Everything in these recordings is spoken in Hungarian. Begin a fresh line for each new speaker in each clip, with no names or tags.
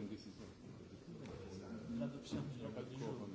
une décision. L'adoption du jour.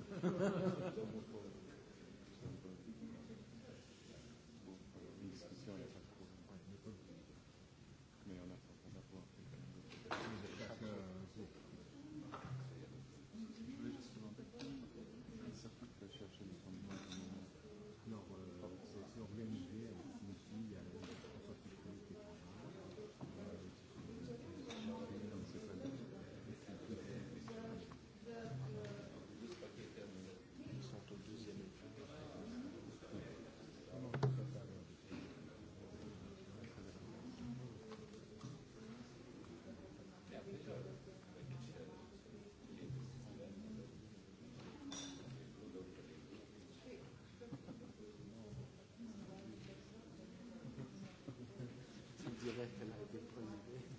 dialecte là est déployée.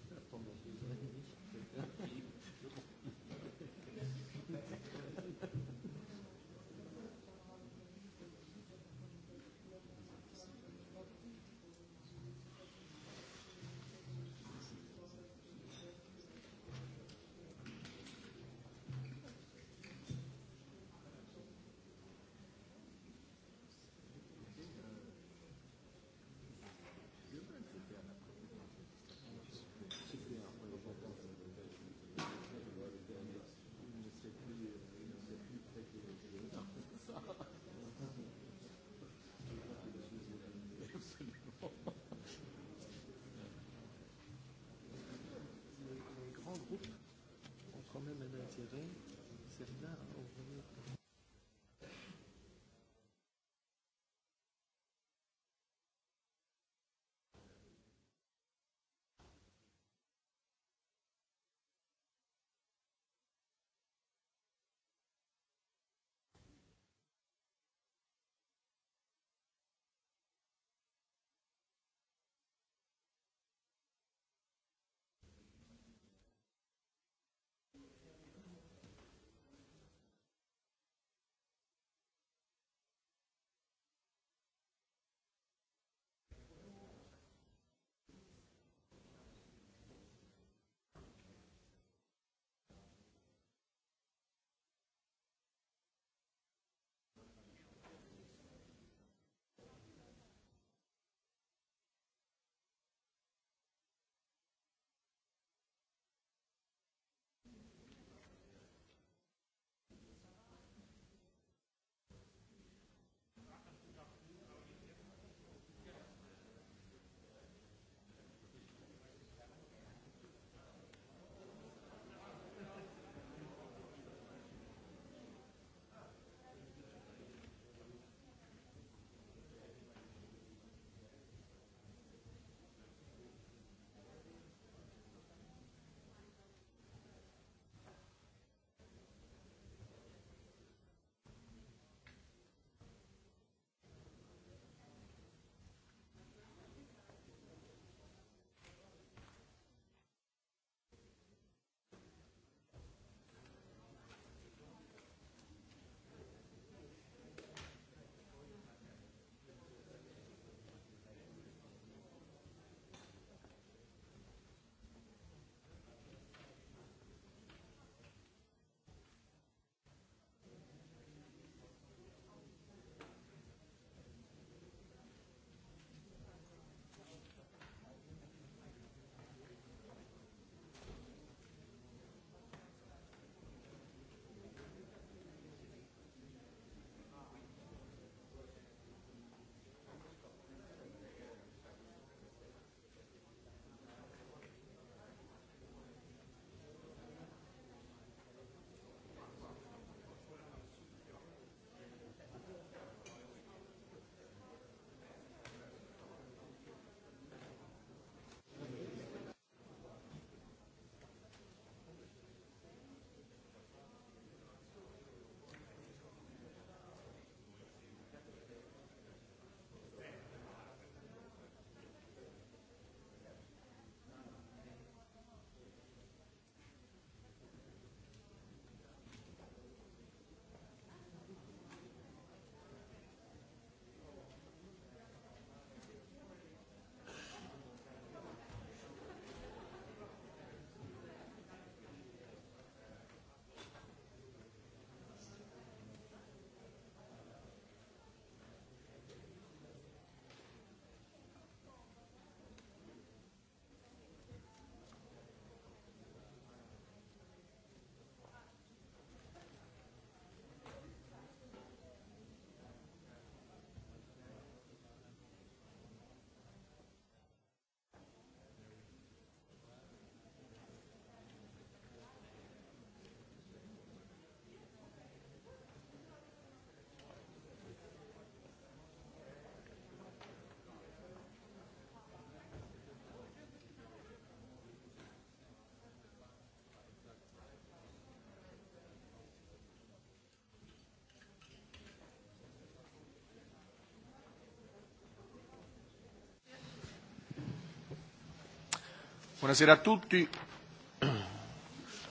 Buonasera a tutti.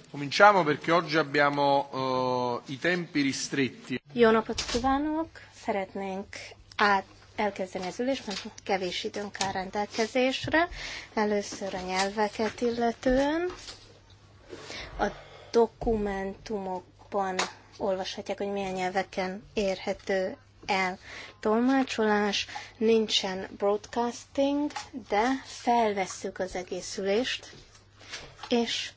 Cominciamo perché oggi abbiamo uh, i tempi ristretti.
Jó napot kívánok! Szeretnénk át elkezdeni az ülés, mert kevés időnk áll rendelkezésre. Először a nyelveket illetően. A dokumentumokban olvashatják, hogy milyen nyelveken érhető el tolmácsolás, nincsen broadcasting, de felvesszük az egész ülést, és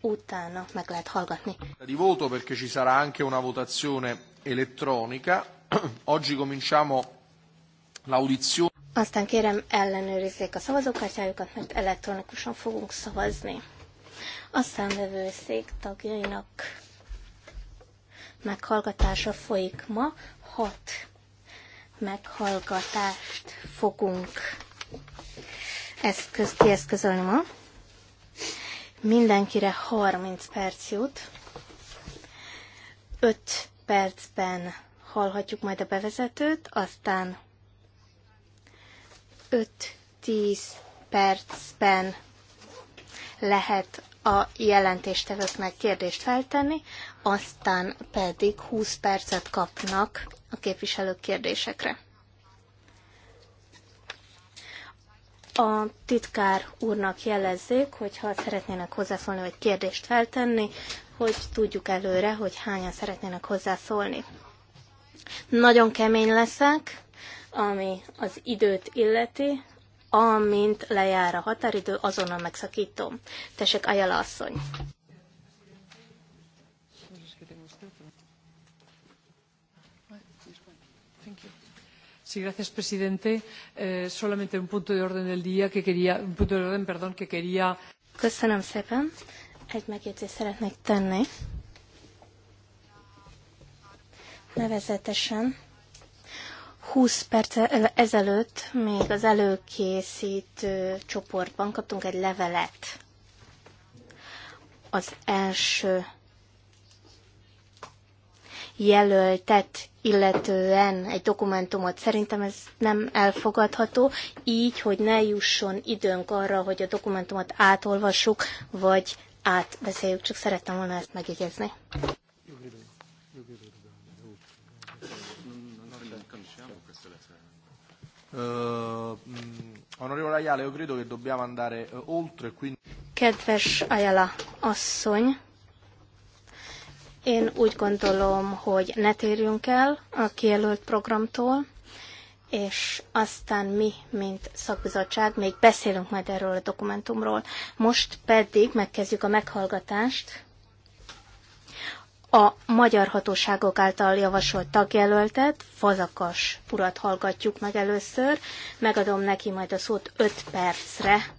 utána meg lehet hallgatni.
Di voto perché ci sarà anche una votazione elettronica. Oggi cominciamo l'audizione.
Aztán kérem ellenőrizzék a szavazókártyájukat, mert elektronikusan fogunk szavazni. A számvevőszék tagjainak meghallgatása folyik ma. Hat meghallgatást fogunk eszköz, kieszközölni ma. Mindenkire 30 perc jut. 5 percben hallhatjuk majd a bevezetőt, aztán 5-10 percben lehet a jelentéstevőknek kérdést feltenni, aztán pedig 20 percet kapnak a képviselők kérdésekre. A titkár úrnak jelezzék, hogy ha szeretnének hozzászólni, vagy kérdést feltenni, hogy tudjuk előre, hogy hányan szeretnének hozzászólni. Nagyon kemény leszek, ami az időt illeti, amint lejár a határidő, azonnal megszakítom. Tessék, Ajala asszony!
señor presidente eh, solamente un punto de orden del día que quería un punto de orden perdón que quería Köszönöm szépen.
Egy megjegyzést szeretnék tenni. Nevezetesen 20 perc ezelőtt még az előkészítő csoportban kaptunk egy levelet. Az első jelöltet illetően egy dokumentumot. Szerintem ez nem elfogadható, így, hogy ne jusson időnk arra, hogy a dokumentumot átolvassuk, vagy átbeszéljük, csak szerettem volna ezt megjegyezni. Eh, eh, Kedves Ayala asszony, én úgy gondolom, hogy ne térjünk el a kijelölt programtól, és aztán mi, mint szakbizottság, még beszélünk majd erről a dokumentumról. Most pedig megkezdjük a meghallgatást a magyar hatóságok által javasolt tagjelöltet, Fazakas urat hallgatjuk meg először. Megadom neki majd a szót 5 percre,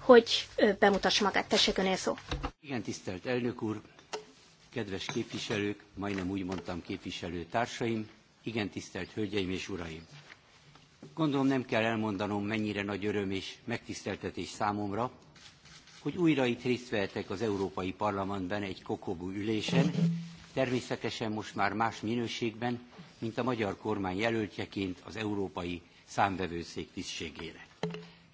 hogy bemutassa magát. Tessék önél
szó. Igen, tisztelt elnök úr, kedves képviselők, majdnem úgy mondtam képviselőtársaim, igen tisztelt hölgyeim és uraim! Gondolom nem kell elmondanom, mennyire nagy öröm és megtiszteltetés számomra, hogy újra itt részt vehetek az Európai Parlamentben egy kokobú ülésen, természetesen most már más minőségben, mint a magyar kormány jelöltjeként az Európai Számvevőszék tisztségére.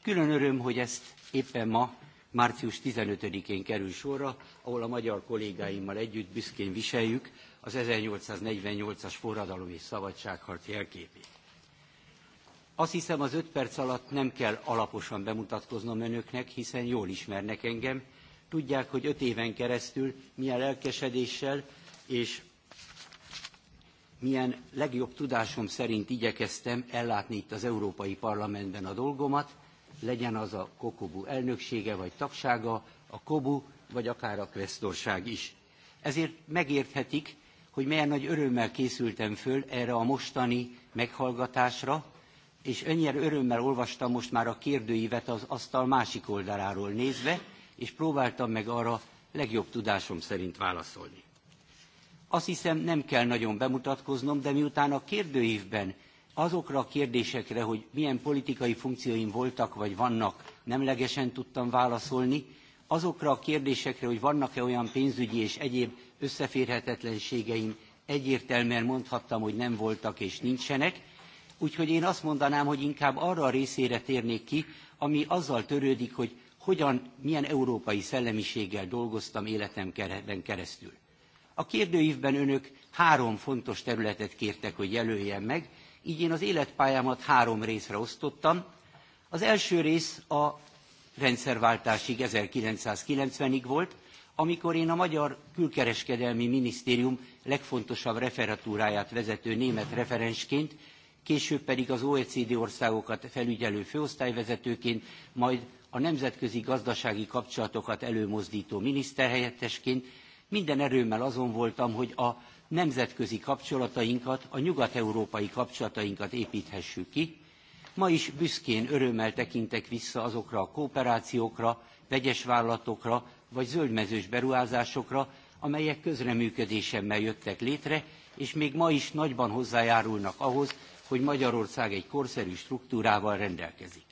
Külön öröm, hogy ezt éppen ma március 15-én kerül sorra, ahol a magyar kollégáimmal együtt büszkén viseljük az 1848-as forradalom és szabadságharc jelképét. Azt hiszem az öt perc alatt nem kell alaposan bemutatkoznom önöknek, hiszen jól ismernek engem, tudják, hogy öt éven keresztül milyen lelkesedéssel és milyen legjobb tudásom szerint igyekeztem ellátni itt az Európai Parlamentben a dolgomat, legyen az a Kokobu elnöksége vagy tagsága, a Kobu vagy akár a kvesztorság is. Ezért megérthetik, hogy milyen nagy örömmel készültem föl erre a mostani meghallgatásra, és ennyire örömmel olvastam most már a kérdőívet az asztal másik oldaláról nézve, és próbáltam meg arra legjobb tudásom szerint válaszolni. Azt hiszem nem kell nagyon bemutatkoznom, de miután a kérdőívben azokra a kérdésekre, hogy milyen politikai funkcióim voltak vagy vannak, nemlegesen tudtam válaszolni, azokra a kérdésekre, hogy vannak-e olyan pénzügyi és egyéb összeférhetetlenségeim, egyértelműen mondhattam, hogy nem voltak és nincsenek, úgyhogy én azt mondanám, hogy inkább arra a részére térnék ki, ami azzal törődik, hogy hogyan, milyen európai szellemiséggel dolgoztam életem keresztül. A kérdőívben önök három fontos területet kértek, hogy jelöljem meg, így én az életpályámat három részre osztottam. Az első rész a rendszerváltásig 1990-ig volt, amikor én a Magyar Külkereskedelmi Minisztérium legfontosabb referatúráját vezető német referensként, később pedig az OECD országokat felügyelő főosztályvezetőként, majd a nemzetközi gazdasági kapcsolatokat előmozdító miniszterhelyettesként minden erőmmel azon voltam, hogy a nemzetközi kapcsolatainkat, a nyugat-európai kapcsolatainkat építhessük ki. Ma is büszkén örömmel tekintek vissza azokra a kooperációkra, vegyes vállalatokra vagy zöldmezős beruházásokra, amelyek közreműködésemmel jöttek létre, és még ma is nagyban hozzájárulnak ahhoz, hogy Magyarország egy korszerű struktúrával rendelkezik.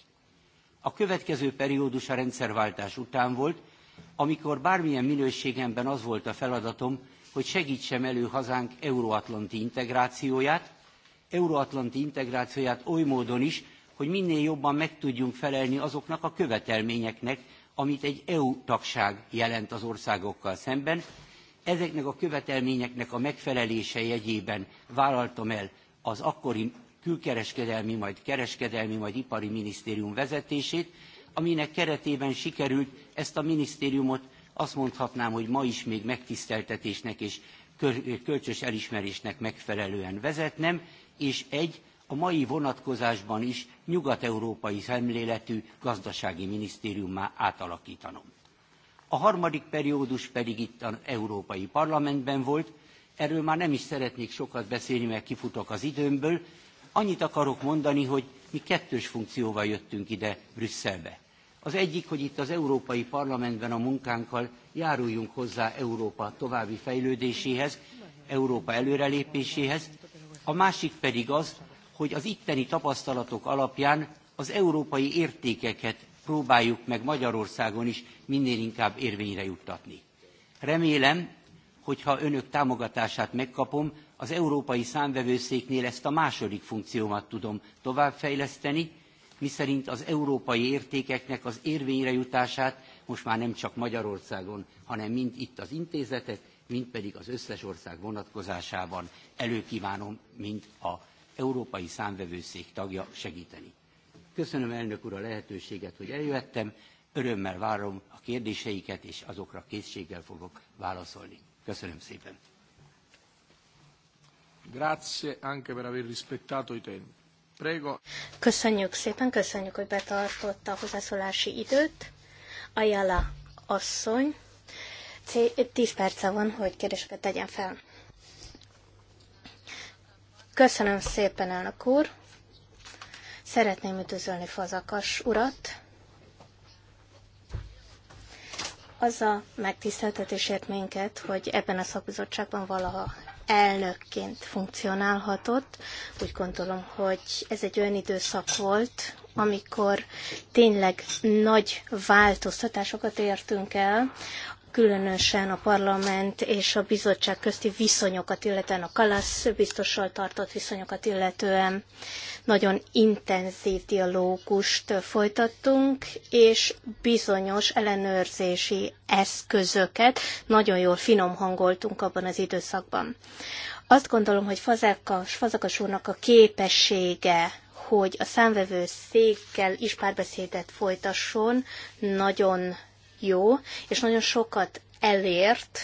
A következő periódus a rendszerváltás után volt, amikor bármilyen minőségemben az volt a feladatom, hogy segítsem elő hazánk euróatlanti integrációját, euróatlanti integrációját oly módon is, hogy minél jobban meg tudjunk felelni azoknak a követelményeknek, amit egy EU tagság jelent az országokkal szemben. Ezeknek a követelményeknek a megfelelése jegyében vállaltam el az akkori külkereskedelmi, majd kereskedelmi, majd ipari minisztérium vezetését, aminek keretében sikerült ezt a minisztériumot azt mondhatnám, hogy ma is még megtiszteltetésnek és kölcsös elismerésnek megfelelően vezetnem, és egy a mai vonatkozásban is nyugat-európai szemléletű gazdasági minisztériummá átalakítanom. A harmadik periódus pedig itt az Európai Parlamentben volt, erről már nem is szeretnék sokat beszélni, mert kifutok az időmből. Annyit akarok mondani, hogy mi kettős funkcióval jöttünk ide Brüsszelbe. Az egyik, hogy itt az Európai Parlamentben a munkánkkal járuljunk hozzá Európa további fejlődéséhez, Európa előrelépéséhez, a másik pedig az, hogy az itteni tapasztalatok alapján az európai értékeket próbáljuk meg Magyarországon is minél inkább érvényre juttatni. Remélem, hogy ha önök támogatását megkapom, az Európai Számvevőszéknél ezt a második funkciómat tudom továbbfejleszteni, miszerint az európai értékeknek az érvényre jutását most már nem csak Magyarországon, hanem mind itt az intézetek, mind pedig az összes ország vonatkozásában előkívánom, mint a Európai Számvevőszék tagja segíteni. Köszönöm elnök úr a lehetőséget, hogy eljöttem, örömmel várom a kérdéseiket, és azokra készséggel fogok válaszolni. Köszönöm szépen.
Grazie anche per aver rispettato i tempi. Prego.
Köszönjük szépen, köszönjük, hogy betartotta a hozzászólási időt. Ajala asszony, 10 perce van, hogy kérdéseket tegyen fel. Köszönöm szépen, elnök úr. Szeretném üdvözölni Fazakas urat. Az a megtiszteltetésért minket, hogy ebben a szakbizottságban valaha elnökként funkcionálhatott. Úgy gondolom, hogy ez egy olyan időszak volt, amikor tényleg nagy változtatásokat értünk el, különösen a parlament és a bizottság közti viszonyokat, illetően a Kalasz biztossal tartott viszonyokat, illetően nagyon intenzív dialógust folytattunk, és bizonyos ellenőrzési eszközöket nagyon jól finom hangoltunk abban az időszakban. Azt gondolom, hogy Fazekas, Fazekas úrnak a képessége hogy a számvevő székkel is párbeszédet folytasson, nagyon jó, és nagyon sokat elért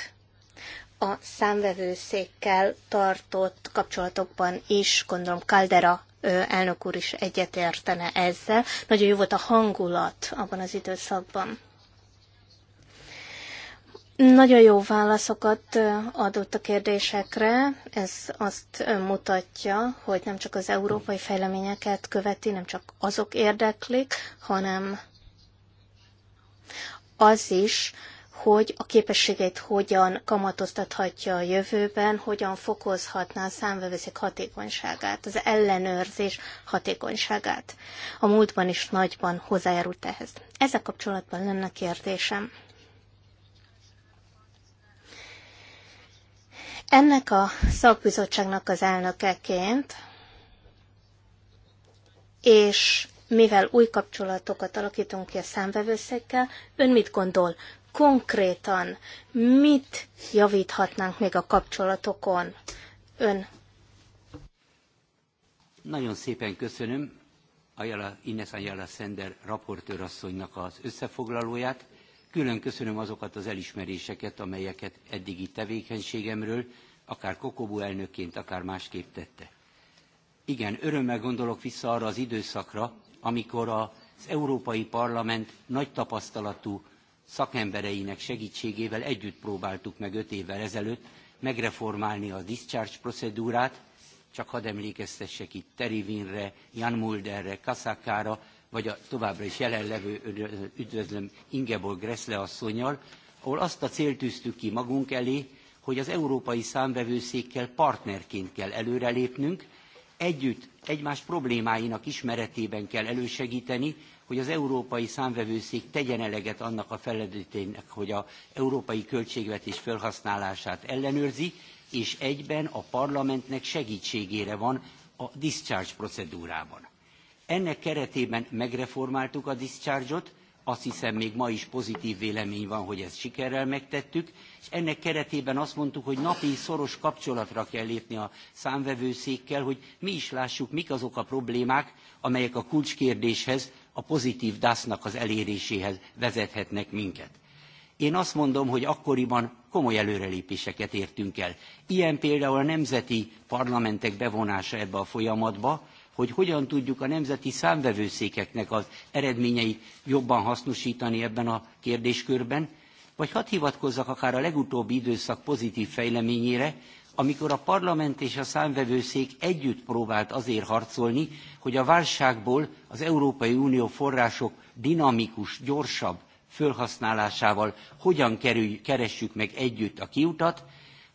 a számvevőszékkel tartott kapcsolatokban is, gondolom Caldera elnök úr is egyetértene ezzel. Nagyon jó volt a hangulat abban az időszakban. Nagyon jó válaszokat adott a kérdésekre. Ez azt mutatja, hogy nem csak az európai fejleményeket követi, nem csak azok érdeklik, hanem az is, hogy a képességeit hogyan kamatoztathatja a jövőben, hogyan fokozhatná a számvevőszék hatékonyságát, az ellenőrzés hatékonyságát. A múltban is nagyban hozzájárult ehhez. Ezzel kapcsolatban lenne kérdésem. Ennek a szakbizottságnak az elnökeként, és mivel új kapcsolatokat alakítunk ki a számvevőszékkel, ön mit gondol? Konkrétan mit javíthatnánk még a kapcsolatokon? Ön.
Nagyon szépen köszönöm Ayala, Ines Ayala Szender raportőrasszonynak az összefoglalóját. Külön köszönöm azokat az elismeréseket, amelyeket eddigi tevékenységemről, akár Kokobu elnökként, akár másképp tette. Igen, örömmel gondolok vissza arra az időszakra, amikor az Európai Parlament nagy tapasztalatú szakembereinek segítségével együtt próbáltuk meg öt évvel ezelőtt megreformálni a discharge procedúrát, csak hadd emlékeztessek itt Terivinre, Jan Mulderre, Kaszákára, vagy a továbbra is jelenlevő, üdvözlöm, Ingeborg Gressle asszonyjal, ahol azt a célt tűztük ki magunk elé, hogy az európai számvevőszékkel partnerként kell előrelépnünk, együtt egymás problémáinak ismeretében kell elősegíteni, hogy az európai számvevőszék tegyen eleget annak a feladatének, hogy az európai költségvetés felhasználását ellenőrzi, és egyben a parlamentnek segítségére van a discharge procedúrában. Ennek keretében megreformáltuk a discharge-ot, azt hiszem még ma is pozitív vélemény van, hogy ezt sikerrel megtettük, és ennek keretében azt mondtuk, hogy napi szoros kapcsolatra kell lépni a számvevőszékkel, hogy mi is lássuk, mik azok a problémák, amelyek a kulcskérdéshez, a pozitív DASZ-nak az eléréséhez vezethetnek minket. Én azt mondom, hogy akkoriban komoly előrelépéseket értünk el. Ilyen például a nemzeti parlamentek bevonása ebbe a folyamatba, hogy hogyan tudjuk a nemzeti számvevőszékeknek az eredményeit jobban hasznosítani ebben a kérdéskörben, vagy hadd hivatkozzak akár a legutóbbi időszak pozitív fejleményére, amikor a parlament és a számvevőszék együtt próbált azért harcolni, hogy a válságból az Európai Unió források dinamikus, gyorsabb fölhasználásával hogyan keressük meg együtt a kiutat,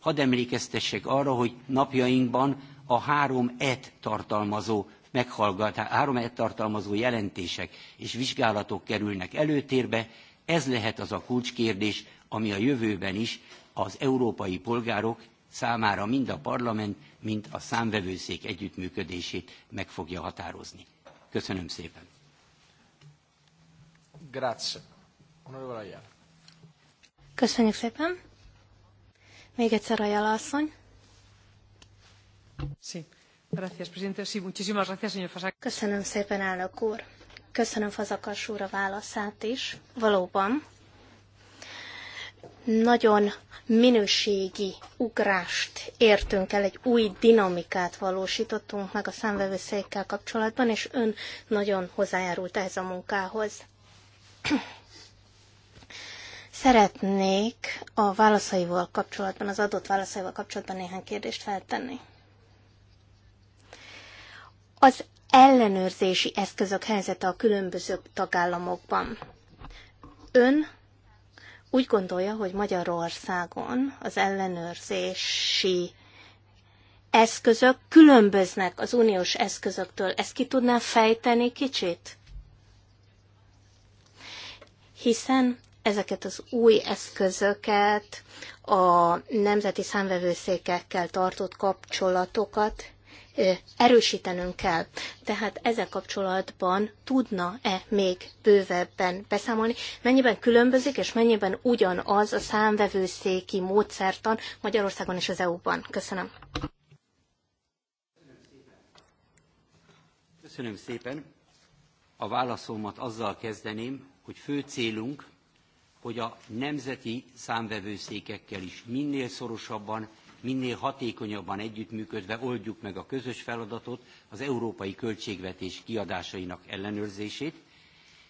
hadd emlékeztessek arra, hogy napjainkban a három et tartalmazó meghallgatás, három et tartalmazó jelentések és vizsgálatok kerülnek előtérbe, ez lehet az a kulcskérdés, ami a jövőben is az európai polgárok számára mind a parlament, mind a számvevőszék együttműködését meg fogja határozni. Köszönöm szépen.
Grazie.
Köszönjük szépen. Még egyszer a jelasszony. Köszönöm szépen, elnök úr. Köszönöm Fazakas úr a válaszát is. Valóban nagyon minőségi ugrást értünk el, egy új dinamikát valósítottunk meg a számvevőszékkel kapcsolatban, és ön nagyon hozzájárult ehhez a munkához. Szeretnék a válaszaival kapcsolatban, az adott válaszaival kapcsolatban néhány kérdést feltenni az ellenőrzési eszközök helyzete a különböző tagállamokban. Ön úgy gondolja, hogy Magyarországon az ellenőrzési eszközök különböznek az uniós eszközöktől. Ezt ki tudná fejteni kicsit? Hiszen ezeket az új eszközöket, a nemzeti számvevőszékekkel tartott kapcsolatokat erősítenünk kell. Tehát ezzel kapcsolatban tudna-e még bővebben beszámolni, mennyiben különbözik, és mennyiben ugyanaz a számvevőszéki módszertan Magyarországon és az EU-ban? Köszönöm.
Köszönöm szépen. A válaszomat azzal kezdeném, hogy fő célunk, hogy a nemzeti számvevőszékekkel is minél szorosabban minél hatékonyabban együttműködve oldjuk meg a közös feladatot, az európai költségvetés kiadásainak ellenőrzését,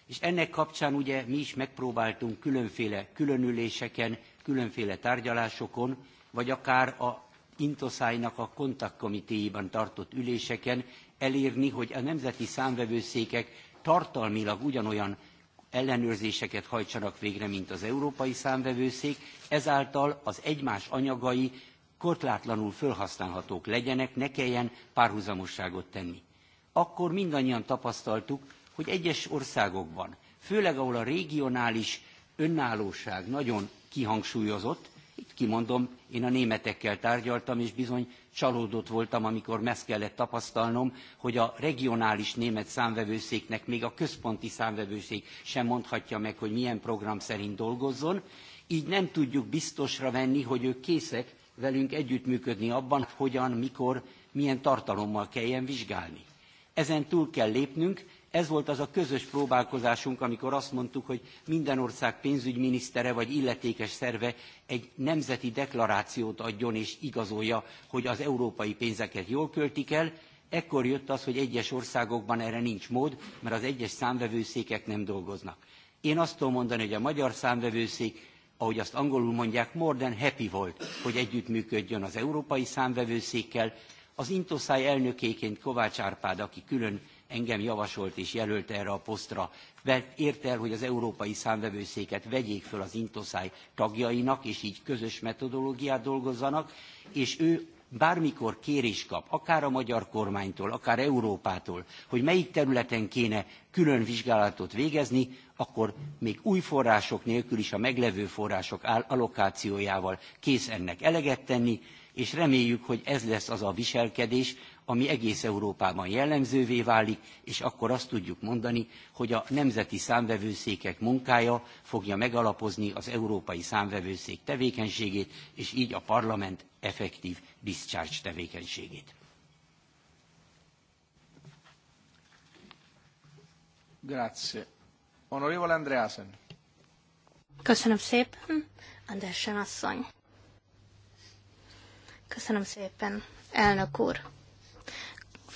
és ennek kapcsán ugye mi is megpróbáltunk különféle különüléseken, különféle tárgyalásokon, vagy akár a Intoszájnak a kontaktkomitéiban tartott üléseken elérni, hogy a nemzeti számvevőszékek tartalmilag ugyanolyan ellenőrzéseket hajtsanak végre, mint az Európai Számvevőszék, ezáltal az egymás anyagai korlátlanul felhasználhatók legyenek, ne kelljen párhuzamosságot tenni. Akkor mindannyian tapasztaltuk, hogy egyes országokban, főleg ahol a regionális önállóság nagyon kihangsúlyozott, itt kimondom, én a németekkel tárgyaltam, és bizony csalódott voltam, amikor meg kellett tapasztalnom, hogy a regionális német számvevőszéknek még a központi számvevőszék sem mondhatja meg, hogy milyen program szerint dolgozzon, így nem tudjuk biztosra venni, hogy ők készek velünk együttműködni abban, hogyan, mikor, milyen tartalommal kelljen vizsgálni. Ezen túl kell lépnünk, ez volt az a közös próbálkozásunk, amikor azt mondtuk, hogy minden ország pénzügyminisztere vagy illetékes szerve egy nemzeti deklarációt adjon és igazolja, hogy az európai pénzeket jól költik el. Ekkor jött az, hogy egyes országokban erre nincs mód, mert az egyes számvevőszékek nem dolgoznak. Én azt tudom mondani, hogy a magyar számvevőszék ahogy azt angolul mondják, more than happy volt, hogy együttműködjön az Európai Számvevőszékkel, az Intoszáj elnökéként Kovács Árpád, aki külön engem javasolt és jelölt erre a posztra, ért el, hogy az Európai Számvevőszéket vegyék föl az Intoszáj tagjainak, és így közös metodológiát dolgozzanak, és ő bármikor kérés kap, akár a magyar kormánytól, akár Európától, hogy melyik területen kéne külön vizsgálatot végezni, akkor még új források nélkül is a meglevő források allokációjával kész ennek eleget tenni, és reméljük, hogy ez lesz az a viselkedés, ami egész Európában jellemzővé válik, és akkor azt tudjuk mondani, hogy a nemzeti számvevőszékek munkája fogja megalapozni az európai számvevőszék tevékenységét, és így a parlament effektív discharge tevékenységét.
Grazie. Onorevole Andreasen.
Köszönöm szépen, Andreasen asszony. Köszönöm szépen, elnök úr.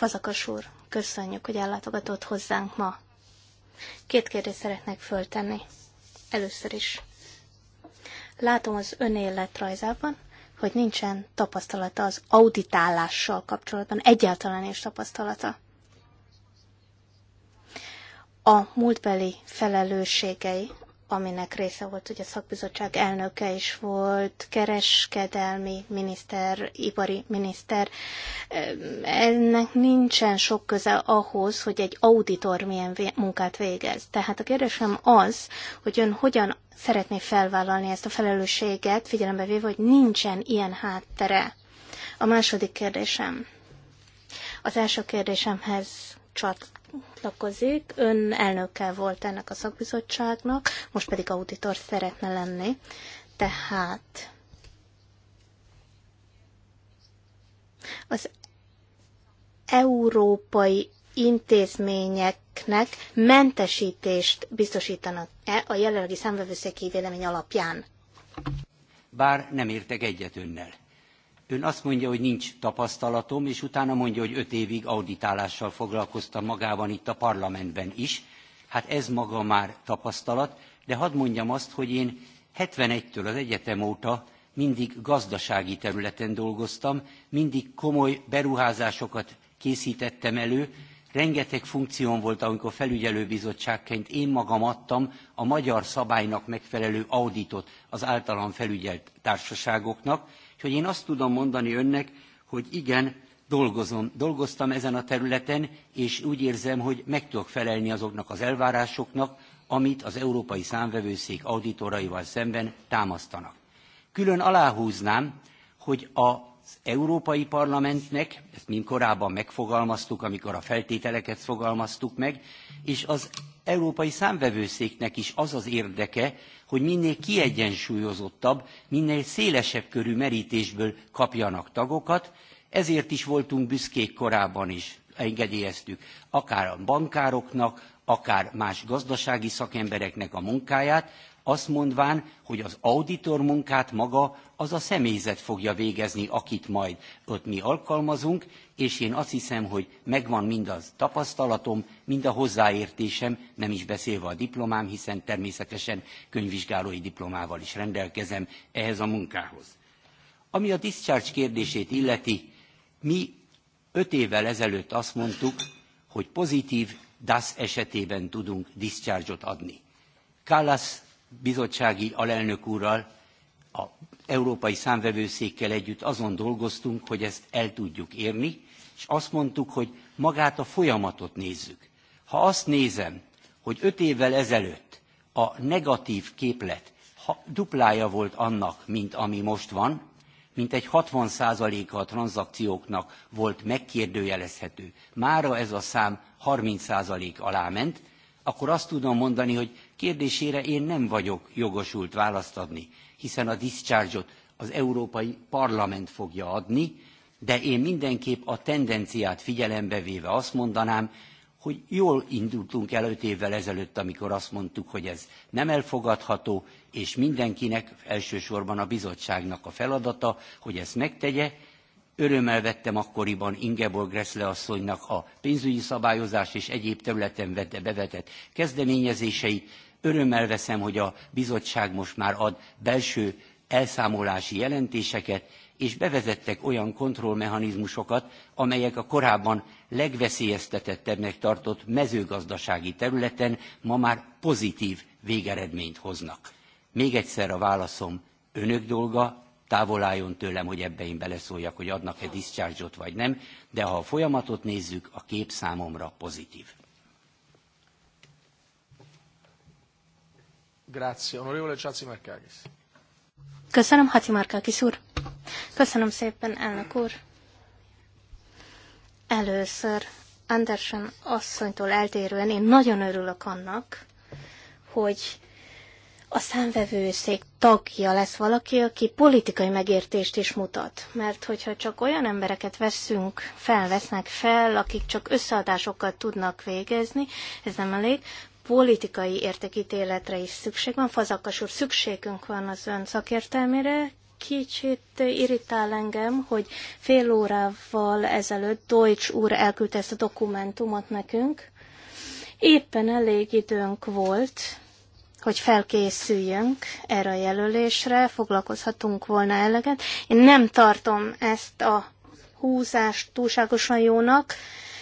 Fazakas úr, köszönjük, hogy ellátogatott hozzánk ma. Két kérdést szeretnék föltenni. Először is. Látom az önéletrajzában, hogy nincsen tapasztalata az auditálással kapcsolatban, egyáltalán is tapasztalata. A múltbeli felelősségei aminek része volt, hogy a szakbizottság elnöke is volt, kereskedelmi miniszter, ipari miniszter. Ennek nincsen sok köze ahhoz, hogy egy auditor milyen munkát végez. Tehát a kérdésem az, hogy ön hogyan szeretné felvállalni ezt a felelősséget, figyelembe véve, hogy nincsen ilyen háttere. A második kérdésem. Az első kérdésemhez csat Lakozik. Ön elnöke volt ennek a szakbizottságnak, most pedig auditor szeretne lenni. Tehát az európai intézményeknek mentesítést biztosítanak-e a jelenlegi számvevőszéki vélemény alapján?
Bár nem értek egyet önnel. Ön azt mondja, hogy nincs tapasztalatom, és utána mondja, hogy öt évig auditálással foglalkoztam magában itt a parlamentben is. Hát ez maga már tapasztalat, de hadd mondjam azt, hogy én 71-től az egyetem óta mindig gazdasági területen dolgoztam, mindig komoly beruházásokat készítettem elő, rengeteg funkcióm volt, amikor felügyelőbizottságként én magam adtam a magyar szabálynak megfelelő auditot az általam felügyelt társaságoknak, Úgyhogy én azt tudom mondani önnek, hogy igen, dolgozom, dolgoztam ezen a területen, és úgy érzem, hogy meg tudok felelni azoknak az elvárásoknak, amit az Európai Számvevőszék auditoraival szemben támasztanak. Külön aláhúznám, hogy az Európai Parlamentnek, ezt mind korábban megfogalmaztuk, amikor a feltételeket fogalmaztuk meg, és az Európai Számvevőszéknek is az az érdeke, hogy minél kiegyensúlyozottabb, minél szélesebb körű merítésből kapjanak tagokat, ezért is voltunk büszkék korábban is, engedélyeztük akár a bankároknak, akár más gazdasági szakembereknek a munkáját, azt mondván, hogy az auditor munkát maga az a személyzet fogja végezni, akit majd ott mi alkalmazunk, és én azt hiszem, hogy megvan mind a tapasztalatom, mind a hozzáértésem, nem is beszélve a diplomám, hiszen természetesen könyvvizsgálói diplomával is rendelkezem ehhez a munkához. Ami a discharge kérdését illeti, mi öt évvel ezelőtt azt mondtuk, hogy pozitív DAS esetében tudunk discharge-ot adni. Kálasz bizottsági alelnök úrral, a Európai Számvevőszékkel együtt azon dolgoztunk, hogy ezt el tudjuk érni, és azt mondtuk, hogy magát a folyamatot nézzük. Ha azt nézem, hogy öt évvel ezelőtt a negatív képlet duplája volt annak, mint ami most van, mint egy 60%-a a tranzakcióknak volt megkérdőjelezhető. Mára ez a szám 30% alá ment, akkor azt tudom mondani, hogy kérdésére én nem vagyok jogosult választ adni, hiszen a discharge-ot az Európai Parlament fogja adni, de én mindenképp a tendenciát figyelembe véve azt mondanám, hogy jól indultunk el öt évvel ezelőtt, amikor azt mondtuk, hogy ez nem elfogadható, és mindenkinek, elsősorban a bizottságnak a feladata, hogy ezt megtegye. Örömmel vettem akkoriban Ingeborg Gressle asszonynak a pénzügyi szabályozás és egyéb területen bevetett kezdeményezéseit. Örömmel veszem, hogy a bizottság most már ad belső elszámolási jelentéseket, és bevezettek olyan kontrollmechanizmusokat, amelyek a korábban legveszélyeztetettebbnek tartott mezőgazdasági területen ma már pozitív végeredményt hoznak. Még egyszer a válaszom, önök dolga, távol álljon tőlem, hogy ebbe én beleszóljak, hogy adnak-e discharge vagy nem, de ha a folyamatot nézzük, a kép számomra pozitív.
Grazie. Onorevole Csáci Merkágis.
Köszönöm, Hati Márkákis úr. Köszönöm szépen, elnök úr. Először Andersen asszonytól eltérően én nagyon örülök annak, hogy a számvevőszék tagja lesz valaki, aki politikai megértést is mutat. Mert hogyha csak olyan embereket veszünk, felvesznek fel, akik csak összeadásokat tudnak végezni, ez nem elég, politikai értékítéletre is szükség van. Fazakas úr, szükségünk van az ön szakértelmére. Kicsit irritál engem, hogy fél órával ezelőtt Deutsch úr elküldte ezt a dokumentumot nekünk. Éppen elég időnk volt, hogy felkészüljünk erre a jelölésre, foglalkozhatunk volna eleget. Én nem tartom ezt a húzást túlságosan jónak,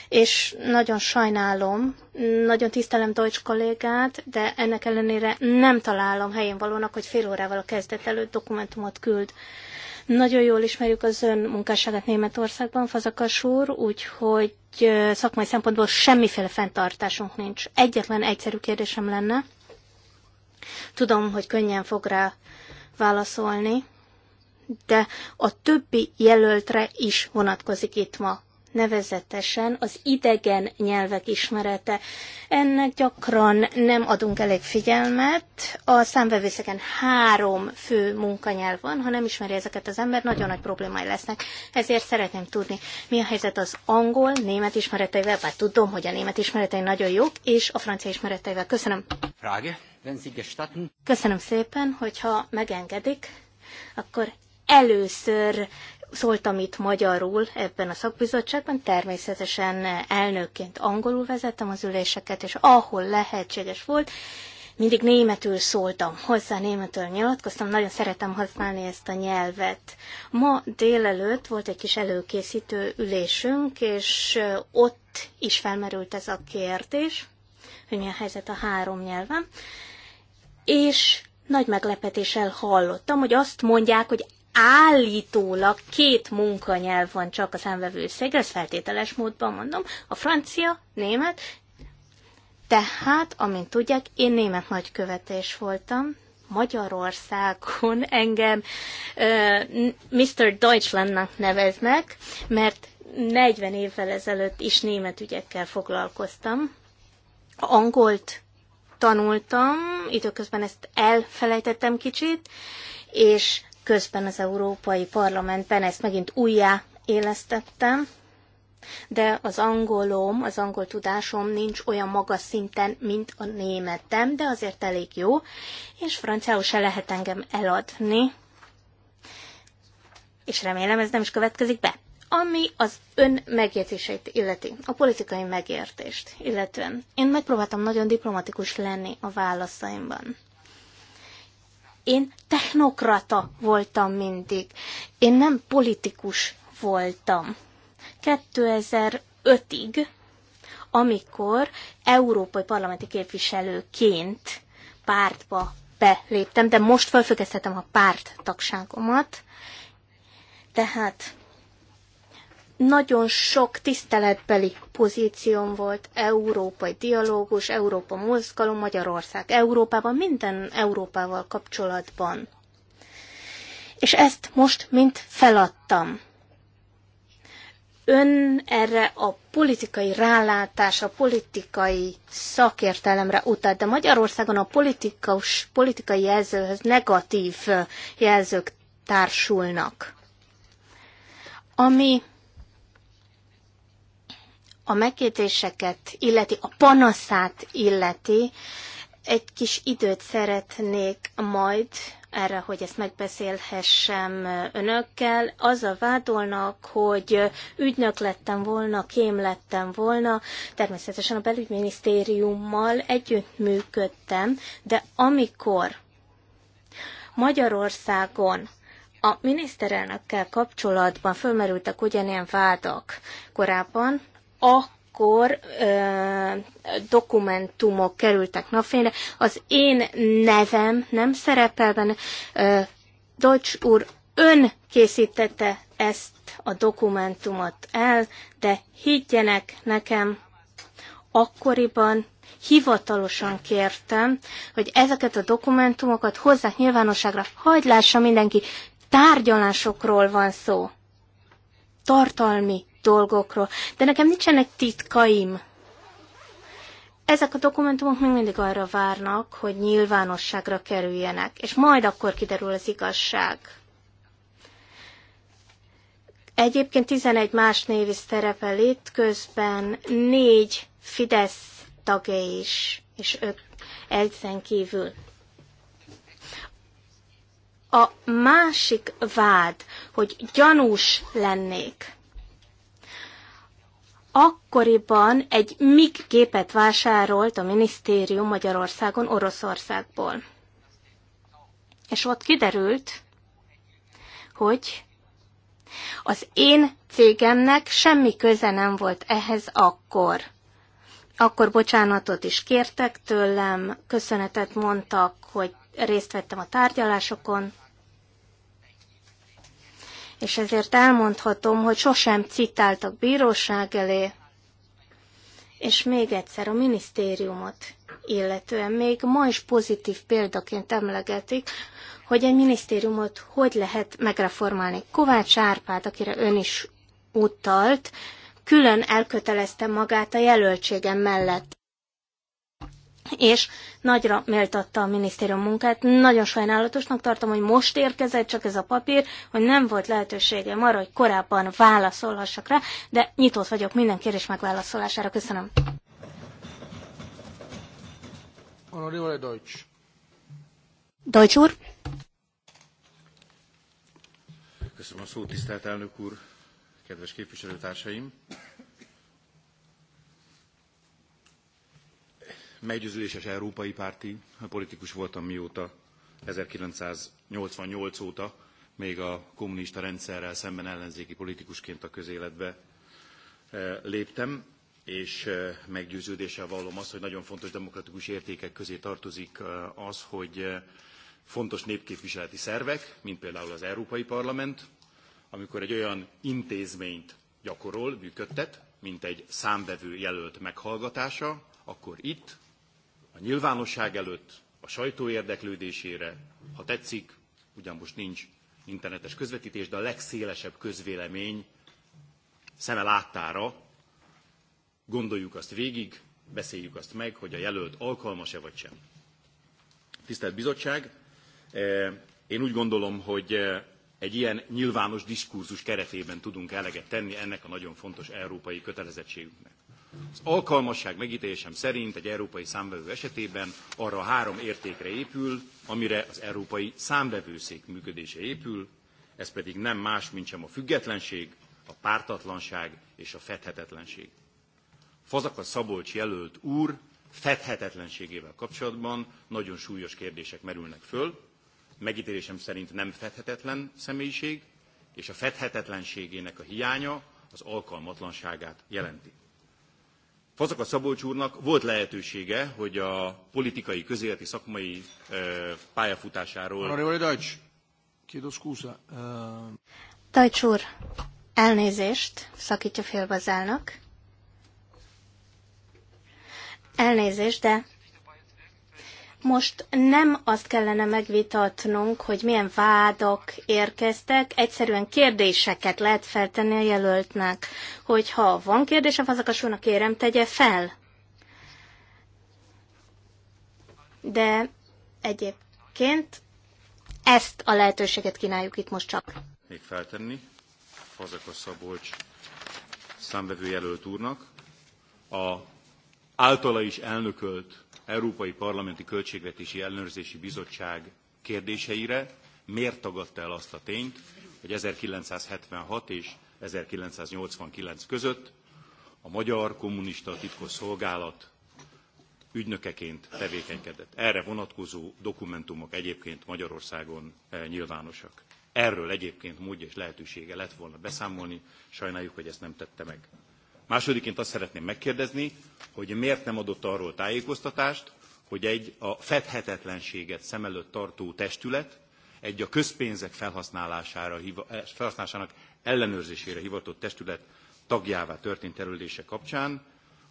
és nagyon sajnálom, nagyon tisztelem Deutsch kollégát, de ennek ellenére nem találom helyén valónak, hogy fél órával a kezdet előtt dokumentumot küld. Nagyon jól ismerjük az ön munkásságát Németországban, Fazakas úr, úgyhogy szakmai szempontból semmiféle fenntartásunk nincs. Egyetlen egyszerű kérdésem lenne. Tudom, hogy könnyen fog rá válaszolni, de a többi jelöltre is vonatkozik itt ma nevezetesen az idegen nyelvek ismerete. Ennek gyakran nem adunk elég figyelmet. A számvevőszeken három fő munkanyelv van, ha nem ismeri ezeket az ember, nagyon nagy problémái lesznek. Ezért szeretném tudni, mi a helyzet az angol, német ismereteivel, bár tudom, hogy a német ismeretei nagyon jók, és a francia ismereteivel. Köszönöm. Frage, Köszönöm szépen, hogyha megengedik, akkor először szóltam itt magyarul ebben a szakbizottságban, természetesen elnökként angolul vezettem az üléseket, és ahol lehetséges volt, mindig németül szóltam hozzá, németül nyilatkoztam, nagyon szeretem használni ezt a nyelvet. Ma délelőtt volt egy kis előkészítő ülésünk, és ott is felmerült ez a kérdés, hogy mi a helyzet a három nyelven, és nagy meglepetéssel hallottam, hogy azt mondják, hogy állítólag két munkanyelv van csak a számvevőszeg, ez feltételes módban mondom, a francia, német, tehát, amint tudják, én német nagykövetés voltam, Magyarországon engem uh, Mr. Deutschlandnak neveznek, mert 40 évvel ezelőtt is német ügyekkel foglalkoztam. Angolt tanultam, időközben ezt elfelejtettem kicsit, és közben az Európai Parlamentben ezt megint újjá élesztettem, de az angolom, az angol tudásom nincs olyan magas szinten, mint a németem, de azért elég jó, és franciául se lehet engem eladni, és remélem ez nem is következik be. Ami az ön megjegyzéseit illeti, a politikai megértést illetően. Én megpróbáltam nagyon diplomatikus lenni a válaszaimban. Én technokrata voltam mindig. Én nem politikus voltam. 2005-ig, amikor európai parlamenti képviselőként pártba beléptem, de most felfüggesztettem a párt tagságomat, tehát nagyon sok tiszteletbeli pozícióm volt, európai dialógus, Európa mozgalom, Magyarország, Európában, minden Európával kapcsolatban. És ezt most mint feladtam. Ön erre a politikai rálátás, a politikai szakértelemre utalt, de Magyarországon a politikus, politikai jelzőhöz negatív jelzők társulnak. Ami a megkérdéseket illeti, a panaszát illeti, egy kis időt szeretnék majd erre, hogy ezt megbeszélhessem önökkel. a vádolnak, hogy ügynök lettem volna, kém lettem volna. Természetesen a belügyminisztériummal együttműködtem, de amikor Magyarországon a miniszterelnökkel kapcsolatban fölmerültek ugyanilyen vádak korábban, akkor ö, dokumentumok kerültek napfényre. Az én nevem nem szerepel benne. Ö, Deutsch úr ön készítette ezt a dokumentumot el, de higgyenek nekem, akkoriban hivatalosan kértem, hogy ezeket a dokumentumokat hozzák nyilvánosságra. Hagy lássa mindenki, tárgyalásokról van szó. Tartalmi dolgokról. De nekem nincsenek titkaim. Ezek a dokumentumok még mindig arra várnak, hogy nyilvánosságra kerüljenek, és majd akkor kiderül az igazság. Egyébként 11 más név is szerepel itt, közben négy Fidesz tagja is, és ők ezen kívül. A másik vád, hogy gyanús lennék, akkoriban egy MIG gépet vásárolt a minisztérium Magyarországon Oroszországból. És ott kiderült, hogy az én cégemnek semmi köze nem volt ehhez akkor. Akkor bocsánatot is kértek tőlem, köszönetet mondtak, hogy részt vettem a tárgyalásokon, és ezért elmondhatom, hogy sosem citáltak bíróság elé, és még egyszer a minisztériumot illetően még ma is pozitív példaként emlegetik, hogy egy minisztériumot hogy lehet megreformálni. Kovács Árpád, akire ön is utalt, külön elkötelezte magát a jelöltségem mellett és nagyra méltatta a minisztérium munkát. Nagyon sajnálatosnak tartom, hogy most érkezett csak ez a papír, hogy nem volt lehetőségem arra, hogy korábban válaszolhassak rá, de nyitott vagyok minden kérdés megválaszolására. Köszönöm.
Honorable Deutsch.
Deutsch úr.
Köszönöm a szót, tisztelt elnök úr, kedves képviselőtársaim! meggyőződéses európai párti politikus voltam mióta, 1988 óta, még a kommunista rendszerrel szemben ellenzéki politikusként a közéletbe eh, léptem, és eh, meggyőződéssel vallom azt, hogy nagyon fontos demokratikus értékek közé tartozik eh, az, hogy fontos népképviseleti szervek, mint például az Európai Parlament, amikor egy olyan intézményt gyakorol, működtet, mint egy számvevő jelölt meghallgatása, akkor itt a nyilvánosság előtt, a sajtó érdeklődésére, ha tetszik, ugyan most nincs internetes közvetítés, de a legszélesebb közvélemény szeme láttára gondoljuk azt végig, beszéljük azt meg, hogy a jelölt alkalmas-e vagy sem. Tisztelt Bizottság, eh, én úgy gondolom, hogy eh, egy ilyen nyilvános diskurzus keretében tudunk eleget tenni ennek a nagyon fontos európai kötelezettségünknek. Az alkalmasság megítélésem szerint egy európai számvevő esetében arra három értékre épül, amire az európai számvevőszék működése épül, ez pedig nem más, mint sem a függetlenség, a pártatlanság és a fedhetetlenség. Fazakas Szabolcs jelölt úr fedhetetlenségével kapcsolatban nagyon súlyos kérdések merülnek föl. Megítélésem szerint nem fedhetetlen személyiség, és a fedhetetlenségének a hiánya az alkalmatlanságát jelenti. Fazaka Szabolcs úrnak volt lehetősége, hogy a politikai, közéleti, szakmai pályafutásáról... Honorable
Deutsch, kérdő szkúsza.
úr, elnézést, szakítja félbe az állnak. Elnézést, de most nem azt kellene megvitatnunk, hogy milyen vádak érkeztek, egyszerűen kérdéseket lehet feltenni a jelöltnek, ha van kérdése fazakasúnak, kérem, tegye fel. De egyébként ezt a lehetőséget kínáljuk itt most csak.
Még feltenni Fazakas Szabolcs jelölt úrnak a általa is elnökölt Európai Parlamenti Költségvetési Ellenőrzési Bizottság kérdéseire, miért tagadta el azt a tényt, hogy 1976 és 1989 között a Magyar Kommunista Titkos Szolgálat ügynökeként tevékenykedett. Erre vonatkozó dokumentumok egyébként Magyarországon eh, nyilvánosak. Erről egyébként módja és lehetősége lett volna beszámolni, sajnáljuk, hogy ezt nem tette meg. Másodiként azt szeretném megkérdezni, hogy miért nem adott arról tájékoztatást, hogy egy a fedhetetlenséget szem előtt tartó testület, egy a közpénzek felhasználására, eh, felhasználásának ellenőrzésére hivatott testület tagjává történt terülése kapcsán,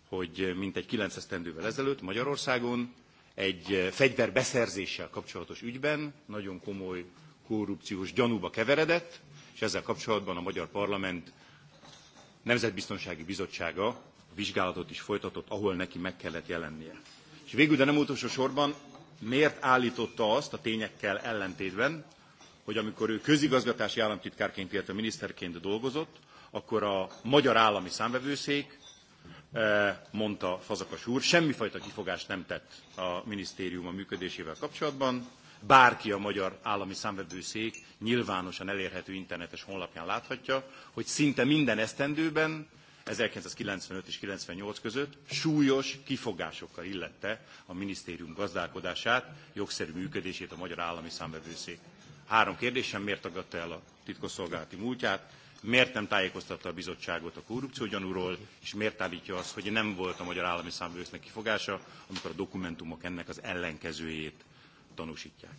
hogy mintegy 9 esztendővel ezelőtt Magyarországon egy eh, fegyver beszerzéssel kapcsolatos ügyben nagyon komoly korrupciós gyanúba keveredett, és ezzel kapcsolatban a magyar parlament Nemzetbiztonsági Bizottsága vizsgálatot is folytatott, ahol neki meg kellett jelennie. És végül, de nem utolsó sorban, miért állította azt a tényekkel ellentétben, hogy amikor ő közigazgatási államtitkárként, illetve miniszterként dolgozott, akkor a Magyar Állami Számvevőszék eh, mondta Fazakas úr, semmifajta kifogást nem tett a minisztérium a működésével kapcsolatban, bárki a Magyar Állami Számvevőszék nyilvánosan elérhető internetes honlapján láthatja, hogy szinte minden esztendőben 1995 és 98 között súlyos kifogásokkal illette a minisztérium gazdálkodását, jogszerű működését a Magyar Állami Számvevőszék. Három kérdésem, miért tagadta el a titkosszolgálati múltját, miért nem tájékoztatta a bizottságot a korrupciógyanúról, és miért állítja azt, hogy nem volt a Magyar Állami számvevőszék kifogása, amikor a dokumentumok ennek az ellenkezőjét tanúsítják.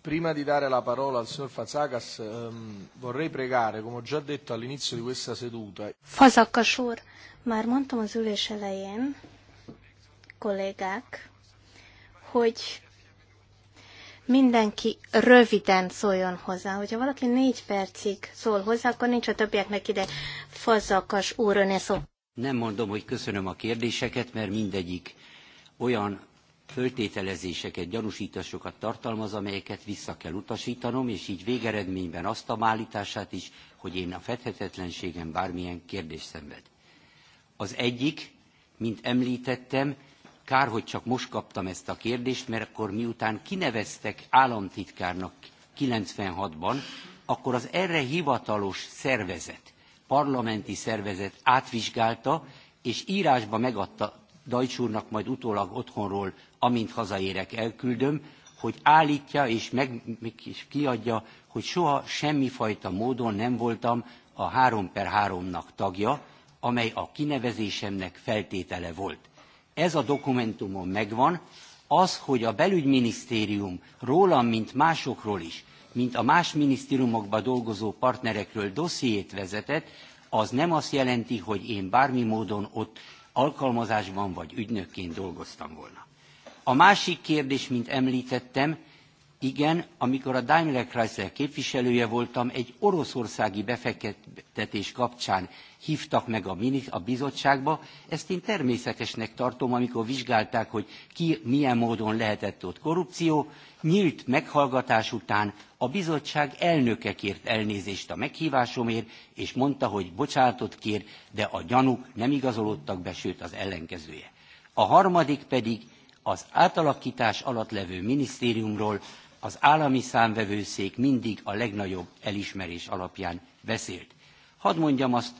Prima di dare la parola al signor Fazagas, um, vorrei pregare, come ho già detto all'inizio di questa seduta.
Fazakas úr, már mondtam az ülés elején, kollégák, hogy mindenki röviden szóljon hozzá. Hogyha valaki négy percig szól hozzá, akkor nincs a többieknek ide fazakas úr öné szó.
Nem mondom, hogy köszönöm a kérdéseket, mert mindegyik olyan föltételezéseket, gyanúsításokat tartalmaz, amelyeket vissza kell utasítanom, és így végeredményben azt a állítását is, hogy én a fedhetetlenségem bármilyen kérdés szenved. Az egyik, mint említettem, kár, hogy csak most kaptam ezt a kérdést, mert akkor miután kineveztek államtitkárnak 96-ban, akkor az erre hivatalos szervezet parlamenti szervezet átvizsgálta, és írásba megadta Dajcs úrnak majd utólag otthonról, amint hazaérek, elküldöm, hogy állítja és, meg, és kiadja, hogy soha semmifajta módon nem voltam a 3 per 3-nak tagja, amely a kinevezésemnek feltétele volt. Ez a dokumentumon megvan, az, hogy a belügyminisztérium rólam, mint másokról is mint a más minisztériumokban dolgozó partnerekről dossziét vezetett, az nem azt jelenti, hogy én bármi módon ott alkalmazásban vagy ügynökként dolgoztam volna. A másik kérdés, mint említettem, igen, amikor a Daimler Chrysler képviselője voltam, egy oroszországi befektetés kapcsán hívtak meg a, mini, a bizottságba. Ezt én természetesnek tartom, amikor vizsgálták, hogy ki milyen módon lehetett ott korrupció. Nyílt meghallgatás után a bizottság elnöke kért elnézést a meghívásomért, és mondta, hogy bocsánatot kér, de a gyanúk nem igazolódtak be, sőt az ellenkezője. A harmadik pedig az átalakítás alatt levő minisztériumról az állami számvevőszék mindig a legnagyobb elismerés alapján beszélt. Hadd mondjam azt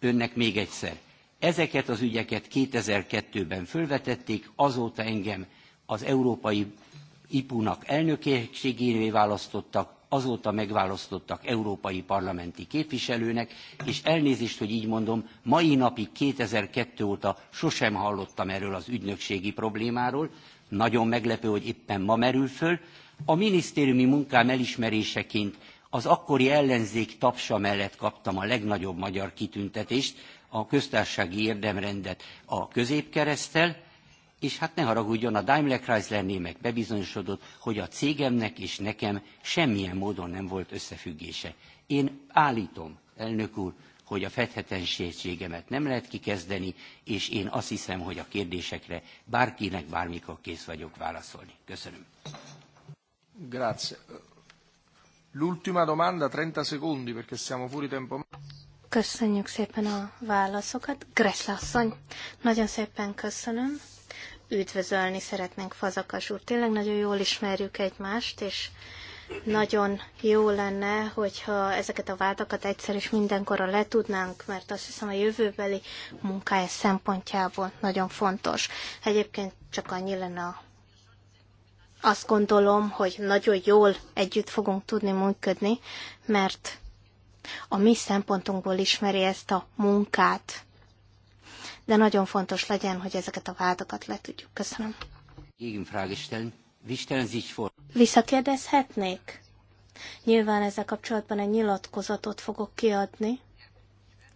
önnek még egyszer. Ezeket az ügyeket 2002-ben fölvetették, azóta engem az Európai IPU-nak elnökségévé választottak, azóta megválasztottak európai parlamenti képviselőnek, és elnézést, hogy így mondom, mai napig 2002 óta sosem hallottam erről az ügynökségi problémáról. Nagyon meglepő, hogy éppen ma merül föl, a minisztériumi munkám elismeréseként az akkori ellenzék tapsa mellett kaptam a legnagyobb magyar kitüntetést, a köztársasági érdemrendet a középkeresztel, és hát ne haragudjon, a Daimler Chryslernél meg bebizonyosodott, hogy a cégemnek és nekem semmilyen módon nem volt összefüggése. Én állítom, elnök úr, hogy a fedhetenségemet nem lehet kikezdeni, és én azt hiszem, hogy a kérdésekre bárkinek bármikor kész vagyok válaszolni. Köszönöm.
Grazie. L'ultima domanda, 30 secondi, perché siamo fuori tempo.
Köszönjük szépen a válaszokat. Gressle asszony, nagyon szépen köszönöm. Üdvözölni szeretnénk Fazakas úr. Tényleg nagyon jól ismerjük egymást, és nagyon jó lenne, hogyha ezeket a vádakat egyszer és mindenkorra letudnánk, mert azt hiszem a jövőbeli munkája szempontjából nagyon fontos. Egyébként csak annyi lenne a azt gondolom, hogy nagyon jól együtt fogunk tudni működni, mert a mi szempontunkból ismeri ezt a munkát. De nagyon fontos legyen, hogy ezeket a vádokat le tudjuk. Köszönöm. Visszakérdezhetnék? Nyilván ezzel kapcsolatban egy nyilatkozatot fogok kiadni.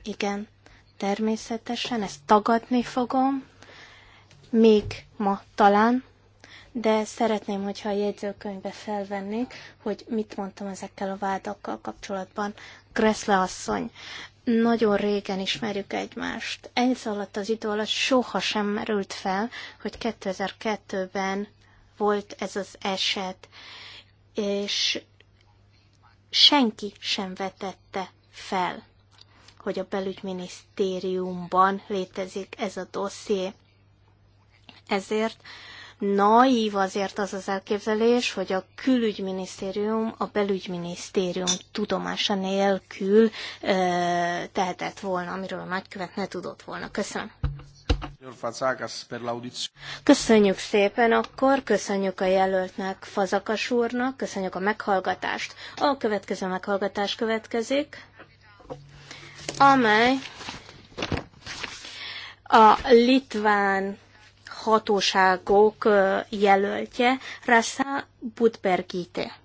Igen, természetesen, ezt tagadni fogom. Még ma talán, de szeretném, hogyha a jegyzőkönyvbe felvennék, hogy mit mondtam ezekkel a vádakkal kapcsolatban. Kreszle asszony, nagyon régen ismerjük egymást. Ennyi alatt az idő alatt soha sem merült fel, hogy 2002-ben volt ez az eset, és senki sem vetette fel, hogy a belügyminisztériumban létezik ez a dosszié. Ezért naív azért az az elképzelés, hogy a külügyminisztérium a belügyminisztérium tudomása nélkül ö, tehetett volna, amiről a nagykövet ne tudott volna. Köszönöm. Köszönjük szépen akkor, köszönjük a jelöltnek, Fazakas úrnak, köszönjük a meghallgatást. A következő meghallgatás következik, amely a litván hatóságok jelöltje, Rassa Budbergite.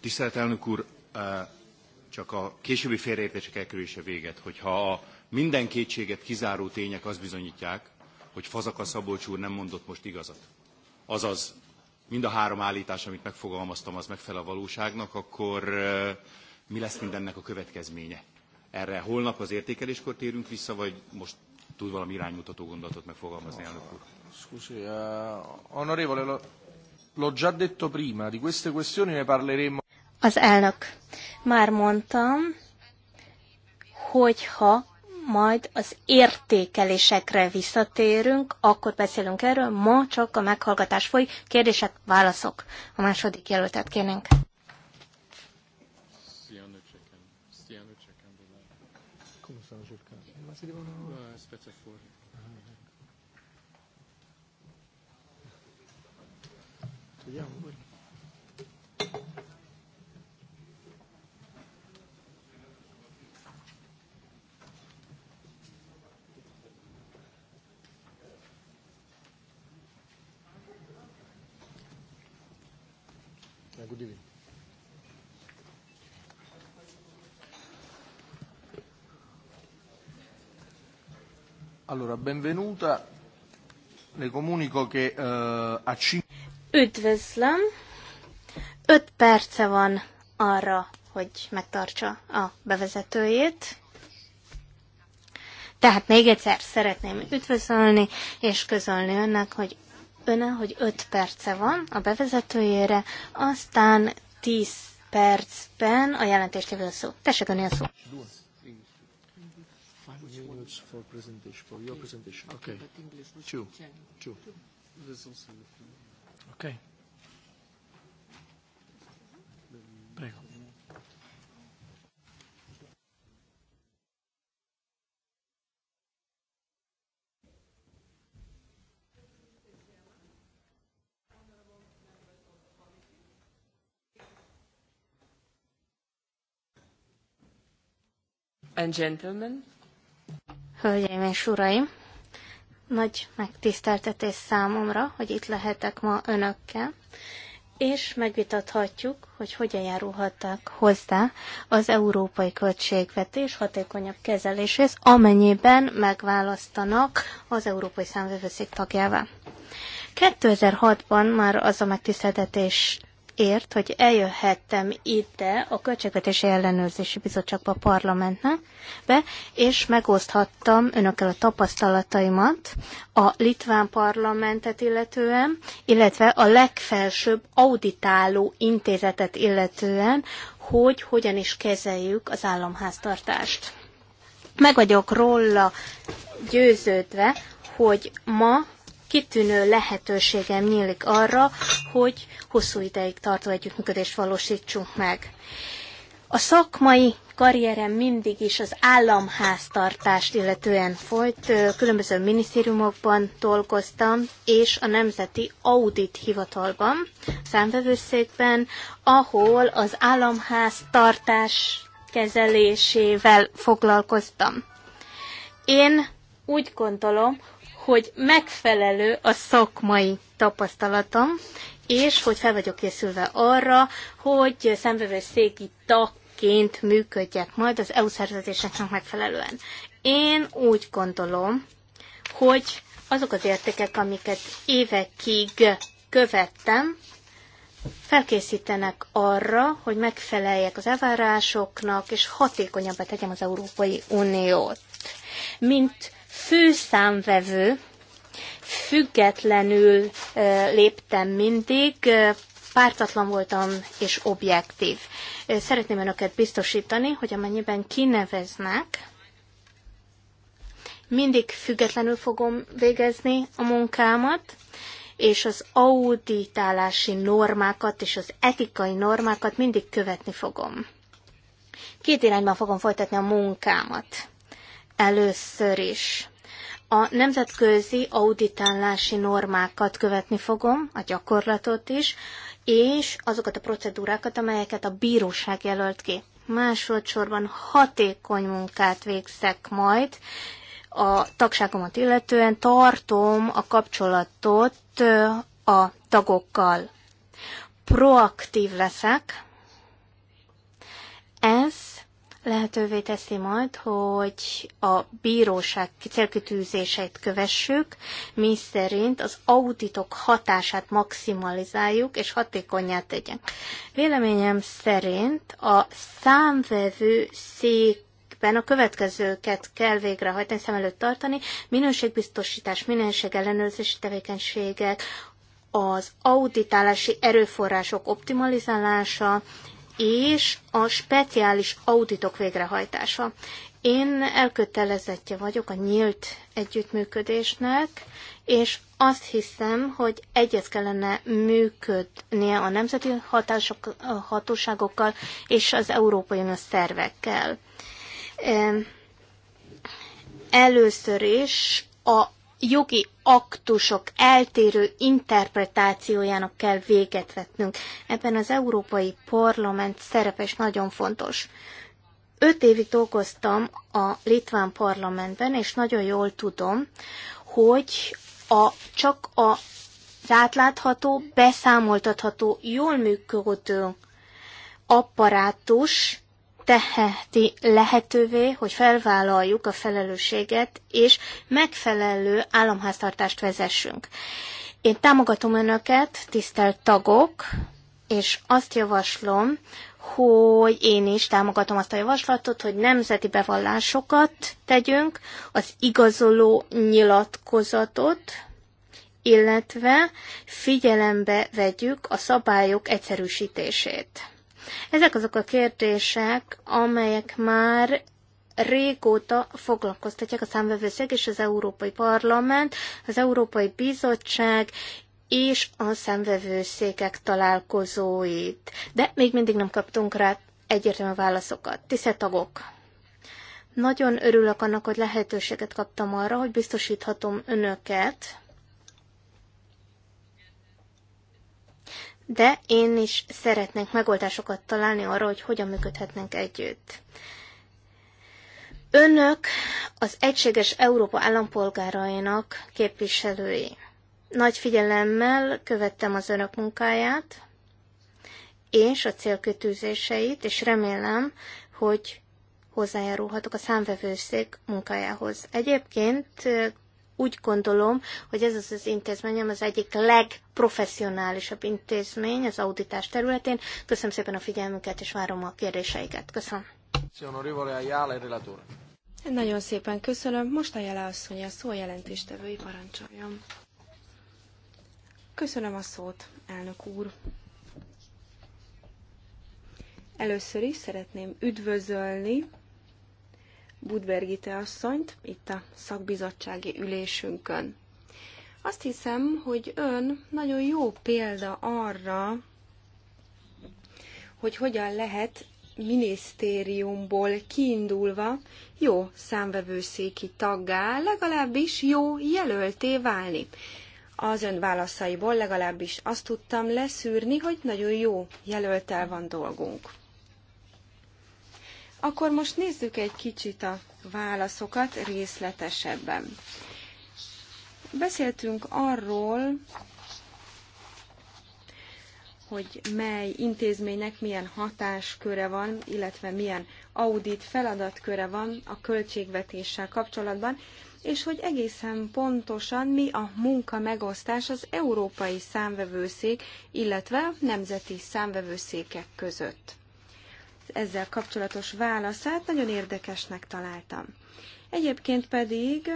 Tisztelt elnök úr, csak a későbbi félreértések elkerülése véget, hogyha a minden kétséget kizáró tények azt bizonyítják, hogy Fazaka Szabolcs úr nem mondott most igazat. Azaz, mind a három állítás, amit megfogalmaztam, az megfelel a valóságnak, akkor mi lesz mindennek a következménye. Erre holnap az értékeléskor térünk vissza, vagy
most tud valami iránymutató gondolatot megfogalmazni, elnök úr? Scusi, uh, onorevole, l'ho già detto prima, di queste questioni ne parleremo.
Az elnök. Már mondtam, hogyha majd az értékelésekre visszatérünk, akkor beszélünk erről, ma csak a meghallgatás foly, kérdések, válaszok. A második jelöltet kérnénk. better for Vediamo pure.
Good evening. Allora, benvenuta. Le comunico che uh, a 5...
Üdvözlöm. 5 perce van arra, hogy megtartsa a bevezetőjét. Tehát még egyszer szeretném üdvözölni, és közölni önnek, hogy öne, hogy 5 perce van a bevezetőjére, aztán 10 percben a jelentést jövő szó. Tessék önni a szó
minutes for presentation, for your presentation. Okay. Two. Two. Okay.
and gentlemen,
Hölgyeim és uraim, nagy megtiszteltetés számomra, hogy itt lehetek ma önökkel, és megvitathatjuk, hogy hogyan járulhattak hozzá az európai költségvetés hatékonyabb kezeléséhez, amennyiben megválasztanak az Európai Számvevőszék tagjává. 2006-ban már az a megtiszteltetés ért, hogy eljöhettem ide a Költségvetési Ellenőrzési Bizottságba a parlamentnek, be, és megoszthattam önökkel a tapasztalataimat a litván parlamentet illetően, illetve a legfelsőbb auditáló intézetet illetően, hogy hogyan is kezeljük az államháztartást. Meg vagyok róla győződve, hogy ma kitűnő lehetőségem nyílik arra, hogy hosszú ideig tartó együttműködést valósítsunk meg. A szakmai karrierem mindig is az államháztartást illetően folyt, különböző minisztériumokban dolgoztam, és a Nemzeti Audit Hivatalban, számvevőszékben, ahol az államháztartás kezelésével foglalkoztam. Én úgy gondolom, hogy megfelelő a szakmai tapasztalatom, és hogy fel vagyok készülve arra, hogy szembevőszéki tagként működjek majd az EU szerződéseknek megfelelően. Én úgy gondolom, hogy azok az értékek, amiket évekig követtem, felkészítenek arra, hogy megfeleljek az elvárásoknak, és hatékonyabbá tegyem az Európai Uniót. Mint főszámvevő, függetlenül léptem mindig, pártatlan voltam és objektív. Szeretném önöket biztosítani, hogy amennyiben kineveznek, mindig függetlenül fogom végezni a munkámat, és az auditálási normákat és az etikai normákat mindig követni fogom. Két irányban fogom folytatni a munkámat. Először is a nemzetközi auditálási normákat követni fogom, a gyakorlatot is, és azokat a procedúrákat, amelyeket a bíróság jelölt ki. Másodszorban hatékony munkát végzek majd, a tagságomat illetően tartom a kapcsolatot a tagokkal. Proaktív leszek. Ez lehetővé teszi majd, hogy a bíróság célkitűzéseit kövessük, mi szerint az auditok hatását maximalizáljuk és hatékonyá tegyen. Véleményem szerint a számvevő szék a következőket kell végrehajtani, szem előtt tartani, minőségbiztosítás, minőség ellenőrzési tevékenységek, az auditálási erőforrások optimalizálása és a speciális auditok végrehajtása. Én elkötelezettje vagyok a nyílt együttműködésnek, és azt hiszem, hogy egyet kellene működnie a nemzeti hatások, hatóságokkal és az Európai Unió szervekkel. Először is a jogi aktusok eltérő interpretációjának kell véget vetnünk. Ebben az Európai Parlament szerepe is nagyon fontos. Öt évig dolgoztam a Litván Parlamentben, és nagyon jól tudom, hogy a, csak a átlátható, beszámoltatható, jól működő apparátus teheti lehetővé, hogy felvállaljuk a felelősséget, és megfelelő államháztartást vezessünk. Én támogatom Önöket, tisztelt tagok, és azt javaslom, hogy én is támogatom azt a javaslatot, hogy nemzeti bevallásokat tegyünk, az igazoló nyilatkozatot, illetve figyelembe vegyük a szabályok egyszerűsítését. Ezek azok a kérdések, amelyek már régóta foglalkoztatják a számvevőszék és az Európai Parlament, az Európai Bizottság és a számvevőszékek találkozóit. De még mindig nem kaptunk rá egyértelmű válaszokat. Tisztelt tagok! Nagyon örülök annak, hogy lehetőséget kaptam arra, hogy biztosíthatom önöket de én is szeretnék megoldásokat találni arra, hogy hogyan működhetnénk együtt. Önök az egységes Európa állampolgárainak képviselői. Nagy figyelemmel követtem az önök munkáját, és a célkötőzéseit, és remélem, hogy hozzájárulhatok a számvevőszék munkájához. Egyébként úgy gondolom, hogy ez az az intézményem az egyik legprofessionálisabb intézmény az auditás területén. Köszönöm szépen a figyelmüket, és várom a kérdéseiket. Köszönöm. Nagyon szépen köszönöm. Most a
jele asszony a szó jelentéstevői parancsoljon. Köszönöm a szót, elnök úr. Először is szeretném üdvözölni Budbergite asszonyt itt a szakbizottsági ülésünkön. Azt hiszem, hogy ön nagyon jó példa arra, hogy hogyan lehet minisztériumból kiindulva jó számvevőszéki taggá, legalábbis jó jelölté válni. Az ön válaszaiból legalábbis azt tudtam leszűrni, hogy nagyon jó jelöltel van dolgunk. Akkor most nézzük egy kicsit a válaszokat részletesebben. Beszéltünk arról, hogy mely intézménynek milyen hatásköre van, illetve milyen audit feladatköre van a költségvetéssel kapcsolatban, és hogy egészen pontosan mi a munka megosztás az európai számvevőszék, illetve nemzeti számvevőszékek között ezzel kapcsolatos válaszát nagyon érdekesnek találtam. Egyébként pedig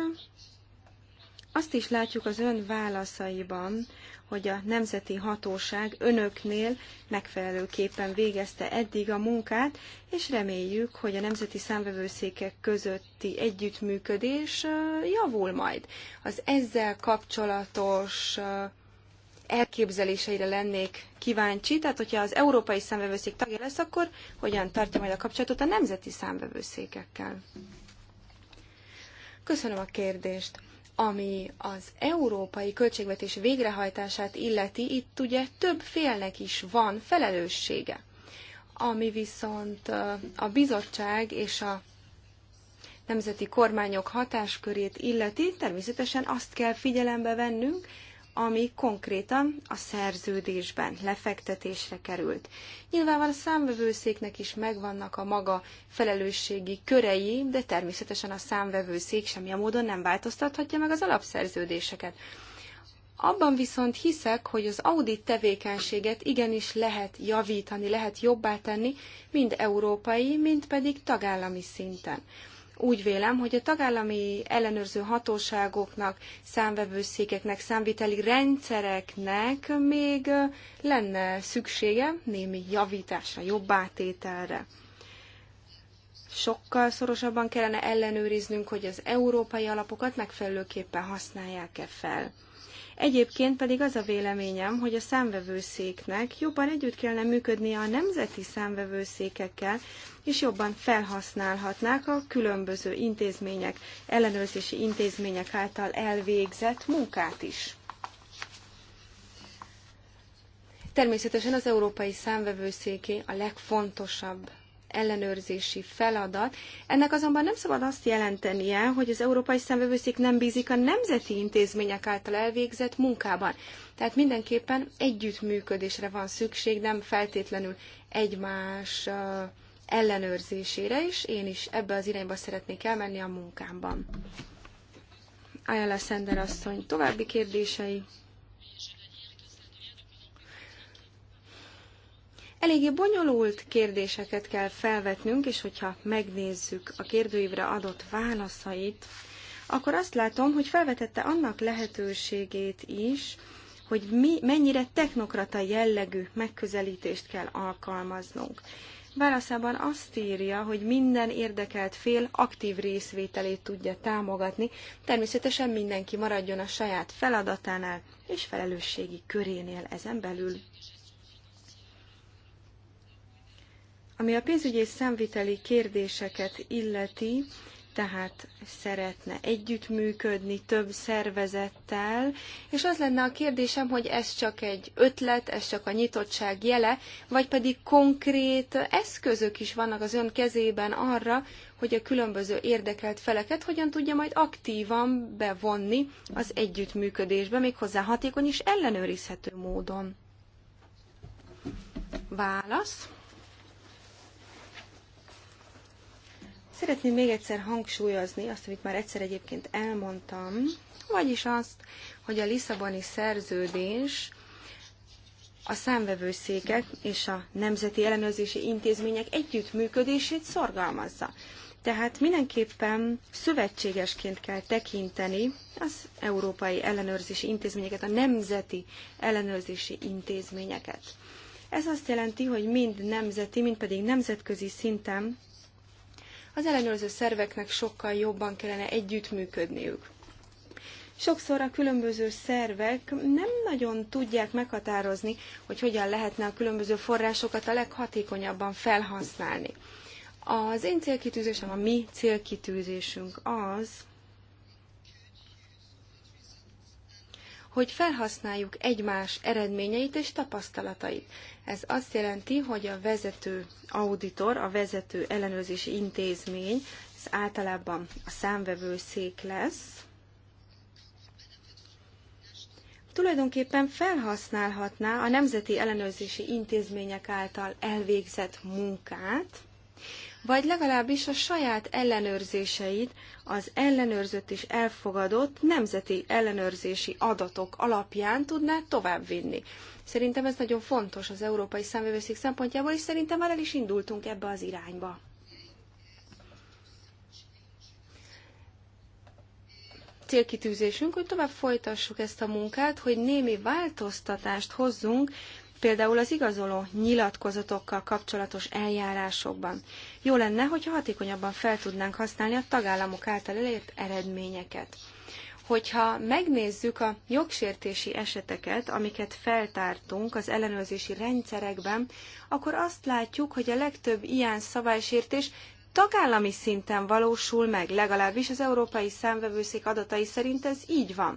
azt is látjuk az ön válaszaiban, hogy a nemzeti hatóság önöknél megfelelőképpen végezte eddig a munkát, és reméljük, hogy a nemzeti számvevőszékek közötti együttműködés javul majd. Az ezzel kapcsolatos elképzeléseire lennék kíváncsi, tehát hogyha az európai számvevőszék tagja lesz, akkor hogyan tartja majd a kapcsolatot a nemzeti számvevőszékekkel? Köszönöm a kérdést. Ami az európai költségvetés végrehajtását illeti, itt ugye több félnek is van felelőssége. Ami viszont a bizottság és a nemzeti kormányok hatáskörét illeti, természetesen azt kell figyelembe vennünk, ami konkrétan a szerződésben lefektetésre került. Nyilvánvalóan a számvevőszéknek is megvannak a maga felelősségi körei, de természetesen a számvevőszék semmilyen módon nem változtathatja meg az alapszerződéseket. Abban viszont hiszek, hogy az audit tevékenységet igenis lehet javítani, lehet jobbá tenni, mind európai, mind pedig tagállami szinten úgy vélem, hogy a tagállami ellenőrző hatóságoknak, számvevőszékeknek, számviteli rendszereknek még lenne szüksége némi javításra, átételre. Sokkal szorosabban kellene ellenőriznünk, hogy az európai alapokat megfelelőképpen használják-e fel Egyébként pedig az a véleményem, hogy a számvevőszéknek jobban együtt kellene működnie a nemzeti számvevőszékekkel, és jobban felhasználhatnák a különböző intézmények, ellenőrzési intézmények által elvégzett munkát is. Természetesen az Európai Számvevőszéké a legfontosabb ellenőrzési feladat. Ennek azonban nem szabad azt jelentenie, hogy az Európai Szemvevőszék nem bízik a nemzeti intézmények által elvégzett munkában. Tehát mindenképpen együttműködésre van szükség, nem feltétlenül egymás ellenőrzésére is. Én is ebbe az irányba szeretnék elmenni a munkámban. Ajala Szender asszony további kérdései. Eléggé bonyolult kérdéseket kell felvetnünk, és hogyha megnézzük a kérdőívre adott válaszait, akkor azt látom, hogy felvetette annak lehetőségét is, hogy mi, mennyire technokrata jellegű megközelítést kell alkalmaznunk. Válaszában azt írja, hogy minden érdekelt fél aktív részvételét tudja támogatni, természetesen mindenki maradjon a saját feladatánál és felelősségi körénél ezen belül. Ami a pénzügyi és számviteli kérdéseket illeti, tehát szeretne együttműködni több szervezettel, és az lenne a kérdésem, hogy ez csak egy ötlet, ez csak a nyitottság jele, vagy pedig konkrét eszközök is vannak az ön kezében arra, hogy a különböző érdekelt feleket hogyan tudja majd aktívan bevonni az együttműködésbe, méghozzá hatékony és ellenőrizhető módon. Válasz. Szeretném még egyszer hangsúlyozni azt, amit már egyszer egyébként elmondtam, vagyis azt, hogy a Lisszaboni szerződés a számvevőszékek és a nemzeti ellenőrzési intézmények együttműködését szorgalmazza. Tehát mindenképpen szövetségesként kell tekinteni az európai ellenőrzési intézményeket, a nemzeti ellenőrzési intézményeket. Ez azt jelenti, hogy mind nemzeti, mind pedig nemzetközi szinten az ellenőrző szerveknek sokkal jobban kellene együttműködniük. Sokszor a különböző szervek nem nagyon tudják meghatározni, hogy hogyan lehetne a különböző forrásokat a leghatékonyabban felhasználni. Az én célkitűzésem, a mi célkitűzésünk az, hogy felhasználjuk egymás eredményeit és tapasztalatait. Ez azt jelenti, hogy a vezető auditor, a vezető ellenőrzési intézmény, ez általában a számvevőszék lesz, tulajdonképpen felhasználhatná a nemzeti ellenőrzési intézmények által elvégzett munkát, vagy legalábbis a saját ellenőrzéseit az ellenőrzött és elfogadott nemzeti ellenőrzési adatok alapján tudná továbbvinni. Szerintem ez nagyon fontos az európai számvevőszék szempontjából, és szerintem már el is indultunk ebbe az irányba. Célkitűzésünk, hogy tovább folytassuk ezt a munkát, hogy némi változtatást hozzunk, például az igazoló nyilatkozatokkal kapcsolatos eljárásokban. Jó lenne, hogyha hatékonyabban fel tudnánk használni a tagállamok által elért eredményeket. Hogyha megnézzük a jogsértési eseteket, amiket feltártunk az ellenőrzési rendszerekben, akkor azt látjuk, hogy a legtöbb ilyen szabálysértés tagállami szinten valósul meg, legalábbis az Európai Számvevőszék adatai szerint ez így van.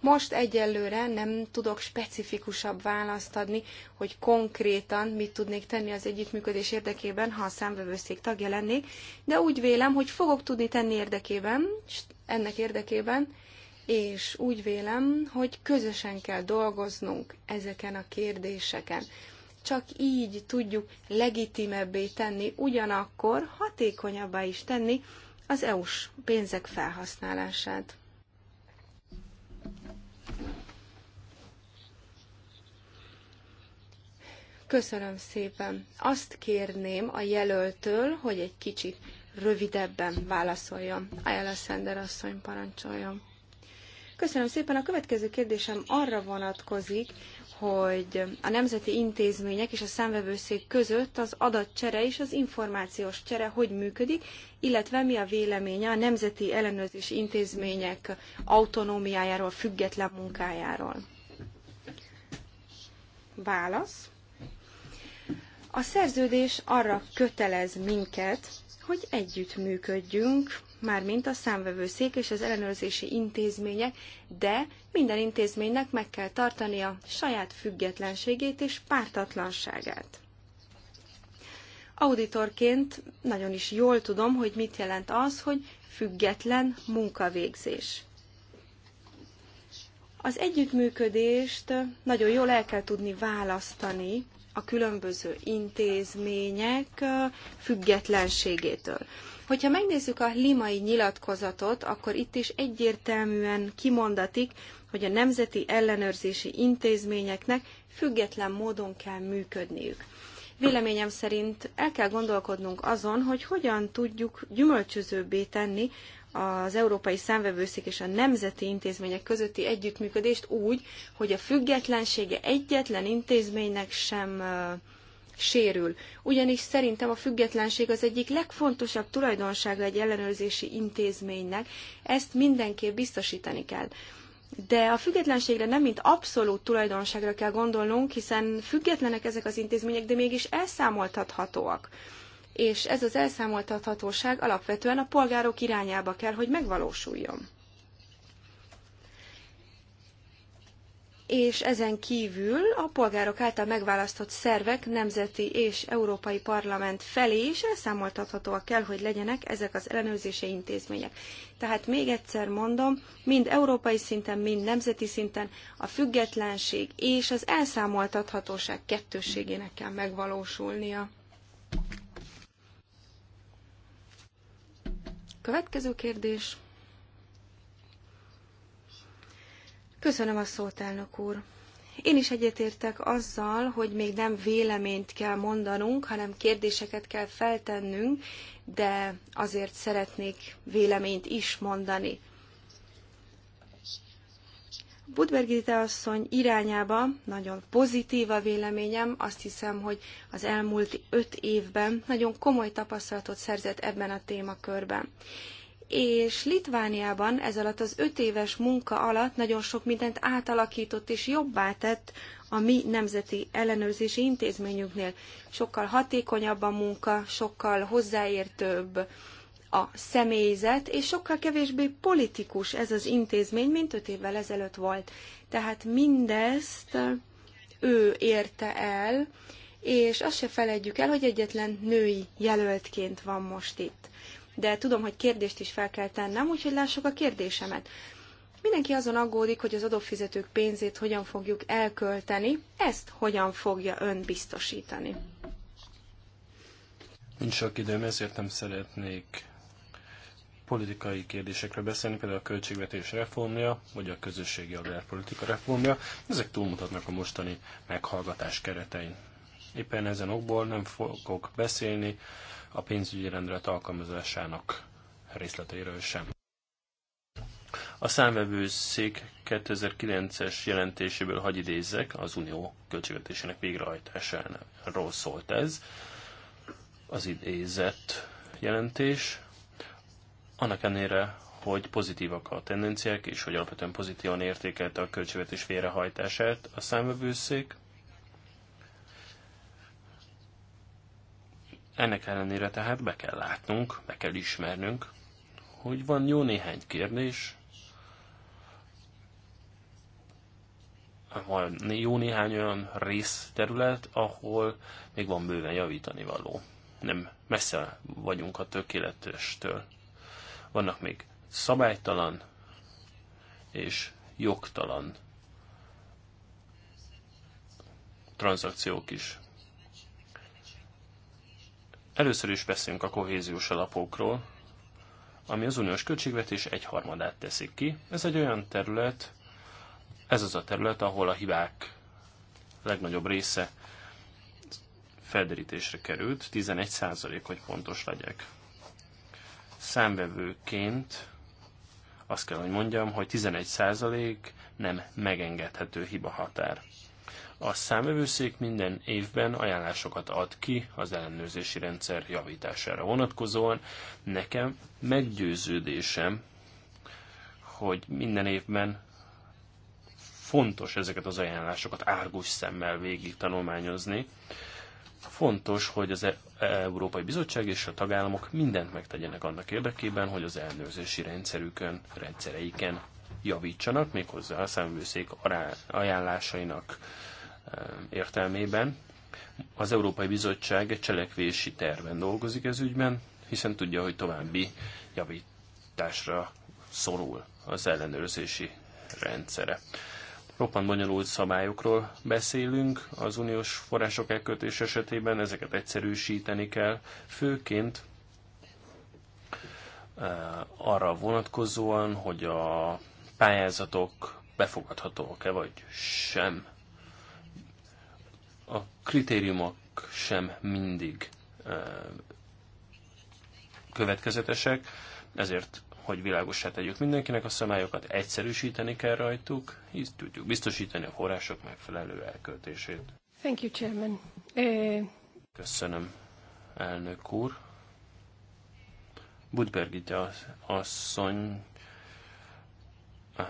Most egyelőre nem tudok specifikusabb választ adni, hogy konkrétan mit tudnék tenni az együttműködés érdekében, ha a számvevőszék tagja lennék, de úgy vélem, hogy fogok tudni tenni érdekében, ennek érdekében, és úgy vélem, hogy közösen kell dolgoznunk ezeken a kérdéseken. Csak így tudjuk legitimebbé tenni, ugyanakkor hatékonyabbá is tenni az EU-s pénzek felhasználását. Köszönöm szépen. Azt kérném a jelöltől, hogy egy kicsit rövidebben válaszoljon. Ajala Szender asszony parancsoljon. Köszönöm szépen. A következő kérdésem arra vonatkozik, hogy a nemzeti intézmények és a számvevőszék között az adatcsere és az információs csere hogy működik, illetve mi a véleménye a nemzeti ellenőrzési intézmények autonómiájáról, független munkájáról. Válasz. A szerződés arra kötelez minket, hogy együttműködjünk, mármint a számvevőszék és az ellenőrzési intézmények, de minden intézménynek meg kell tartania saját függetlenségét és pártatlanságát. Auditorként nagyon is jól tudom, hogy mit jelent az, hogy független munkavégzés. Az együttműködést nagyon jól el kell tudni választani a különböző intézmények függetlenségétől. Hogyha megnézzük a limai nyilatkozatot, akkor itt is egyértelműen kimondatik, hogy a nemzeti ellenőrzési intézményeknek független módon kell működniük. Véleményem szerint el kell gondolkodnunk azon, hogy hogyan tudjuk gyümölcsözőbbé tenni az Európai Számvevőszék és a nemzeti intézmények közötti együttműködést úgy, hogy a függetlensége egyetlen intézménynek sem sérül. Ugyanis szerintem a függetlenség az egyik legfontosabb tulajdonsága egy ellenőrzési intézménynek, ezt mindenképp biztosítani kell. De a függetlenségre nem mint abszolút tulajdonságra kell gondolnunk, hiszen függetlenek ezek az intézmények, de mégis elszámoltathatóak és ez az elszámoltathatóság alapvetően a polgárok irányába kell, hogy megvalósuljon. és ezen kívül a polgárok által megválasztott szervek nemzeti és európai parlament felé is elszámoltathatóak kell, hogy legyenek ezek az ellenőrzési intézmények. Tehát még egyszer mondom, mind európai szinten, mind nemzeti szinten a függetlenség és az elszámoltathatóság kettősségének kell megvalósulnia. Következő kérdés. Köszönöm a szót, elnök úr. Én is egyetértek azzal, hogy még nem véleményt kell mondanunk, hanem kérdéseket kell feltennünk, de azért szeretnék véleményt is mondani. Budbergite asszony irányába nagyon pozitív a véleményem. Azt hiszem, hogy az elmúlt öt évben nagyon komoly tapasztalatot szerzett ebben a témakörben. És Litvániában ez alatt az öt éves munka alatt nagyon sok mindent átalakított és jobbá tett a mi nemzeti ellenőrzési intézményünknél. Sokkal hatékonyabb a munka, sokkal hozzáértőbb, a személyzet, és sokkal kevésbé politikus ez az intézmény, mint öt évvel ezelőtt volt. Tehát mindezt ő érte el, és azt se felejtjük el, hogy egyetlen női jelöltként van most itt. De tudom, hogy kérdést is fel kell tennem, úgyhogy lássuk a kérdésemet. Mindenki azon aggódik, hogy az adófizetők pénzét hogyan fogjuk elkölteni, ezt hogyan fogja ön biztosítani.
Nincs sok időm, ezért nem szeretnék politikai kérdésekről beszélni, például a költségvetés reformja, vagy a közösségi agrárpolitika reformja, ezek túlmutatnak a mostani meghallgatás keretein. Éppen ezen okból nem fogok beszélni a pénzügyi rendelet alkalmazásának részleteiről sem. A számvevőszék 2009-es jelentéséből hagy idézzek, az unió költségvetésének végrehajtásáról szólt ez. Az idézett jelentés annak ennére, hogy pozitívak a tendenciák, és hogy alapvetően pozitívan értékelte a költségvetés félrehajtását a számvevőszék, Ennek ellenére tehát be kell látnunk, be kell ismernünk, hogy van jó néhány kérdés, van jó néhány olyan részterület, ahol még van bőven javítani való. Nem messze vagyunk a tökéletestől vannak még szabálytalan és jogtalan tranzakciók is. Először is beszélünk a kohéziós alapokról, ami az uniós költségvetés egyharmadát teszik ki. Ez egy olyan terület, ez az a terület, ahol a hibák legnagyobb része felderítésre került, 11 százalék, hogy pontos legyek számvevőként azt kell, hogy mondjam, hogy 11% nem megengedhető hiba határ. A számvevőszék minden évben ajánlásokat ad ki az ellenőrzési rendszer javítására vonatkozóan. Nekem meggyőződésem, hogy minden évben fontos ezeket az ajánlásokat árgus szemmel végig tanulmányozni, Fontos, hogy az e- Európai Bizottság és a tagállamok mindent megtegyenek annak érdekében, hogy az ellenőrzési rendszerükön, rendszereiken javítsanak, méghozzá a számvőszék ajánlásainak e, értelmében. Az Európai Bizottság egy cselekvési terven dolgozik ez ügyben, hiszen tudja, hogy további javításra szorul az ellenőrzési rendszere roppant bonyolult szabályokról beszélünk az uniós források elkötés esetében, ezeket egyszerűsíteni kell, főként eh, arra vonatkozóan, hogy a pályázatok befogadhatóak-e vagy sem. A kritériumok sem mindig eh, következetesek, ezért hogy világosá tegyük mindenkinek a szabályokat, egyszerűsíteni kell rajtuk, így tudjuk biztosítani a források megfelelő elköltését.
Thank you, Chairman. Uh...
Köszönöm, elnök úr. Budbergite asszony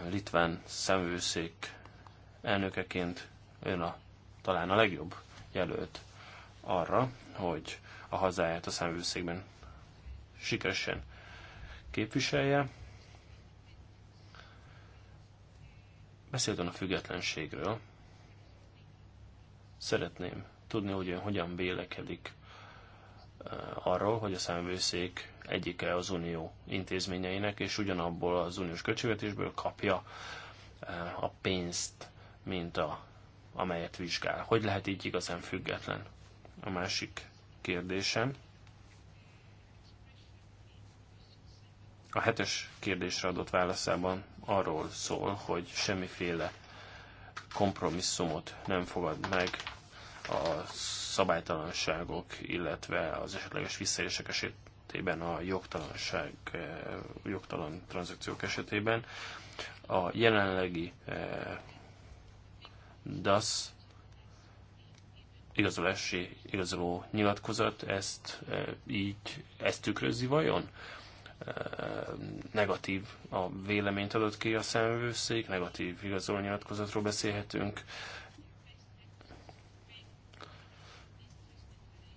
litván szemvőszék elnökeként ön a, talán a legjobb jelölt arra, hogy a hazáját a szemvőszékben sikeresen képviselje. Beszéltem a függetlenségről. Szeretném tudni, hogy ön hogyan vélekedik eh, arról, hogy a számvőszék egyike az unió intézményeinek, és ugyanabból az uniós költségvetésből kapja eh, a pénzt, mint a, amelyet vizsgál. Hogy lehet így igazán független? A másik kérdésem A hetes kérdésre adott válaszában arról szól, hogy semmiféle kompromisszumot nem fogad meg a szabálytalanságok, illetve az esetleges visszaélések esetében a jogtalanság, eh, jogtalan tranzakciók esetében. A jelenlegi eh, DAS igazolási igazoló nyilatkozat ezt eh, így ezt tükrözi vajon? negatív a véleményt adott ki a szemvőszék, negatív igazolnyilatkozatról beszélhetünk.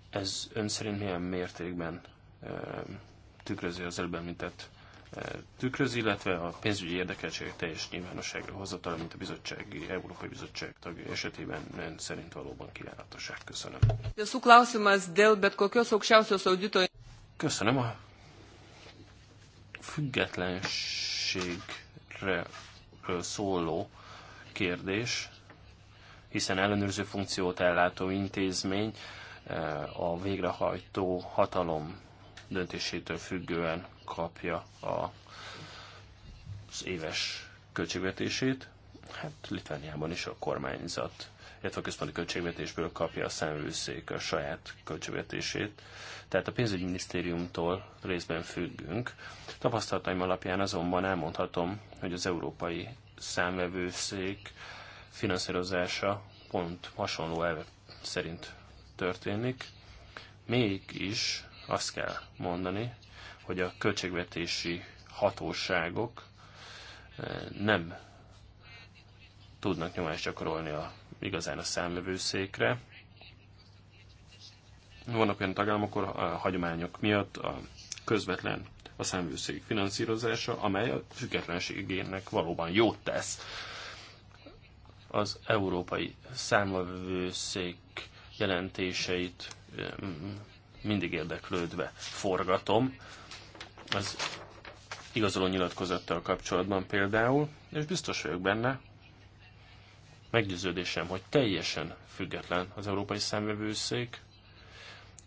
Ez ön szerint milyen mértékben tükrözi az előbb említett tükrözi, illetve a pénzügyi érdekeltség teljes nyilvánosságra hozatala, mint a bizottsági, Európai Bizottság tagja esetében ön szerint
valóban kívánatos. Köszönöm.
Köszönöm a függetlenségre szóló kérdés, hiszen ellenőrző funkciót ellátó intézmény a végrehajtó hatalom döntésétől függően kapja a, az éves költségvetését. Hát Litvániában is a kormányzat illetve a központi költségvetésből kapja a számvőszék a saját költségvetését. Tehát a minisztériumtól részben függünk. Tapasztalataim alapján azonban elmondhatom, hogy az európai számvevőszék finanszírozása pont hasonló elvek szerint történik. Mégis azt kell mondani, hogy a költségvetési hatóságok eh, nem tudnak nyomást gyakorolni a igazán a számvevőszékre. Vannak olyan tagállamok, ahol a hagyományok miatt a közvetlen a számvőszék finanszírozása, amely a függetlenségének valóban jót tesz. Az európai számvevőszék jelentéseit mindig érdeklődve forgatom. Az igazoló nyilatkozattal kapcsolatban például, és biztos vagyok benne, Meggyőződésem, hogy teljesen független az Európai Számvevőszék,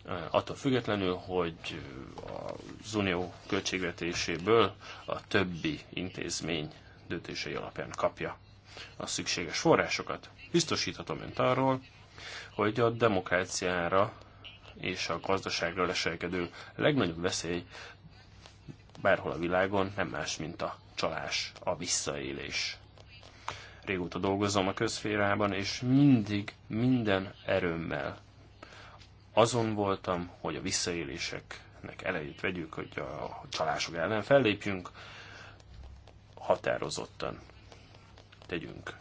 eh, attól függetlenül, hogy az unió költségvetéséből a többi intézmény döntései alapján kapja a szükséges forrásokat. Biztosíthatom önt arról, hogy a demokráciára és a gazdaságra leselkedő legnagyobb veszély bárhol a világon nem más, mint a csalás, a visszaélés régóta dolgozom a közférában, és mindig minden erőmmel azon voltam, hogy a visszaéléseknek elejét vegyük, hogy a csalások ellen fellépjünk, határozottan tegyünk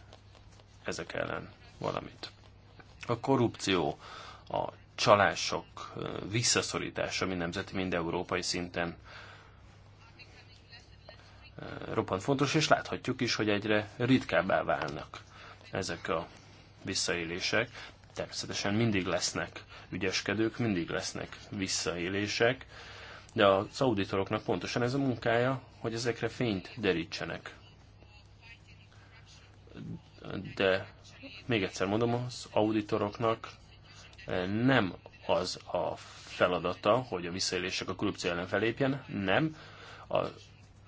ezek ellen valamit. A korrupció, a csalások visszaszorítása mind nemzeti, mind európai szinten roppant fontos, és láthatjuk is, hogy egyre ritkábbá válnak ezek a visszaélések. Természetesen mindig lesznek ügyeskedők, mindig lesznek visszaélések, de az auditoroknak pontosan ez a munkája, hogy ezekre fényt derítsenek. De még egyszer mondom, az auditoroknak eh, nem az a feladata, hogy a visszaélések a korrupció ellen felépjen, nem. A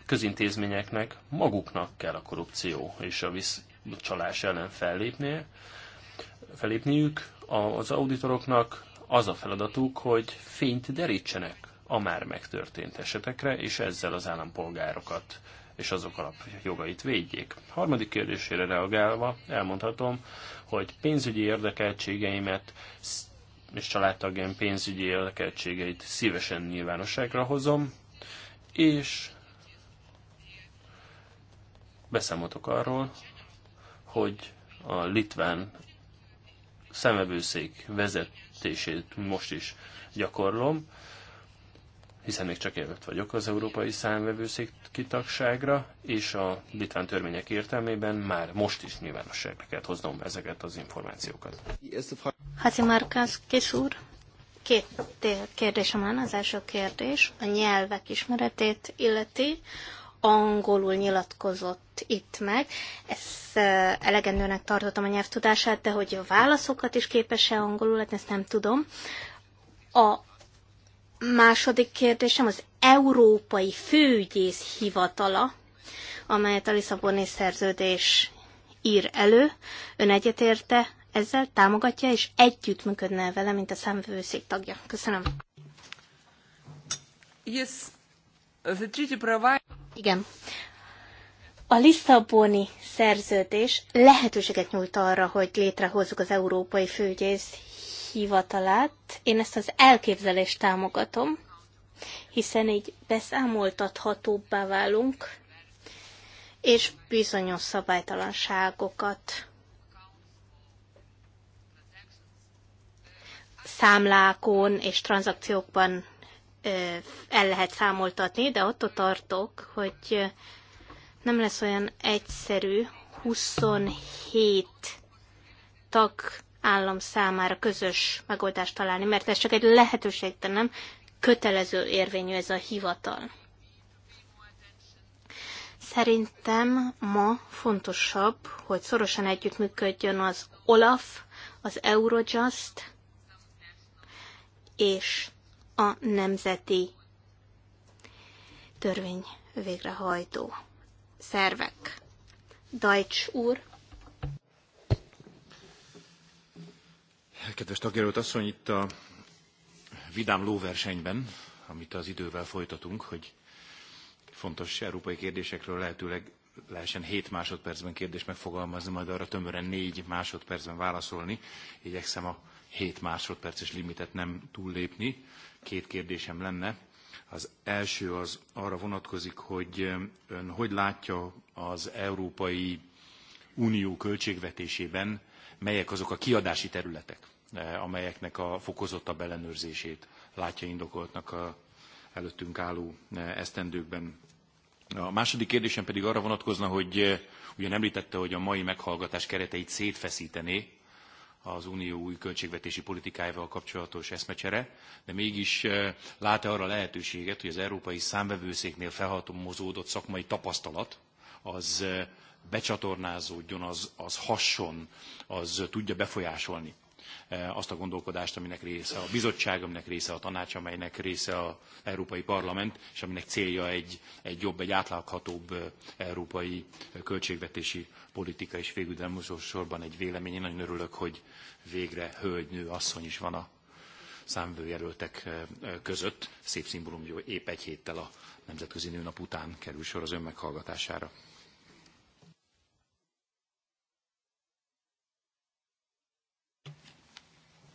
közintézményeknek maguknak kell a korrupció és a visszacsalás ellen fellépnie, felépniük, az auditoroknak az a feladatuk, hogy fényt derítsenek a már megtörtént esetekre, és ezzel az állampolgárokat és azok alapjogait védjék. Harmadik kérdésére reagálva elmondhatom, hogy pénzügyi érdekeltségeimet és családtagjaim pénzügyi érdekeltségeit szívesen nyilvánosságra hozom, és Beszámoltok arról, hogy a litván szemevőszék vezetését most is gyakorlom, hiszen még csak jelölt vagyok az Európai Számvevőszék kitagságra, és a litván törvények értelmében már most is nyilvánosságra kell hoznom ezeket az információkat.
Hazi Markász, kis úr, két kérdésem van. Az első kérdés a nyelvek ismeretét illeti angolul nyilatkozott itt meg. Ezt elegendőnek tartottam a nyelvtudását, de hogy a válaszokat is képes-e angolul, hát ezt nem tudom. A második kérdésem az Európai Főügyész Hivatala, amelyet a Lisszaboni szerződés ír elő. Ön egyetérte ezzel, támogatja és együttműködne -e vele, mint a számvevőszék tagja. Köszönöm.
Yes, the treaty provides...
Igen. A Lisszaboni szerződés lehetőséget nyújt arra, hogy létrehozzuk az Európai Főügyész hivatalát. Én ezt az elképzelést támogatom, hiszen így beszámoltathatóbbá válunk, és bizonyos szabálytalanságokat számlákon és tranzakciókban el lehet számoltatni, de attól tartok, hogy nem lesz olyan egyszerű 27 tag állam számára közös megoldást találni, mert ez csak egy lehetőség, de nem kötelező érvényű ez a hivatal. Szerintem ma fontosabb, hogy szorosan együttműködjön az OLAF, az Eurojust és a nemzeti törvény végrehajtó szervek. Dajcs úr.
Kedves tagjelölt asszony, itt a vidám lóversenyben, amit az idővel folytatunk, hogy fontos európai kérdésekről lehetőleg lehessen 7 másodpercben kérdést megfogalmazni, majd arra tömören 4 másodpercben válaszolni. Igyekszem a 7 másodperces limitet nem túllépni két kérdésem lenne. Az első az arra vonatkozik, hogy um, ön hogy látja az Európai Unió költségvetésében, melyek azok a kiadási területek, eh, amelyeknek a fokozottabb ellenőrzését látja indokoltnak a előttünk álló eh, esztendőkben. A második kérdésem pedig arra vonatkozna, hogy eh, ugyan említette, hogy a mai meghallgatás kereteit szétfeszítené, az unió új költségvetési politikájával kapcsolatos eszmecsere, de mégis eh, lát -e arra lehetőséget, hogy az európai számbevőszéknél felhatalmazódott szakmai tapasztalat az eh, becsatornázódjon, az, az hasson, az eh, tudja befolyásolni Eh, azt a gondolkodást, aminek része a bizottság, aminek része a tanács, amelynek része az Európai Parlament, és aminek célja egy, egy jobb, egy átláthatóbb eh, európai eh, költségvetési politika, és végül de sorban egy vélemény. Én nagyon örülök, hogy végre hölgy, nő, asszony is van a számvőjelöltek között. Szép szimbólum, hogy épp egy héttel a Nemzetközi Nőnap után kerül sor az önmeghallgatására.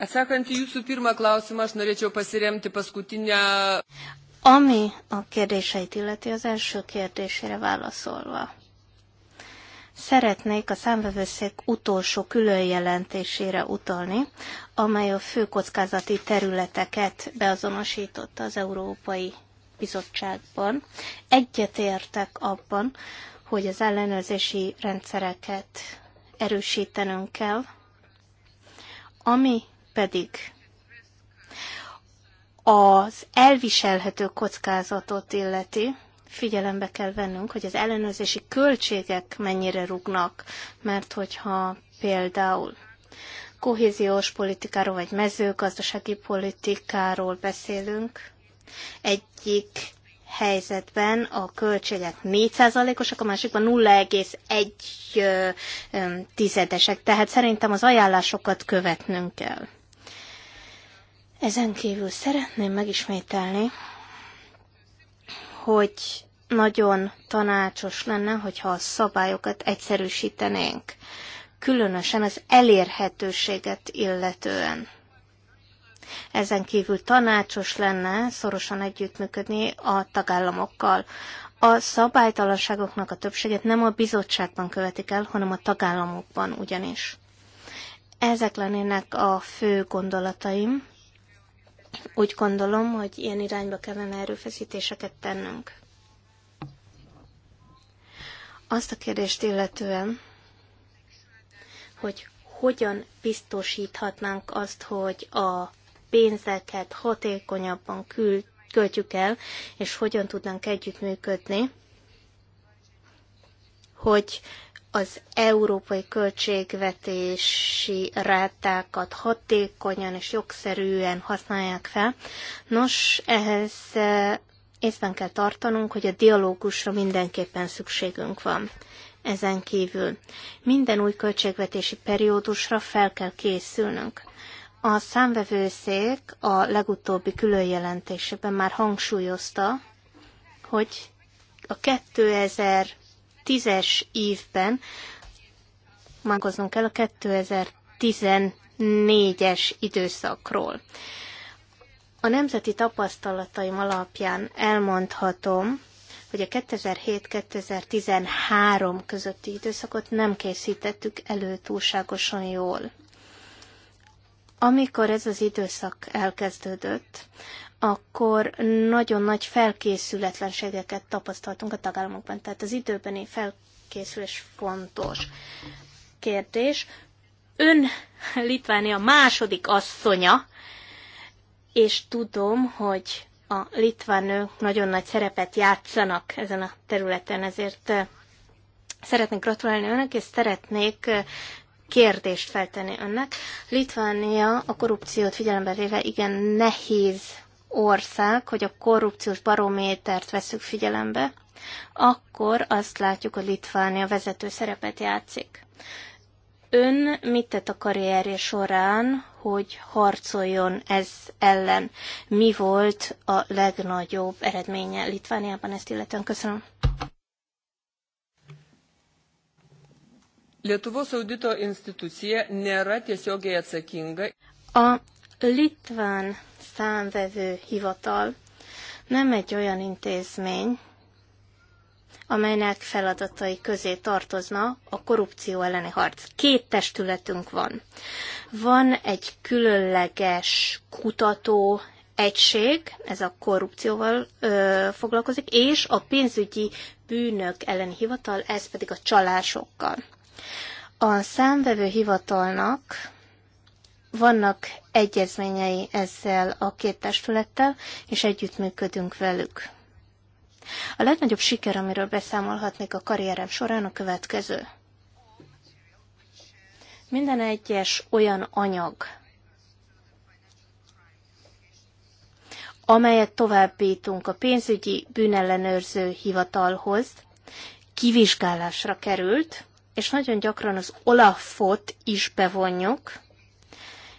Atsakant į jūsų pirmą klausimą, aš norėčiau pasiremti paskutinę.
Ami a kérdéseit illeti az első kérdésére válaszolva. Szeretnék a számvevőszék utolsó külön jelentésére utalni, amely a főkockázati területeket beazonosította az Európai Bizottságban. Egyetértek abban, hogy az ellenőrzési rendszereket erősítenünk kell, ami pedig az elviselhető kockázatot illeti, figyelembe kell vennünk, hogy az ellenőrzési költségek mennyire rugnak, mert hogyha például kohéziós politikáról vagy mezőgazdasági politikáról beszélünk, egyik helyzetben a költségek 4%-osak, a másikban 0,1 tizedesek. Tehát szerintem az ajánlásokat követnünk kell. Ezen kívül szeretném megismételni, hogy nagyon tanácsos lenne, hogyha a szabályokat egyszerűsítenénk, különösen az elérhetőséget illetően. Ezen kívül tanácsos lenne szorosan együttműködni a tagállamokkal. A szabálytalanságoknak a többséget nem a bizottságban követik el, hanem a tagállamokban ugyanis. Ezek lennének a fő gondolataim, úgy gondolom, hogy ilyen irányba kellene erőfeszítéseket tennünk. Azt a kérdést illetően, hogy hogyan biztosíthatnánk azt, hogy a pénzeket hatékonyabban küld, költjük el, és hogyan tudnánk együttműködni, hogy az európai költségvetési rátákat hatékonyan és jogszerűen használják fel. Nos, ehhez e, észben kell tartanunk, hogy a dialógusra mindenképpen szükségünk van. Ezen kívül minden új költségvetési periódusra fel kell készülnünk. A számvevőszék a legutóbbi különjelentésében már hangsúlyozta, hogy a 2000 2010-es évben magkoznunk kell a 2014-es időszakról. A nemzeti tapasztalataim alapján elmondhatom, hogy a 2007-2013 közötti időszakot nem készítettük elő túlságosan jól. Amikor ez az időszak elkezdődött, akkor nagyon nagy felkészületlenségeket tapasztaltunk a tagállamokban. Tehát az időbeni felkészülés fontos kérdés. Ön Litvánia második asszonya, és tudom, hogy a litván nagyon nagy szerepet játszanak ezen a területen, ezért szeretnék gratulálni önnek, és szeretnék kérdést feltenni önnek. Litvánia a korrupciót figyelembe véve igen nehéz ország, hogy a korrupciós barométert veszük figyelembe, akkor azt látjuk, hogy Litvánia vezető szerepet játszik. Ön mit tett a karrierje során, hogy harcoljon ez ellen? Mi volt a legnagyobb eredménye Litvániában ezt illetően? Köszönöm.
Lietuvos audito institucija nėra tiesiogiai atsakinga.
A Litván számvevő hivatal nem egy olyan intézmény, amelynek feladatai közé tartozna a korrupció elleni harc. Két testületünk van. Van egy különleges kutató egység, ez a korrupcióval ö, foglalkozik, és a pénzügyi bűnök elleni hivatal, ez pedig a csalásokkal. A számvevő hivatalnak vannak egyezményei ezzel a két testülettel, és együttműködünk velük. A legnagyobb siker, amiről beszámolhatnék a karrierem során, a következő. Minden egyes olyan anyag, amelyet továbbítunk a pénzügyi bűnellenőrző hivatalhoz, kivizsgálásra került, és nagyon gyakran az Olafot is bevonjuk,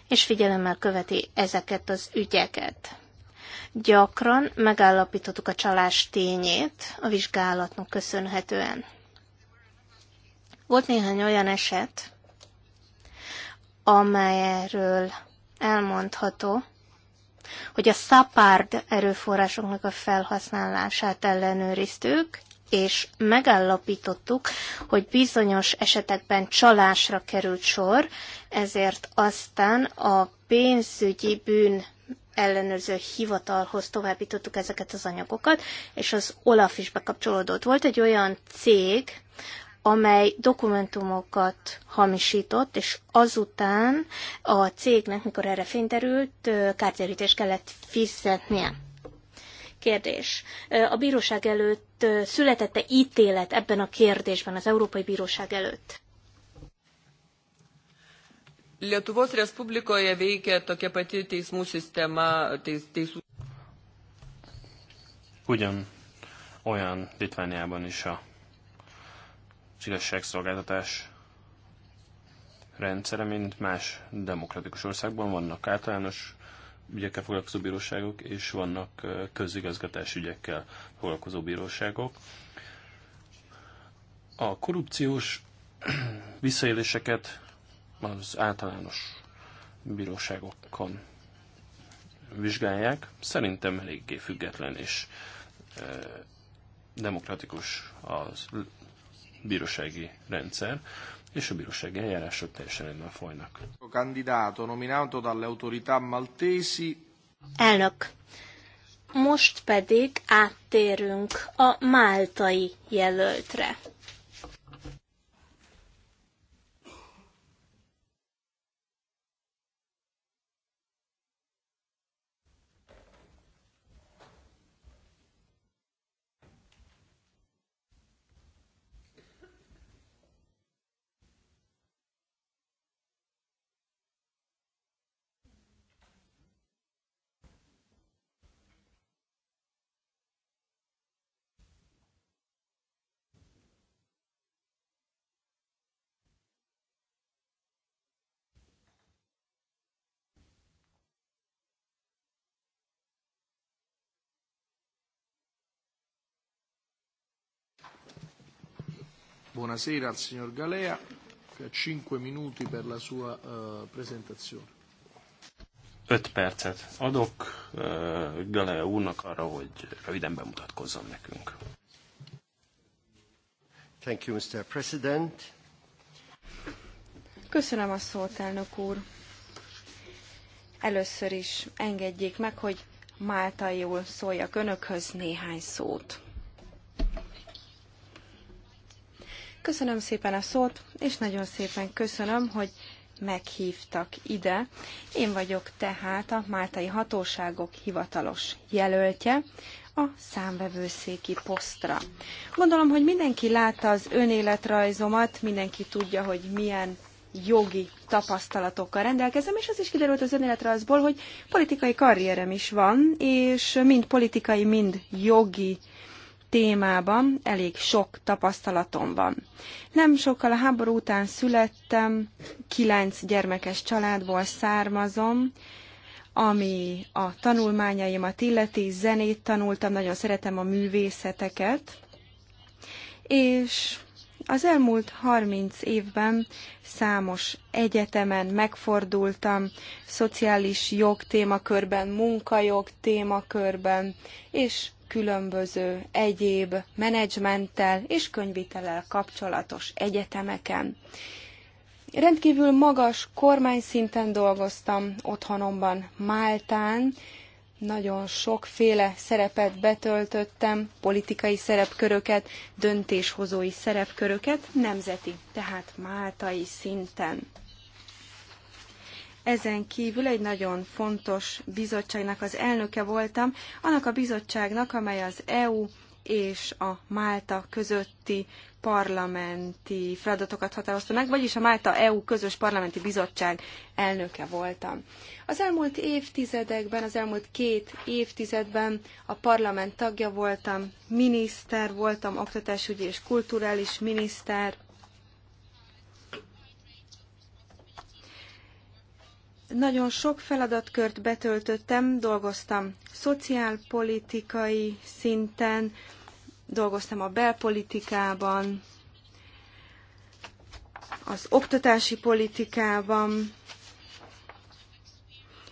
és figyelemmel követi ezeket az ügyeket. Gyakran megállapítottuk a csalás tényét a vizsgálatnak köszönhetően. Volt néhány olyan eset, amelyről elmondható, hogy a szapárd erőforrásoknak a felhasználását ellenőriztük, és megállapítottuk, hogy bizonyos esetekben csalásra került sor, ezért aztán a pénzügyi bűn ellenőrző hivatalhoz továbbítottuk ezeket az anyagokat, és az Olaf is bekapcsolódott. Volt egy olyan cég, amely dokumentumokat hamisított, és azután a cégnek, mikor erre fényderült, kártérítést kellett fizetnie kérdés. A bíróság előtt születette ítélet ebben a kérdésben, az Európai Bíróság előtt?
Lietuvos Respublikoje veikia tokia pati teismų sistema, teisų.
Ugyan olyan Litvániában is a igazságszolgáltatás rendszere, mint más demokratikus országban vannak általános ügyekkel foglalkozó bíróságok, és vannak közigazgatás ügyekkel foglalkozó bíróságok. A korrupciós visszaéléseket az általános bíróságokon vizsgálják. Szerintem eléggé független és demokratikus az bírósági
rendszer és a bírósági eljárások teljesen rendben folynak. A kandidáto nominato dalle autorità maltesi.
Elnök, most pedig áttérünk a máltai jelöltre.
Buonasera al signor Galea, che ha 5 minuti per la sua uh, presentazione.
5 percet adok uh, Galea úrnak arra, hogy röviden bemutatkozzon nekünk.
Thank you, Mr. President.
Köszönöm a szót, elnök úr. Először is engedjék meg, hogy máltaiul szóljak önökhöz néhány szót. Köszönöm szépen a szót, és nagyon szépen köszönöm, hogy meghívtak ide. Én vagyok tehát a Máltai Hatóságok hivatalos jelöltje a számvevőszéki posztra. Gondolom, hogy mindenki látta az önéletrajzomat, mindenki tudja, hogy milyen jogi tapasztalatokkal rendelkezem, és az is kiderült az önéletrajzból, hogy politikai karrierem is van, és mind politikai, mind jogi témában elég sok tapasztalatom van. Nem sokkal a háború után születtem, kilenc gyermekes családból származom, ami a tanulmányaimat illeti, zenét tanultam, nagyon szeretem a művészeteket, és az elmúlt 30 évben számos egyetemen megfordultam, szociális jog témakörben, munkajog témakörben, és különböző egyéb menedzsmenttel és könyvitellel kapcsolatos egyetemeken. Rendkívül magas kormányszinten dolgoztam otthonomban Máltán, nagyon sokféle szerepet betöltöttem, politikai szerepköröket, döntéshozói szerepköröket, nemzeti, tehát máltai szinten. Ezen kívül egy nagyon fontos bizottságnak az elnöke voltam, annak a bizottságnak, amely az EU és a Málta közötti parlamenti feladatokat határozta meg, vagyis a Málta EU közös parlamenti bizottság elnöke voltam. Az elmúlt évtizedekben, az elmúlt két évtizedben a parlament tagja voltam, miniszter voltam, oktatásügyi és kulturális miniszter, Nagyon sok feladatkört betöltöttem, dolgoztam szociálpolitikai szinten, dolgoztam a belpolitikában, az oktatási politikában.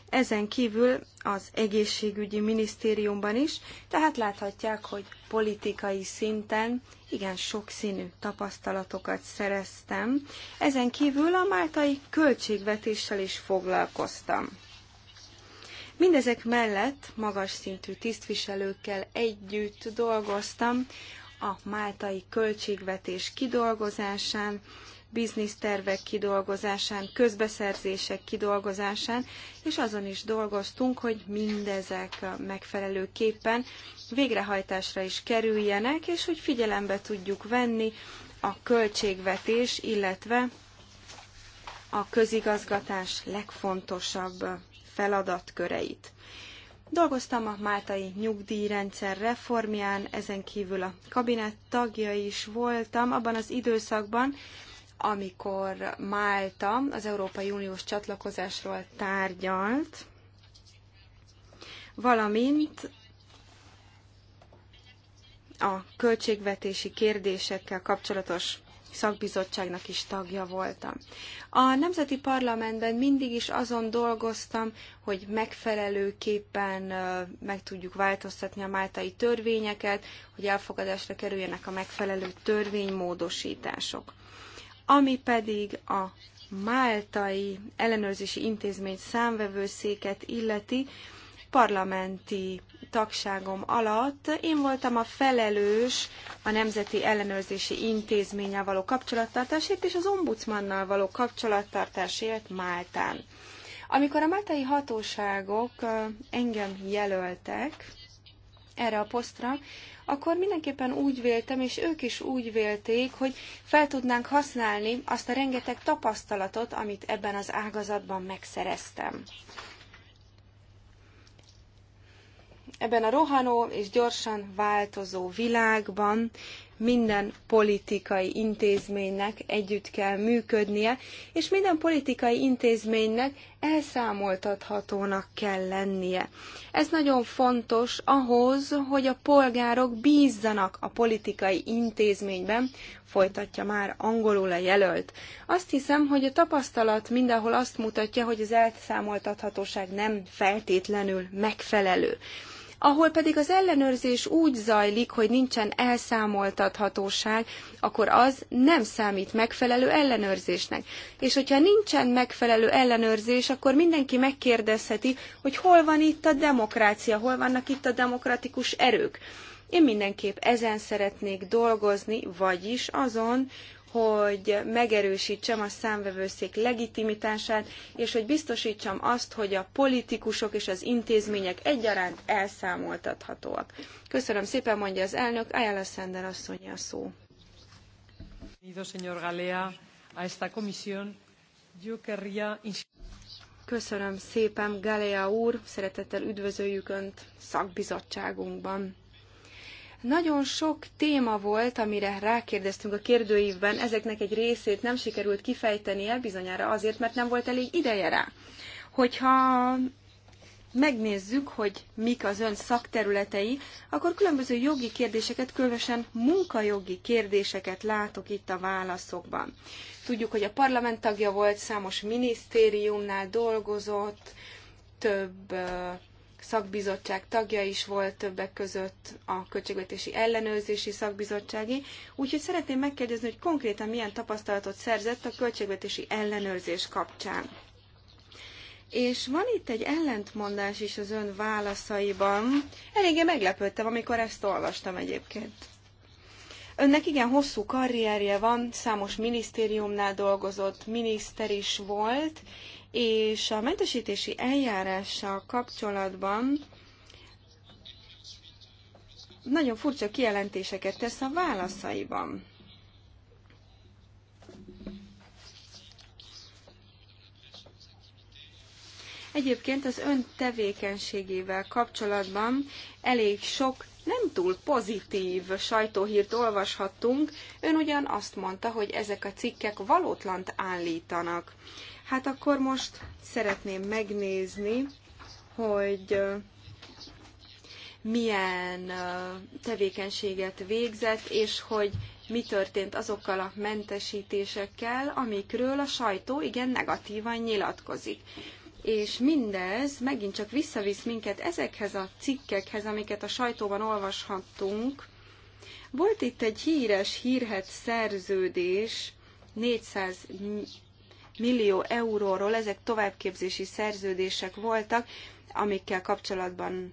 Ezen kívül az egészségügyi minisztériumban is, tehát láthatják, hogy politikai szinten igen sokszínű tapasztalatokat szereztem. Ezen kívül a máltai költségvetéssel is foglalkoztam. Mindezek mellett magas szintű tisztviselőkkel együtt dolgoztam a máltai költségvetés kidolgozásán, biznisztervek kidolgozásán, közbeszerzések kidolgozásán, és azon is dolgoztunk, hogy mindezek megfelelőképpen végrehajtásra is kerüljenek, és hogy figyelembe tudjuk venni a költségvetés, illetve a közigazgatás legfontosabb feladatköreit. Dolgoztam a Máltai nyugdíjrendszer reformján, ezen kívül a kabinett tagja is voltam abban az időszakban, amikor Málta az Európai Uniós csatlakozásról tárgyalt, valamint a költségvetési kérdésekkel kapcsolatos szakbizottságnak is tagja voltam. A Nemzeti Parlamentben mindig is azon dolgoztam, hogy megfelelőképpen meg tudjuk változtatni a máltai törvényeket, hogy elfogadásra kerüljenek a megfelelő törvénymódosítások. Ami pedig a máltai ellenőrzési intézmény számvevőszéket illeti, parlamenti tagságom alatt én voltam a felelős a Nemzeti Ellenőrzési Intézménnyel való kapcsolattartásért és az ombudsmannal való kapcsolattartásért Máltán. Amikor a máltai hatóságok engem jelöltek erre a posztra, akkor mindenképpen úgy véltem, és ők is úgy vélték, hogy fel tudnánk használni azt a rengeteg tapasztalatot, amit ebben az ágazatban megszereztem. Ebben a rohanó és gyorsan változó világban minden politikai intézménynek együtt kell működnie, és minden politikai intézménynek elszámoltathatónak kell lennie. Ez nagyon fontos ahhoz, hogy a polgárok bízzanak a politikai intézményben, folytatja már angolul a jelölt. Azt hiszem, hogy a tapasztalat mindenhol azt mutatja, hogy az elszámoltathatóság nem feltétlenül megfelelő ahol pedig az ellenőrzés úgy zajlik, hogy nincsen elszámoltathatóság, akkor az nem számít megfelelő ellenőrzésnek. És hogyha nincsen megfelelő ellenőrzés, akkor mindenki megkérdezheti, hogy hol van itt a demokrácia, hol vannak itt a demokratikus erők. Én mindenképp ezen szeretnék dolgozni, vagyis azon, hogy megerősítsem a számvevőszék legitimitását, és hogy biztosítsam azt, hogy a politikusok és az intézmények egyaránt elszámoltathatóak. Köszönöm szépen, mondja az elnök, Ayala Sender asszony a szó. Köszönöm szépen, Galea úr, szeretettel üdvözöljük Önt szakbizottságunkban. Nagyon sok téma volt, amire rákérdeztünk a kérdőívben, ezeknek egy részét nem sikerült kifejtenie, bizonyára azért, mert nem volt elég ideje rá. Hogyha megnézzük, hogy mik az ön szakterületei, akkor különböző jogi kérdéseket, különösen munkajogi kérdéseket látok itt a válaszokban. Tudjuk, hogy a parlament tagja volt, számos minisztériumnál dolgozott, több szakbizottság tagja is volt többek között a Költségvetési Ellenőrzési Szakbizottsági, úgyhogy szeretném megkérdezni, hogy konkrétan milyen tapasztalatot szerzett a költségvetési ellenőrzés kapcsán. És van itt egy ellentmondás is az ön válaszaiban. Eléggé meglepődtem, amikor ezt olvastam egyébként. Önnek igen hosszú karrierje van, számos minisztériumnál dolgozott, miniszter is volt, és a mentesítési eljárással kapcsolatban nagyon furcsa kijelentéseket tesz a válaszaiban. Egyébként az ön tevékenységével kapcsolatban elég sok nem túl pozitív sajtóhírt olvashattunk. Ön ugyan azt mondta, hogy ezek a cikkek valótlant állítanak. Hát akkor most szeretném megnézni, hogy milyen tevékenységet végzett, és hogy mi történt azokkal a mentesítésekkel, amikről a sajtó igen negatívan nyilatkozik. És mindez megint csak visszavisz minket ezekhez a cikkekhez, amiket a sajtóban olvashattunk. Volt itt egy híres, hírhet szerződés, 400 millió euróról, ezek továbbképzési szerződések voltak, amikkel kapcsolatban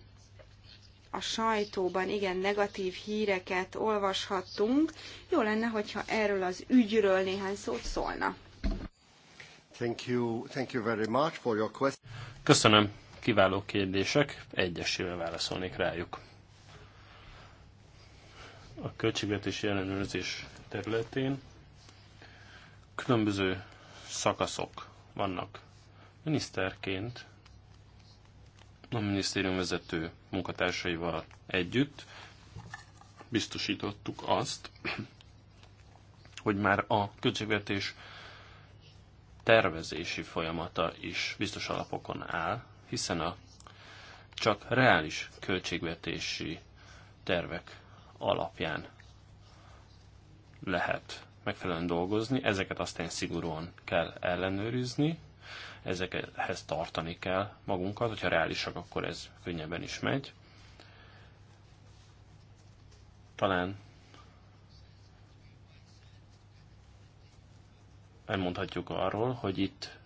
a sajtóban igen negatív híreket olvashattunk. Jó lenne, hogyha erről az ügyről néhány szót szólna.
Thank you, thank you very much for your question.
Köszönöm, kiváló kérdések, egyesével válaszolnék rájuk. A költségvetési ellenőrzés területén különböző szakaszok vannak. Miniszterként a minisztérium vezető munkatársaival együtt biztosítottuk azt, hogy már a költségvetés tervezési folyamata is biztos alapokon áll, hiszen a csak reális költségvetési tervek alapján lehet megfelelően dolgozni, ezeket aztán szigorúan kell ellenőrizni, ezekhez tartani kell magunkat, hogyha reálisak, akkor ez könnyebben is megy. Talán elmondhatjuk arról, hogy itt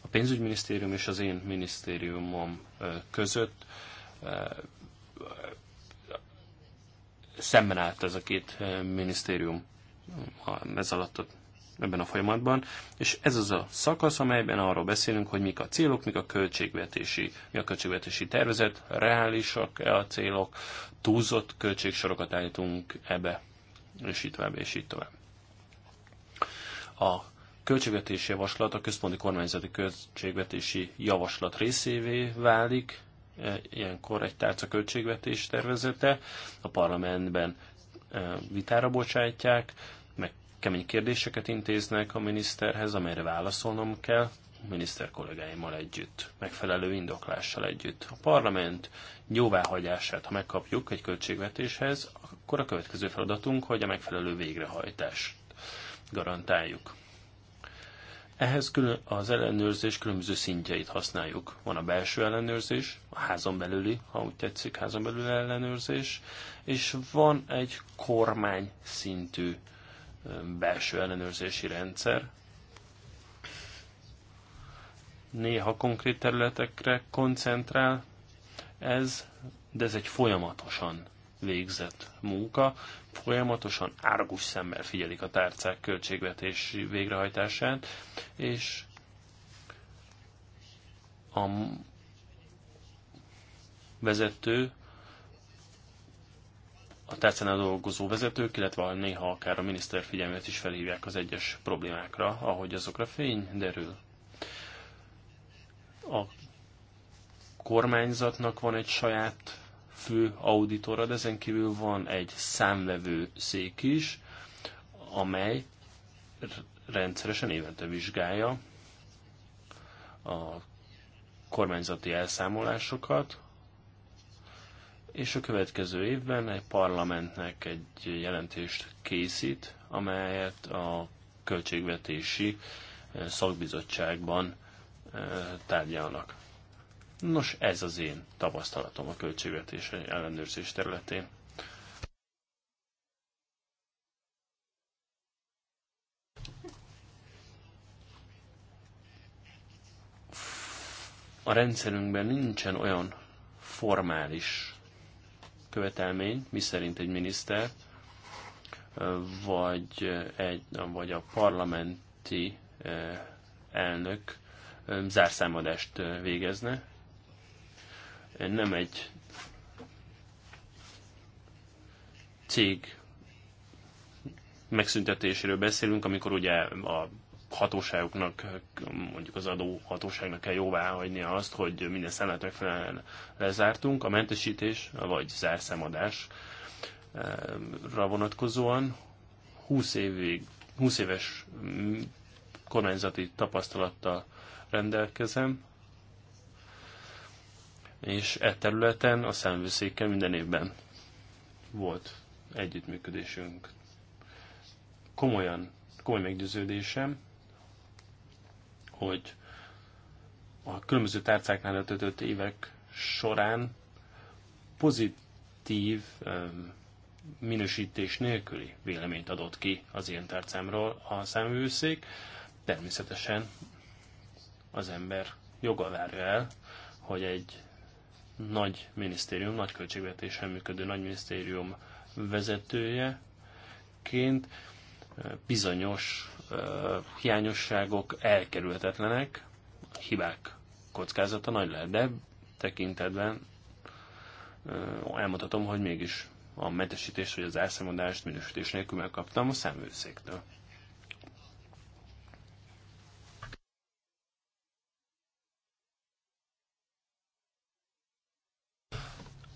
a pénzügyminisztérium és az én minisztériumom között szemben állt ez a két minisztérium ez alatt ebben a folyamatban, és ez az a szakasz, amelyben arról beszélünk, hogy mik a célok, mik a költségvetési, mi a költségvetési tervezet, reálisak-e a célok, túlzott költségsorokat állítunk ebbe, és így tovább, és így tovább. A költségvetési javaslat a központi kormányzati költségvetési javaslat részévé válik, e, ilyenkor egy tárca költségvetés tervezete, a parlamentben e, vitára bocsájtják, meg kemény kérdéseket intéznek a miniszterhez, amelyre válaszolnom kell, a miniszter kollégáimmal együtt, megfelelő indoklással együtt. A parlament jóváhagyását, ha megkapjuk egy költségvetéshez, akkor a következő feladatunk, hogy a megfelelő végrehajtást garantáljuk. Ehhez külön az ellenőrzés különböző szintjeit használjuk. Van a belső ellenőrzés, a házon belüli, ha úgy tetszik, házon belüli ellenőrzés, és van egy kormány szintű belső ellenőrzési rendszer. Néha konkrét területekre koncentrál ez, de ez egy folyamatosan végzett munka. Folyamatosan árgus szemmel figyelik a tárcák költségvetési végrehajtását, és a vezető a tárcánál dolgozó vezetők, illetve néha akár a miniszter figyelmét is felhívják az egyes problémákra, ahogy azokra fény derül. A kormányzatnak van egy saját fő auditora, de ezen kívül van egy számvevő szék is, amely rendszeresen évente vizsgálja a kormányzati elszámolásokat, és a következő évben egy parlamentnek egy jelentést készít, amelyet a költségvetési eh, szakbizottságban eh, tárgyalnak. Nos, ez az én tapasztalatom a költségvetés ellenőrzés területén. A rendszerünkben nincsen olyan formális követelmény, miszerint egy miniszter vagy, egy, vagy a parlamenti elnök zárszámadást végezne. Nem egy cég megszüntetéséről beszélünk, amikor ugye a hatóságoknak, mondjuk az adó hatóságnak kell jóvá hagyni azt, hogy minden számlát megfelelően lezártunk. A mentesítés vagy zárszámadásra eh, vonatkozóan 20, évig, 20 éves mm, kormányzati tapasztalattal rendelkezem, és e területen a szemvőszékkel minden évben volt együttműködésünk. Komolyan, komoly meggyőződésem, hogy a különböző tárcáknál letöltött évek során pozitív minősítés nélküli véleményt adott ki az ilyen tárcámról a számvőszék. Természetesen az ember joga várja el, hogy egy nagy minisztérium, nagy költségvetésen működő nagy minisztérium vezetőjeként bizonyos hiányosságok elkerülhetetlenek, hibák kockázata nagy lehet, de tekintetben elmondhatom, hogy mégis a mentesítést vagy az elszámolást minősítés nélkül megkaptam a számvőszéktől.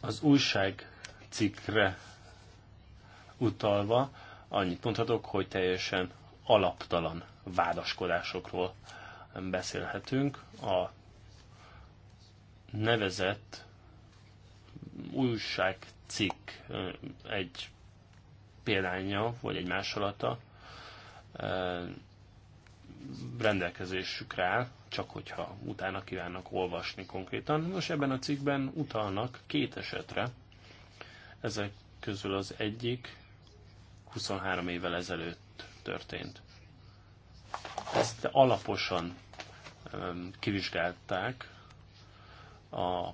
Az újságcikkre utalva, Annyit mondhatok, hogy teljesen alaptalan vádaskodásokról beszélhetünk. A nevezett újságcikk egy példánya, vagy egy másolata rendelkezésükre áll, csak hogyha utána kívánnak olvasni konkrétan. Nos, ebben a cikkben utalnak két esetre. Ezek közül az egyik 23 évvel ezelőtt történt. Ezt alaposan kivizsgálták a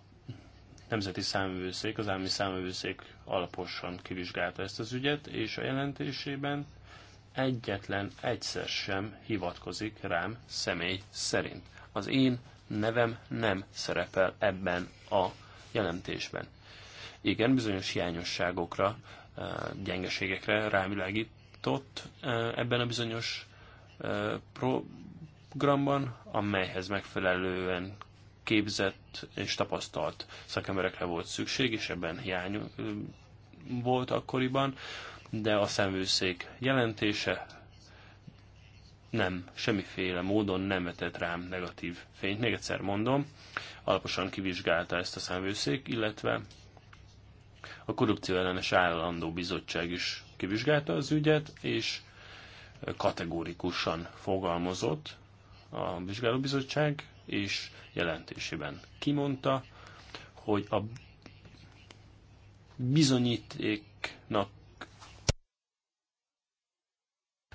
Nemzeti Számvőszék, az Állami Számvőszék alaposan kivizsgálta ezt az ügyet, és a jelentésében egyetlen egyszer sem hivatkozik rám személy szerint. Az én nevem nem szerepel ebben a jelentésben. Igen, bizonyos hiányosságokra gyengeségekre rávilágított ebben a bizonyos programban, amelyhez megfelelően képzett és tapasztalt szakemberekre volt szükség, és ebben hiány volt akkoriban, de a szemvőszék jelentése nem, semmiféle módon nem vetett rám negatív fényt. Még egyszer mondom, alaposan kivizsgálta ezt a szemvőszék, illetve a korrupció ellenes állandó bizottság is kivizsgálta az ügyet, és kategórikusan fogalmazott a vizsgálóbizottság, és jelentésében kimondta, hogy a bizonyítéknak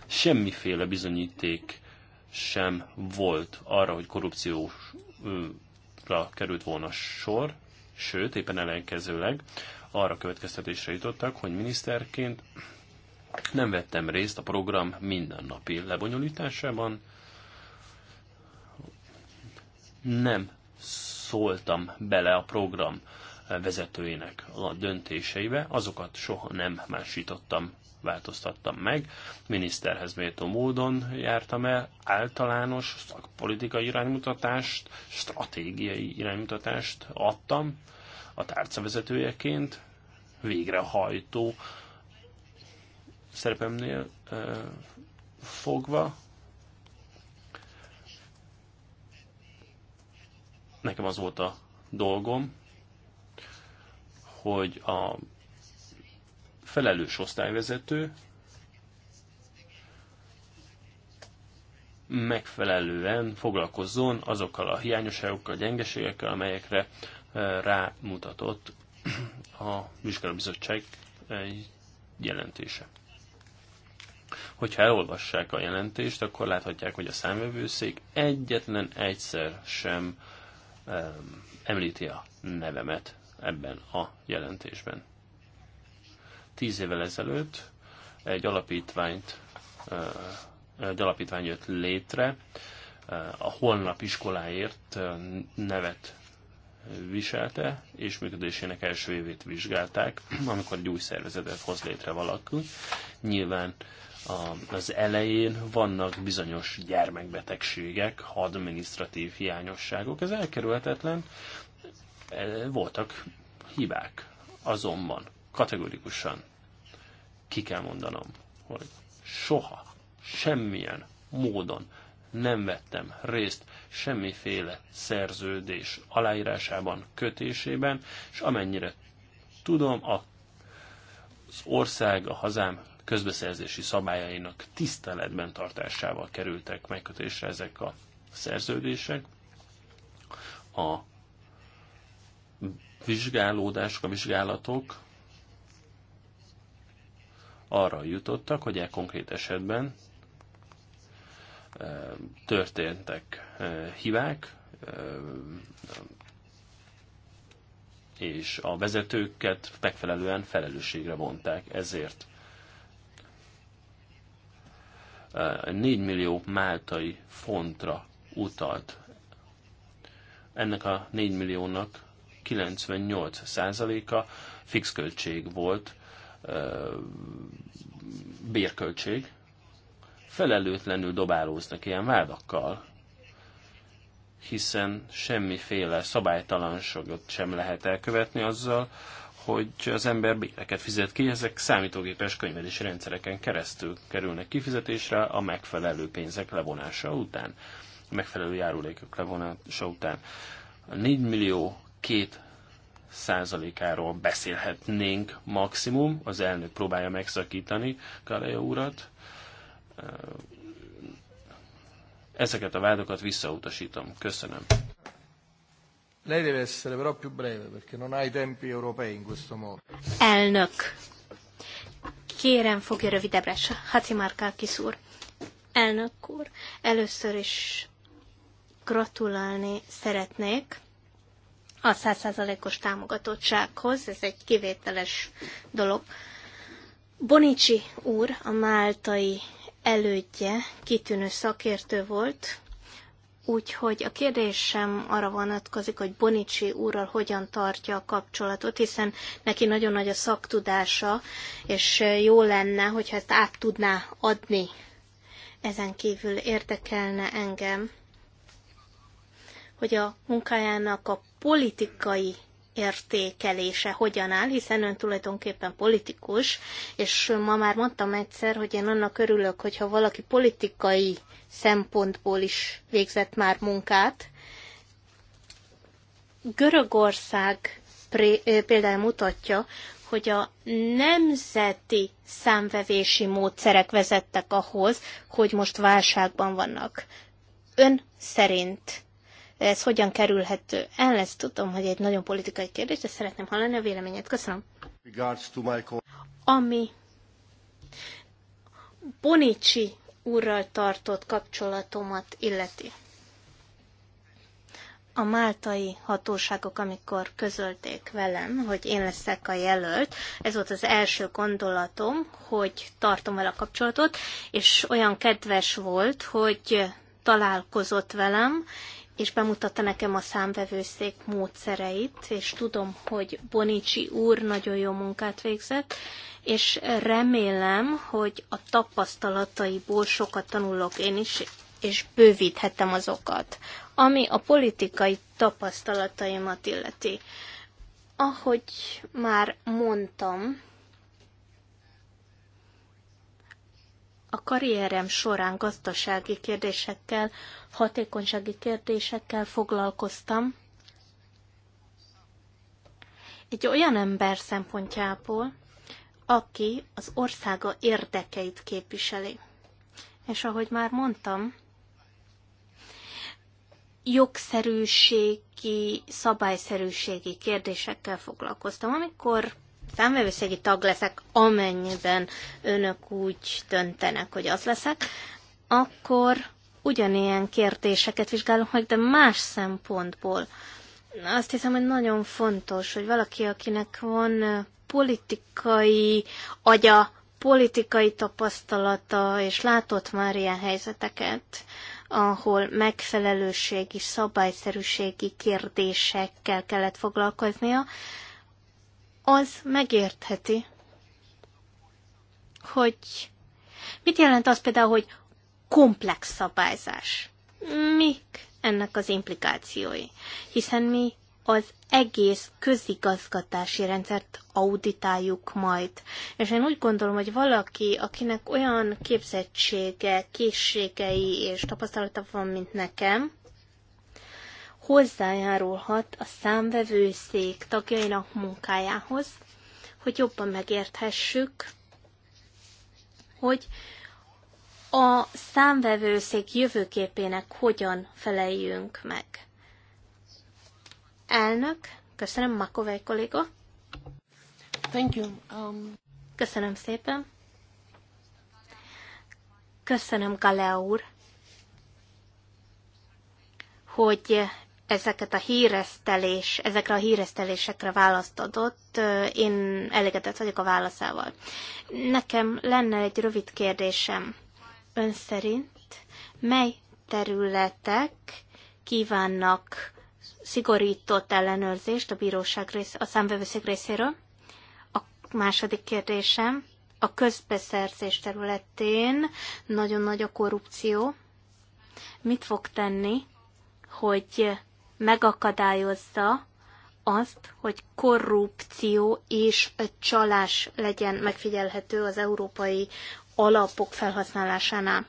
semmiféle bizonyíték sem volt arra, hogy korrupciósra került volna sor, sőt, éppen ellenkezőleg arra következtetésre jutottak, hogy miniszterként nem vettem részt a program mindennapi lebonyolításában, nem szóltam bele a program vezetőjének a döntéseibe, azokat soha nem másítottam, változtattam meg. Miniszterhez méltó módon jártam el általános szakpolitikai iránymutatást, stratégiai iránymutatást adtam, a tárcavezetőjeként, végrehajtó szerepemnél fogva. Nekem az volt a dolgom, hogy a felelős osztályvezető megfelelően foglalkozzon azokkal a hiányosságokkal, gyengeségekkel, amelyekre rámutatott a vizsgálóbizottság jelentése. Hogyha elolvassák a jelentést, akkor láthatják, hogy a számvevőszék egyetlen egyszer sem említi a nevemet ebben a jelentésben. Tíz évvel ezelőtt egy alapítványt eh, egy alapítvány jött létre, eh, a Holnap iskoláért eh, nevet viselte, és működésének első évét vizsgálták, amikor egy új szervezetet hoz létre valaki. Nyilván az elején vannak bizonyos gyermekbetegségek, administratív hiányosságok, ez elkerülhetetlen, e, voltak hibák, azonban kategorikusan ki kell mondanom, hogy soha semmilyen módon nem vettem részt semmiféle szerződés aláírásában, kötésében, és amennyire tudom, az ország, a hazám közbeszerzési szabályainak tiszteletben tartásával kerültek megkötésre ezek a szerződések. A vizsgálódások, a vizsgálatok arra jutottak, hogy e konkrét esetben történtek hibák, és a vezetőket megfelelően felelősségre vonták ezért. 4 millió máltai fontra utalt. Ennek a 4 milliónak 98%-a fix költség volt, bérköltség, felelőtlenül dobálóznak ilyen vádakkal, hiszen semmiféle szabálytalanságot sem lehet elkövetni azzal, hogy az ember béreket fizet ki, ezek számítógépes könyvelési rendszereken keresztül kerülnek kifizetésre a megfelelő pénzek levonása után, a megfelelő járulékok levonása után. A 4 millió két százalékáról beszélhetnénk maximum, az elnök próbálja megszakítani Kaleja urat, ezeket a vádokat visszautasítom. Köszönöm.
Lei deve essere però più breve, perché non ha i tempi europei in questo modo.
Elnök. Kérem, fogja rövidebbre, Hatimárkákis úr. Elnök úr, először is gratulálni szeretnék a százszázalékos támogatottsághoz, ez egy kivételes dolog. Bonici úr, a máltai elődje kitűnő szakértő volt, úgyhogy a kérdésem arra vonatkozik, hogy Bonicsi úrral hogyan tartja a kapcsolatot, hiszen neki nagyon nagy a szaktudása, és jó lenne, hogyha ezt át tudná adni. Ezen kívül érdekelne engem, hogy a munkájának a politikai értékelése hogyan áll, hiszen ön tulajdonképpen politikus, és ma már mondtam egyszer, hogy én annak örülök, hogyha valaki politikai szempontból is végzett már munkát. Görögország például mutatja, hogy a nemzeti számvevési módszerek vezettek ahhoz, hogy most válságban vannak. Ön szerint ez hogyan kerülhető el, ezt tudom, hogy egy nagyon politikai kérdés, de szeretném hallani a véleményet. Köszönöm. Ami Bonicsi úrral tartott kapcsolatomat illeti. A máltai hatóságok, amikor közölték velem, hogy én leszek a jelölt, ez volt az első gondolatom, hogy tartom vele a kapcsolatot, és olyan kedves volt, hogy találkozott velem, és bemutatta nekem a számvevőszék módszereit, és tudom, hogy Bonicsi úr nagyon jó munkát végzett, és remélem, hogy a tapasztalataiból sokat tanulok én is, és bővíthetem azokat. Ami a politikai tapasztalataimat illeti. Ahogy már mondtam, a karrierem során gazdasági kérdésekkel, hatékonysági kérdésekkel foglalkoztam. Egy olyan ember szempontjából, aki az országa érdekeit képviseli. És ahogy már mondtam, jogszerűségi, szabályszerűségi kérdésekkel foglalkoztam. Amikor számvevőszégi tag leszek, amennyiben önök úgy döntenek, hogy az leszek, akkor ugyanilyen kérdéseket vizsgálunk meg, de más szempontból. Azt hiszem, hogy nagyon fontos, hogy valaki, akinek van politikai agya, politikai tapasztalata, és látott már ilyen helyzeteket, ahol megfelelőségi, szabályszerűségi kérdésekkel kellett foglalkoznia, az megértheti, hogy mit jelent az például, hogy komplex szabályzás. Mik ennek az implikációi? Hiszen mi az egész közigazgatási rendszert auditáljuk majd. És én úgy gondolom, hogy valaki, akinek olyan képzettsége, készségei és tapasztalata van, mint nekem, hozzájárulhat a számvevőszék tagjainak munkájához, hogy jobban megérthessük, hogy a számvevőszék jövőképének hogyan feleljünk meg. Elnök, köszönöm, Makovej kolléga. Thank you. Um... Köszönöm szépen. Köszönöm, Galea úr, hogy ezeket a híresztelés, ezekre a híresztelésekre választ adott. Én elégedett vagyok a válaszával. Nekem lenne egy rövid kérdésem. Ön szerint mely területek kívánnak szigorított ellenőrzést a bíróság rész, a számvevőszék részéről? A második kérdésem, a közbeszerzés területén nagyon nagy a korrupció. Mit fog tenni, hogy megakadályozza azt, hogy korrupció és csalás legyen megfigyelhető az európai alapok felhasználásánál.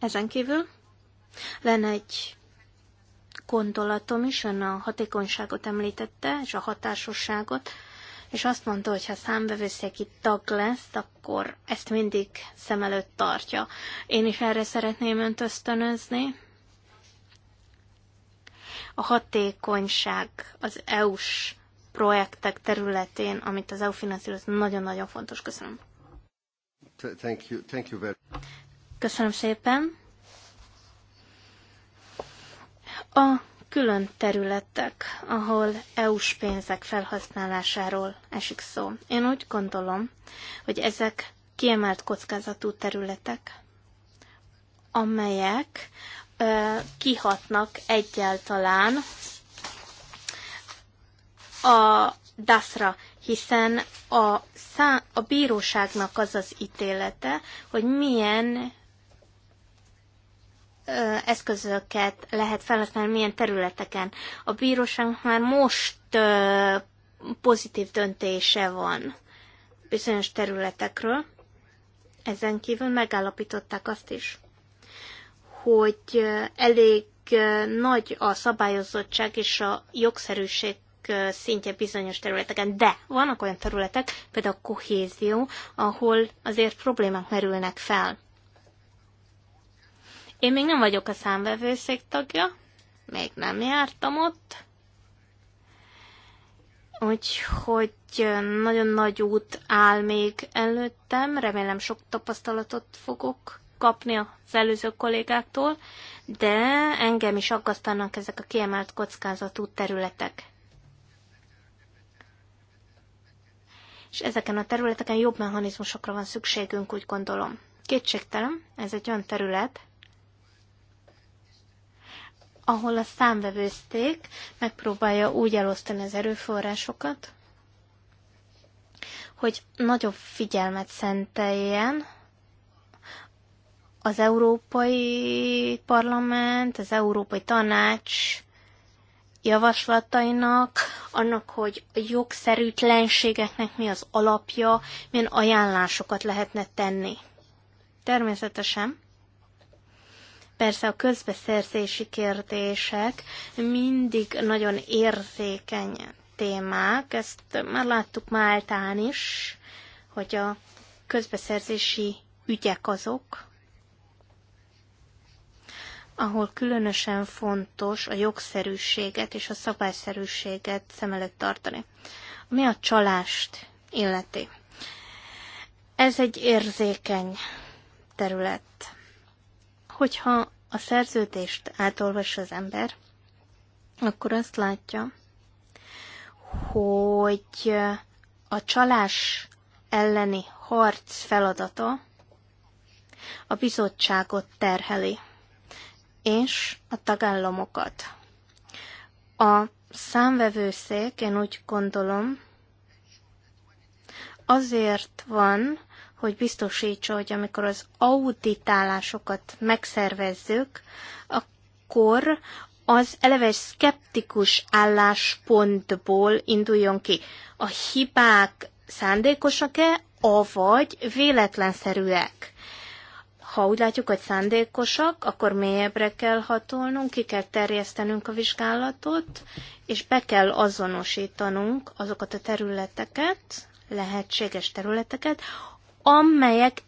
Ezen kívül lenne egy gondolatom is, ön a hatékonyságot említette, és a hatásosságot, és azt mondta, hogy ha számbevőszéki tag lesz, akkor ezt mindig szem előtt tartja. Én is erre szeretném önt ösztönözni, a hatékonyság az EU-s projektek területén, amit az EU finanszíroz, nagyon-nagyon fontos. Köszönöm.
Thank you. Thank you very...
Köszönöm szépen. A külön területek, ahol EU-s pénzek felhasználásáról esik szó. Én úgy gondolom, hogy ezek kiemelt kockázatú területek, amelyek kihatnak egyáltalán a DASZra, hiszen a, szá- a bíróságnak az az ítélete, hogy milyen ö, eszközöket lehet felhasználni, milyen területeken. A bíróság már most ö, pozitív döntése van bizonyos területekről. Ezen kívül megállapították azt is, hogy elég nagy a szabályozottság és a jogszerűség szintje bizonyos területeken, de vannak olyan területek, például a kohézió, ahol azért problémák merülnek fel. Én még nem vagyok a számvevőszék tagja, még nem jártam ott, úgyhogy nagyon nagy út áll még előttem, remélem sok tapasztalatot fogok kapni az előző kollégáktól, de engem is aggasztanak ezek a kiemelt kockázatú területek. És ezeken a területeken jobb mechanizmusokra van szükségünk, úgy gondolom. Kétségtelen, ez egy olyan terület, ahol a számvevőszték megpróbálja úgy elosztani az erőforrásokat, hogy nagyobb figyelmet szenteljen az Európai Parlament, az Európai Tanács javaslatainak, annak, hogy a jogszerűtlenségeknek mi az alapja, milyen ajánlásokat lehetne tenni. Természetesen. Persze a közbeszerzési kérdések mindig nagyon érzékeny témák, ezt már láttuk Máltán is, hogy a közbeszerzési ügyek azok, ahol különösen fontos a jogszerűséget és a szabályszerűséget szem előtt tartani. Ami a csalást illeti. Ez egy érzékeny terület. Hogyha a szerződést átolvas az ember, akkor azt látja, hogy a csalás elleni harc feladata a bizottságot terheli és a tagállamokat. A számvevőszék, én úgy gondolom, azért van, hogy biztosítsa, hogy amikor az auditálásokat megszervezzük, akkor az eleve szkeptikus álláspontból induljon ki. A hibák szándékosak-e, avagy véletlenszerűek? Ha úgy látjuk, hogy szándékosak, akkor mélyebbre kell hatolnunk, ki kell terjesztenünk a vizsgálatot, és be kell azonosítanunk azokat a területeket, lehetséges területeket, amelyek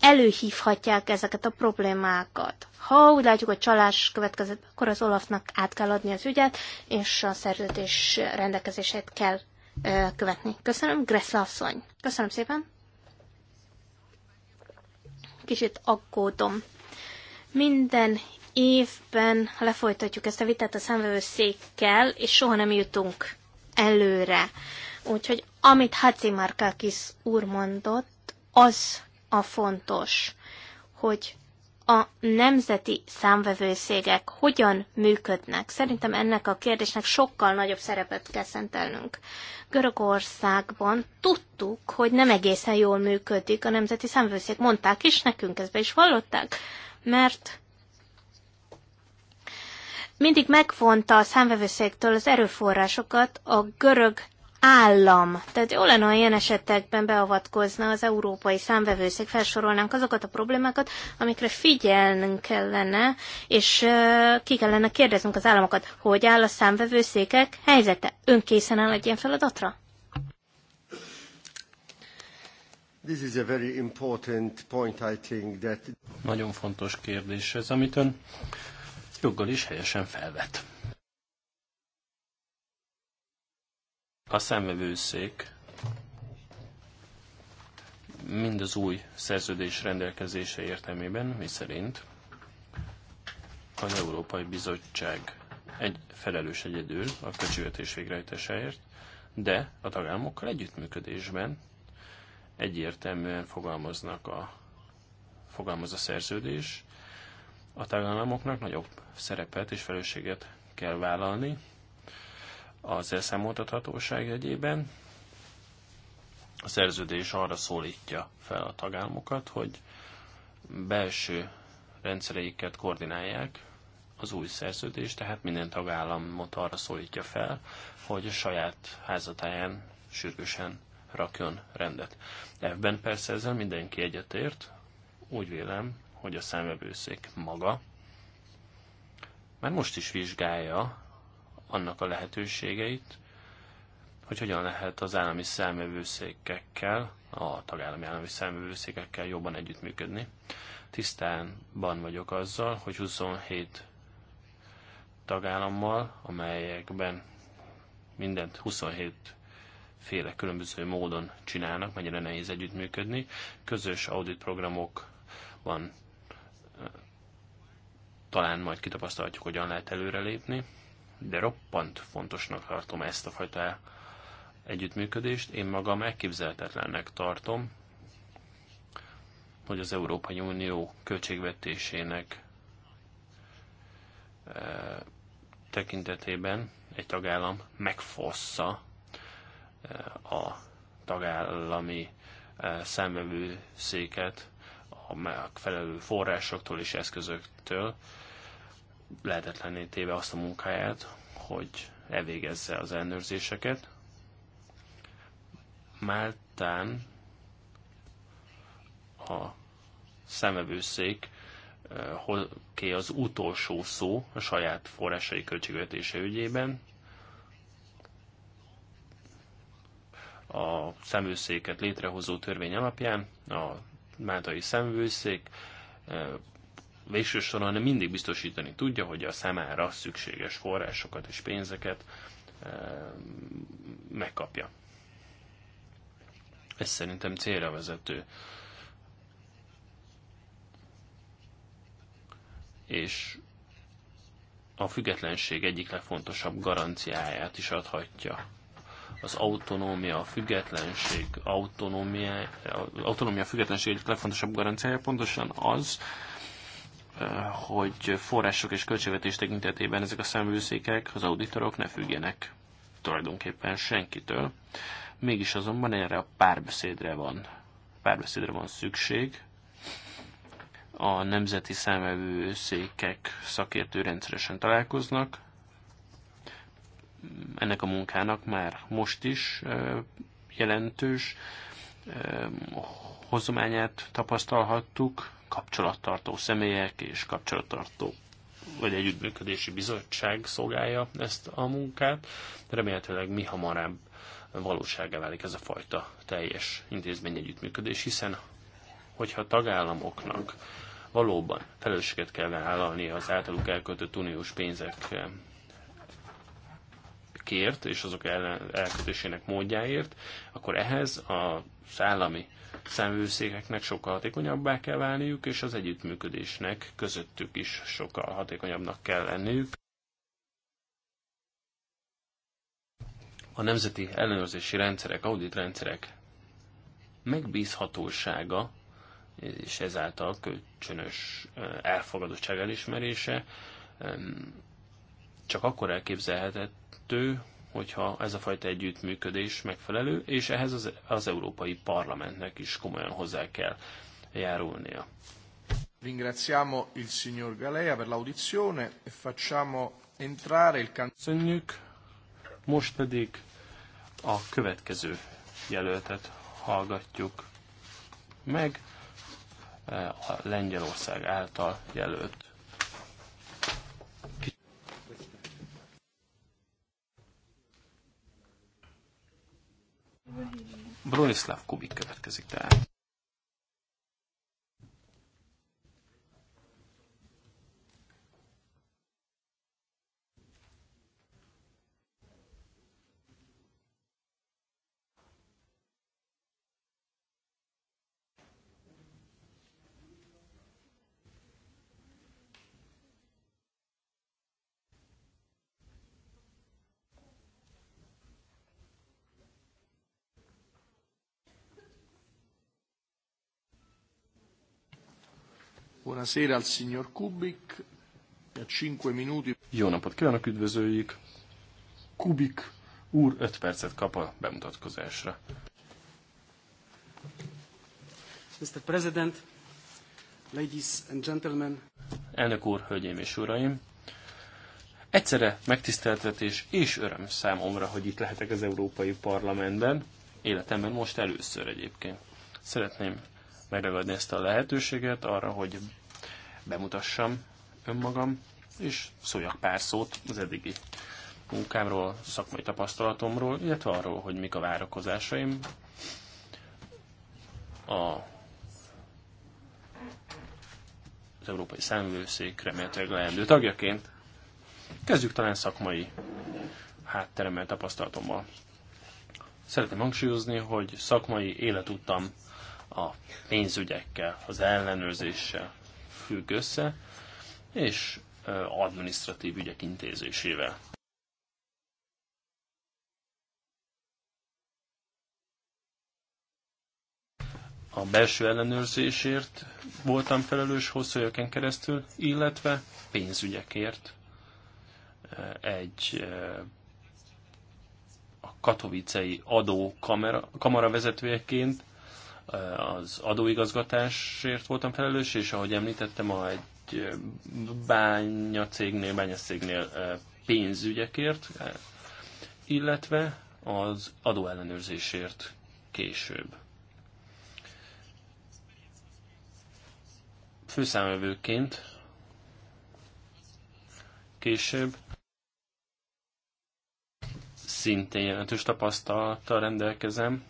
előhívhatják ezeket a problémákat. Ha úgy látjuk, hogy csalás következett, akkor az Olafnak át kell adni az ügyet, és a szerződés rendelkezését kell követni. Köszönöm, Gressa asszony. Köszönöm szépen. Kicsit aggódom. Minden évben lefolytatjuk ezt a vitát a szemvevőszékkel, és soha nem jutunk előre. Úgyhogy amit Haci Markakis úr mondott, az a fontos, hogy a nemzeti számvevőszégek hogyan működnek. Szerintem ennek a kérdésnek sokkal nagyobb szerepet kell szentelnünk. Görögországban tudtuk, hogy nem egészen jól működik a nemzeti számvevőszék. Mondták is nekünk, ezt be is hallották, mert mindig megvonta a számvevőszéktől az erőforrásokat a görög állam. Tehát jó lenne, ha ilyen esetekben beavatkozna az európai számvevőszék, felsorolnánk azokat a problémákat, amikre figyelnünk kellene, és ki kellene kérdeznünk az államokat, hogy áll a számvevőszékek helyzete. Ön készen áll egy ilyen feladatra?
This is a very important point, I think, that... Nagyon fontos
kérdés ez, amit ön joggal is helyesen felvet. A szemvevőszék mind az új szerződés rendelkezése értelmében, szerint, az Európai Bizottság egy felelős egyedül a költségvetés végrehajtásáért, de a tagállamokkal együttműködésben egyértelműen fogalmaznak a, fogalmaz a szerződés, a tagállamoknak nagyobb szerepet és felelősséget kell vállalni, az elszámoltathatóság egyében. A szerződés arra szólítja fel a tagállamokat, hogy belső rendszereiket koordinálják az új szerződés, tehát minden tagállamot arra szólítja fel, hogy a saját házatáján sürgősen rakjon rendet. Ebben persze ezzel mindenki egyetért, úgy vélem, hogy a számvevőszék maga már most is vizsgálja annak a lehetőségeit, hogy hogyan lehet az állami számövőszékekkel, a tagállami állami számövőszékekkel jobban együttműködni. Tisztánban vagyok azzal, hogy 27 tagállammal, amelyekben mindent 27 féle különböző módon csinálnak, mennyire nehéz együttműködni. Közös van, talán majd kitapasztalhatjuk, hogyan lehet előrelépni de roppant fontosnak tartom ezt a fajta együttműködést. Én magam elképzelhetetlennek tartom, hogy az Európai Unió költségvetésének e, tekintetében egy tagállam megfossza e, a tagállami e, számvevőszéket a megfelelő forrásoktól és eszközöktől, lehetetlenné téve azt a munkáját, hogy elvégezze az ellenőrzéseket. Máltán a szemevőszék eh, ki az utolsó szó a saját forrásai költségvetése ügyében. A szemőszéket létrehozó törvény alapján a Máltai szemvőszék eh, végső soron mindig biztosítani tudja, hogy a számára szükséges forrásokat és pénzeket eh, megkapja. Ez szerintem célra vezető. És a függetlenség egyik legfontosabb garanciáját is adhatja. Az autonómia, a függetlenség, autonómia, autonómia függetlenség egyik legfontosabb garanciája pontosan az, hogy források és költségvetés tekintetében ezek a számvőszékek, az auditorok ne függjenek tulajdonképpen senkitől. Mégis azonban erre a párbeszédre van, párbeszédre van szükség. A nemzeti számvevőszékek szakértő rendszeresen találkoznak. Ennek a munkának már most is jelentős hozományát tapasztalhattuk, kapcsolattartó személyek és kapcsolattartó vagy együttműködési bizottság szolgálja ezt a munkát. Remélhetőleg mi hamarabb valóságá válik ez a fajta teljes intézmény együttműködés, hiszen hogyha a tagállamoknak valóban felelősséget kell vállalni az általuk elköltött uniós pénzek eh, kért és azok elkötésének módjáért, akkor ehhez a állami szemvőszékeknek sokkal hatékonyabbá kell válniuk, és az együttműködésnek közöttük is sokkal hatékonyabbnak kell lenniük. A nemzeti ellenőrzési rendszerek, auditrendszerek megbízhatósága és ezáltal kölcsönös elfogadottság elismerése csak akkor elképzelhető, hogyha ez a fajta együttműködés megfelelő, és ehhez az, az Európai Parlamentnek is komolyan hozzá kell járulnia.
Ringraziamo il signor Galea per l'audizione e facciamo entrare il Köszönjük. Most pedig
a következő jelöltet hallgatjuk meg, eh, a Lengyelország által jelölt Brojislav Kubik
következik tehát. Buonasera al signor Kubik. A e 5 minuti.
Jó napot kívánok, üdvözöljük. Kubik úr 5 percet kap a bemutatkozásra.
Mr. President, ladies and gentlemen.
Elnök úr, hölgyeim és uraim. Egyszerre megtiszteltetés és öröm számomra, hogy itt lehetek az Európai Parlamentben, életemben most először egyébként. Szeretném megragadni ezt a lehetőséget arra, hogy bemutassam önmagam, és szóljak pár szót az eddigi munkámról, szakmai tapasztalatomról, illetve arról, hogy mik a várakozásaim a az Európai Számvőszék remélhetőleg leendő tagjaként. Kezdjük talán szakmai hátteremmel, tapasztalatommal. Szeretném hangsúlyozni, hogy szakmai életutam a pénzügyekkel, az ellenőrzéssel, függ össze, és administratív ügyek intézésével. A belső ellenőrzésért voltam felelős hosszú éveken keresztül, illetve pénzügyekért egy a katovicei adó kamera, kamara vezetőjeként az adóigazgatásért voltam felelős, és ahogy említettem, a egy bánya cégnél, cégnél pénzügyekért, illetve az adóellenőrzésért később. Főszámövőként később szintén jelentős tapasztalattal rendelkezem,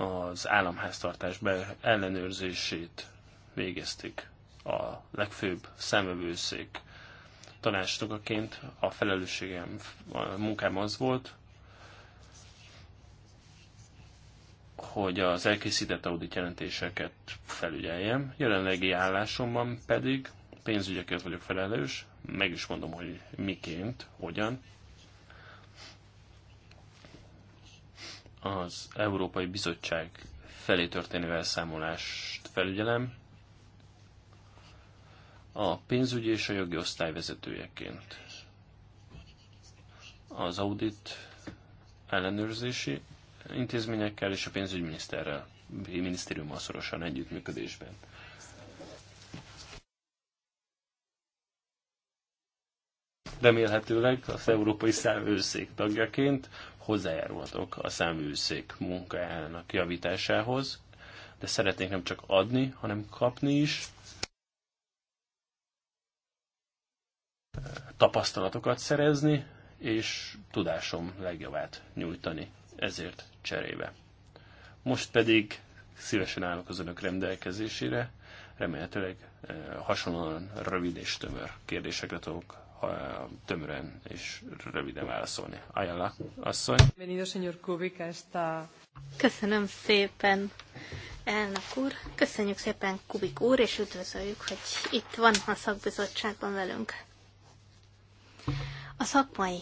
az államháztartás be ellenőrzését végezték a legfőbb szemövőszék tanácsnokaként. A felelősségem, a munkám az volt, hogy az elkészített audit jelentéseket felügyeljem. Jelenlegi állásomban pedig pénzügyekért vagyok felelős, meg is mondom, hogy miként, hogyan, az Európai Bizottság felé történő elszámolást felügyelem, a pénzügyi és a jogi osztály vezetőjeként. Az audit ellenőrzési intézményekkel és a pénzügyminiszterrel, minisztériummal szorosan együttműködésben. Remélhetőleg az Európai Számőszék tagjaként hozzájárulhatok a száműszék munkájának javításához, de szeretnék nem csak adni, hanem kapni is tapasztalatokat szerezni, és tudásom legjobbát nyújtani ezért cserébe. Most pedig szívesen állok az önök rendelkezésére, remélhetőleg eh, hasonlóan rövid és tömör kérdésekre tudok tömören és röviden válaszolni. Ajánlá, asszony.
Köszönöm szépen, elnök úr. Köszönjük szépen, Kubik úr, és üdvözöljük, hogy itt van a szakbizottságban velünk. A szakmai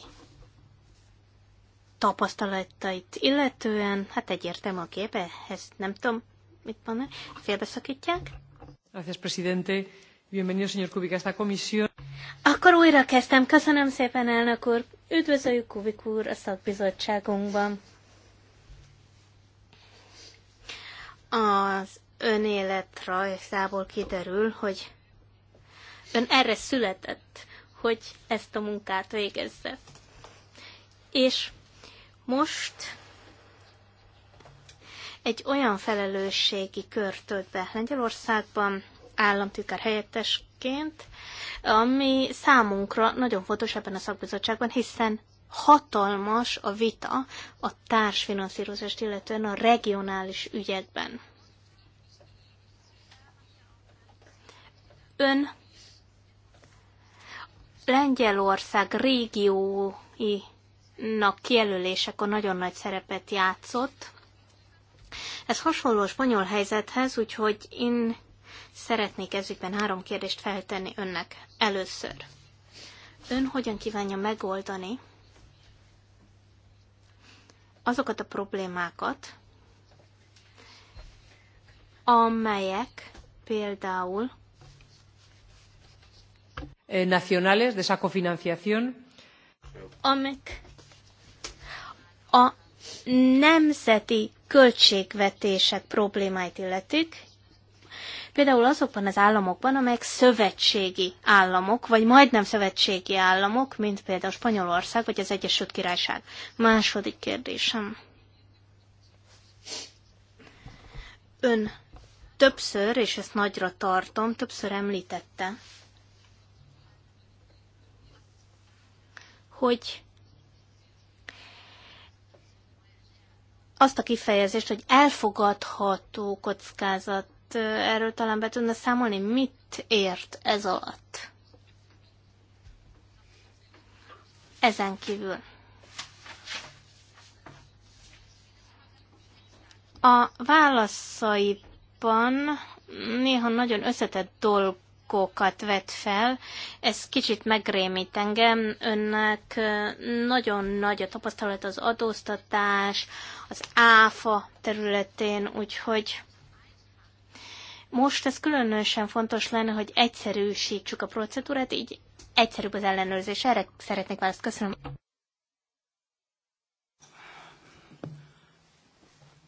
tapasztalatait illetően, hát egyértelmű a képe, ezt nem tudom, mit mondani, félbeszakítják.
Gracias, presidente. Bienvenido, señor Kubik, a esta comisión.
Akkor újra kezdtem. Köszönöm szépen, elnök úr. Üdvözöljük Kubik úr a szakbizottságunkban. Az önélet rajzából kiderül, hogy ön erre született, hogy ezt a munkát végezze. És most egy olyan felelősségi kör tölt be Lengyelországban, államtitkár helyettesként, ami számunkra nagyon fontos ebben a szakbizottságban, hiszen hatalmas a vita a társfinanszírozást, illetően a regionális ügyekben. Ön Lengyelország régióinak kijelölésekor nagyon nagy szerepet játszott. Ez hasonló a spanyol helyzethez, úgyhogy én Szeretnék ezügyben három kérdést feltenni önnek. Először, ön hogyan kívánja megoldani azokat a problémákat, amelyek például
eh, nacionales de
saco financiación Amik a nemzeti költségvetések problémáit illetik, Például azokban az államokban, amelyek szövetségi államok, vagy majdnem szövetségi államok, mint például Spanyolország, vagy az Egyesült Királyság. Második kérdésem. Ön többször, és ezt nagyra tartom, többször említette, hogy azt a kifejezést, hogy elfogadható kockázat Hát, erről talán be tudna számolni, mit ért ez alatt? Ezen kívül. A válaszaiban néha nagyon összetett dolgokat vet fel. Ez kicsit megrémít engem. Önnek nagyon nagy a tapasztalat az adóztatás, az áfa területén, úgyhogy most ez különösen fontos lenne, hogy egyszerűsítsük a procedúrát, így egyszerűbb az ellenőrzés. Erre szeretnék választ. Köszönöm.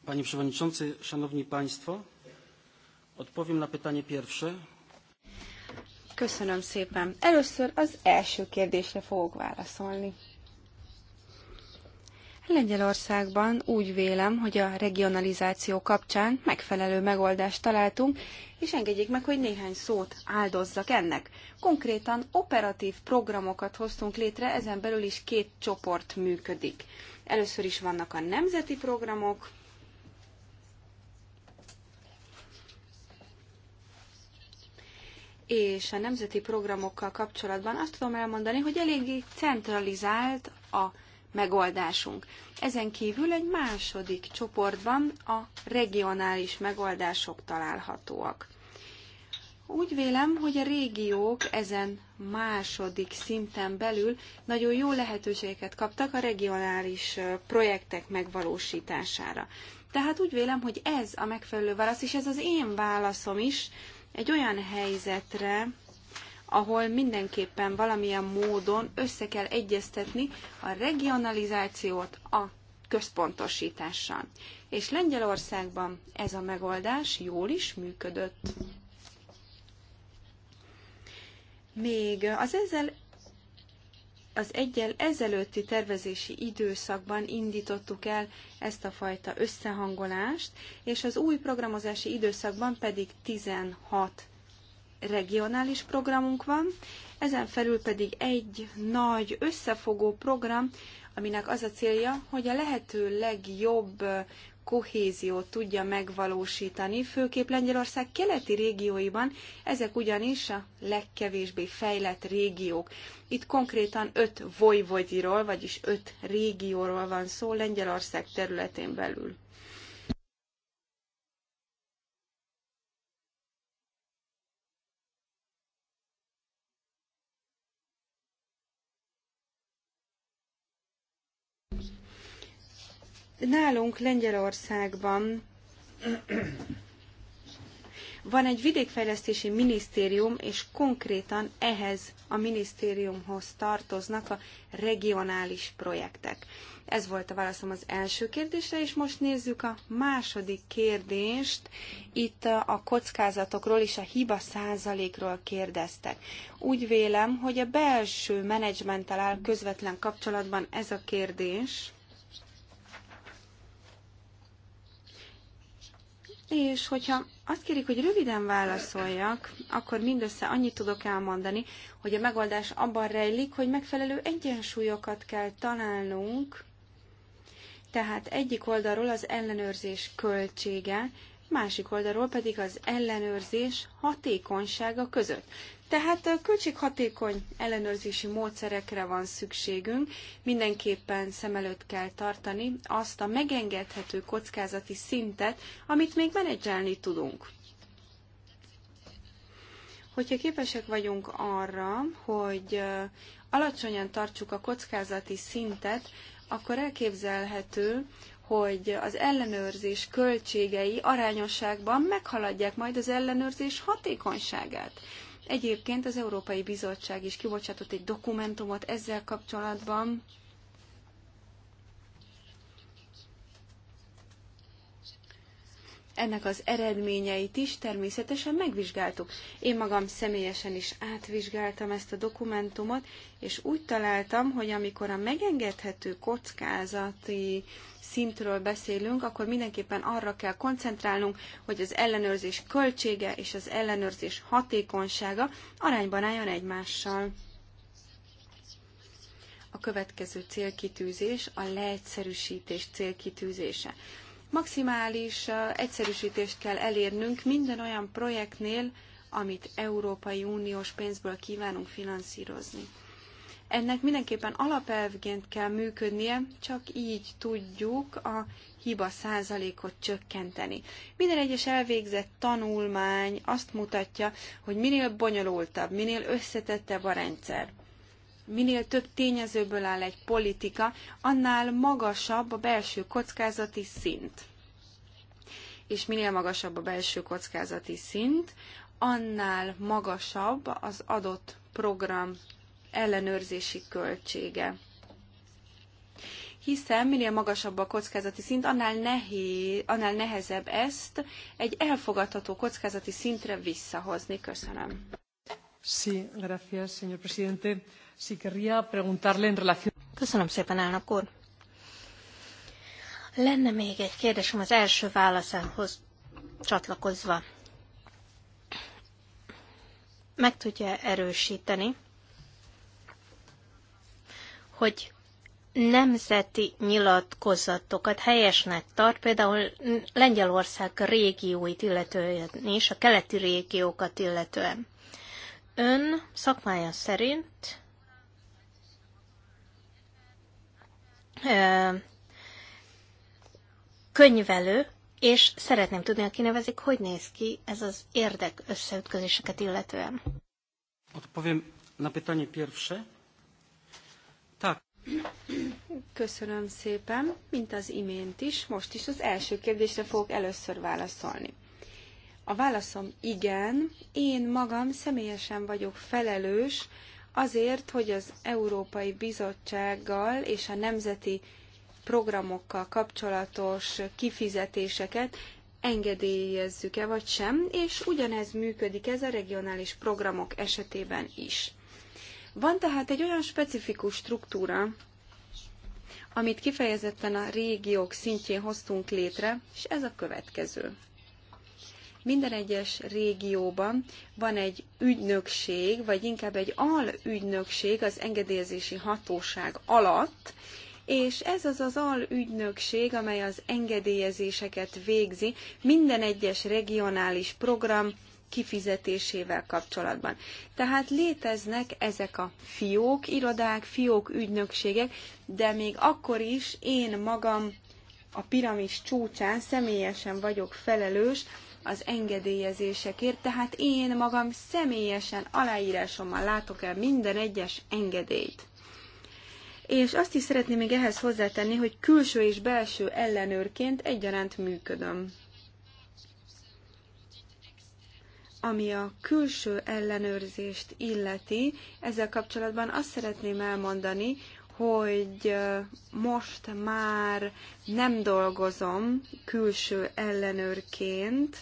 Panie Przewodniczący, Szanowni Państwo, odpowiem na pytanie pierwsze.
Köszönöm szépen. Először az első kérdésre fogok válaszolni. Lengyelországban úgy vélem, hogy a regionalizáció kapcsán megfelelő megoldást találtunk, és engedjék meg, hogy néhány szót áldozzak ennek. Konkrétan operatív programokat hoztunk létre, ezen belül is két csoport működik. Először is vannak a nemzeti programok, és a nemzeti programokkal kapcsolatban azt tudom elmondani, hogy eléggé centralizált a megoldásunk. Ezen kívül egy második csoportban a regionális megoldások találhatóak. Úgy vélem, hogy a régiók ezen második szinten belül nagyon jó lehetőségeket kaptak a regionális projektek megvalósítására. Tehát úgy vélem, hogy ez a megfelelő válasz, és ez az én válaszom is egy olyan helyzetre, ahol mindenképpen valamilyen módon össze kell egyeztetni a regionalizációt a központosítással. És Lengyelországban ez a megoldás jól is működött. Még az ezzel az egyel ezelőtti tervezési időszakban indítottuk el ezt a fajta összehangolást, és az új programozási időszakban pedig 16 regionális programunk van, ezen felül pedig egy nagy összefogó program, aminek az a célja, hogy a lehető legjobb kohéziót tudja megvalósítani, főképp Lengyelország keleti régióiban, ezek ugyanis a legkevésbé fejlett régiók. Itt konkrétan öt vojvodiról, vagyis öt régióról van szó Lengyelország területén belül. Nálunk Lengyelországban van egy vidékfejlesztési minisztérium, és konkrétan ehhez a minisztériumhoz tartoznak a regionális projektek. Ez volt a válaszom az első kérdésre, és most nézzük a második kérdést. Itt a kockázatokról és a hiba százalékról kérdeztek. Úgy vélem, hogy a belső menedzsmenttel áll közvetlen kapcsolatban ez a kérdés. És hogyha azt kérik, hogy röviden válaszoljak, akkor mindössze annyit tudok elmondani, hogy a megoldás abban rejlik, hogy megfelelő egyensúlyokat kell találnunk, tehát egyik oldalról az ellenőrzés költsége, másik oldalról pedig az ellenőrzés hatékonysága között. Tehát költséghatékony ellenőrzési módszerekre van szükségünk, mindenképpen szem előtt kell tartani azt a megengedhető kockázati szintet, amit még menedzselni tudunk. Hogyha képesek vagyunk arra, hogy alacsonyan tartsuk a kockázati szintet, akkor elképzelhető, hogy az ellenőrzés költségei arányosságban meghaladják majd az ellenőrzés hatékonyságát. Egyébként az Európai Bizottság is kibocsátott egy dokumentumot ezzel kapcsolatban, ennek az eredményeit is természetesen megvizsgáltuk. Én magam személyesen is átvizsgáltam ezt a dokumentumot, és úgy találtam, hogy amikor a megengedhető kockázati szintről beszélünk, akkor mindenképpen arra kell koncentrálnunk, hogy az ellenőrzés költsége és az ellenőrzés hatékonysága arányban álljon egymással. A következő célkitűzés a leegyszerűsítés célkitűzése. Maximális egyszerűsítést kell elérnünk minden olyan projektnél, amit Európai Uniós pénzből kívánunk finanszírozni. Ennek mindenképpen alapelvként kell működnie, csak így tudjuk a hiba százalékot csökkenteni. Minden egyes elvégzett tanulmány azt mutatja, hogy minél bonyolultabb, minél összetettebb a rendszer, minél több tényezőből áll egy politika, annál magasabb a belső kockázati szint. És minél magasabb a belső kockázati szint, annál magasabb az adott program ellenőrzési költsége. Hiszen minél magasabb a kockázati szint, annál, nehéz, annál nehezebb ezt egy elfogadható kockázati szintre visszahozni. Köszönöm.
Sí, gracias, señor presidente. Sí, querría preguntarle en relación... Köszönöm szépen, elnök úr.
Lenne még egy kérdésem az első válaszához csatlakozva. Meg tudja erősíteni, hogy nemzeti nyilatkozatokat helyesnek tart, például Lengyelország régióit illetően és a keleti régiókat illetően. Ön szakmája szerint könyvelő, és szeretném tudni, aki nevezik, hogy néz ki ez az érdek összeütközéseket illetően.
Odpowiem na pytanie pierwsze.
Köszönöm szépen, mint az imént is. Most is az első kérdésre fogok először válaszolni. A válaszom igen, én magam személyesen vagyok felelős azért, hogy az Európai Bizottsággal és a nemzeti programokkal kapcsolatos kifizetéseket engedélyezzük-e vagy sem, és ugyanez működik ez a regionális programok esetében is. Van tehát egy olyan specifikus struktúra, amit kifejezetten a régiók szintjén hoztunk létre, és ez a következő. Minden egyes régióban van egy ügynökség, vagy inkább egy alügynökség az engedélyezési hatóság alatt, és ez az az alügynökség, amely az engedélyezéseket végzi minden egyes regionális program, kifizetésével kapcsolatban. Tehát léteznek ezek a fiók irodák, fiók ügynökségek, de még akkor is én magam a piramis csúcsán személyesen vagyok felelős az engedélyezésekért, tehát én magam személyesen aláírásommal látok el minden egyes engedélyt. És azt is szeretném még ehhez hozzátenni, hogy külső és belső ellenőrként egyaránt működöm. Ami a külső ellenőrzést illeti, ezzel kapcsolatban azt szeretném elmondani, hogy most már nem dolgozom külső ellenőrként,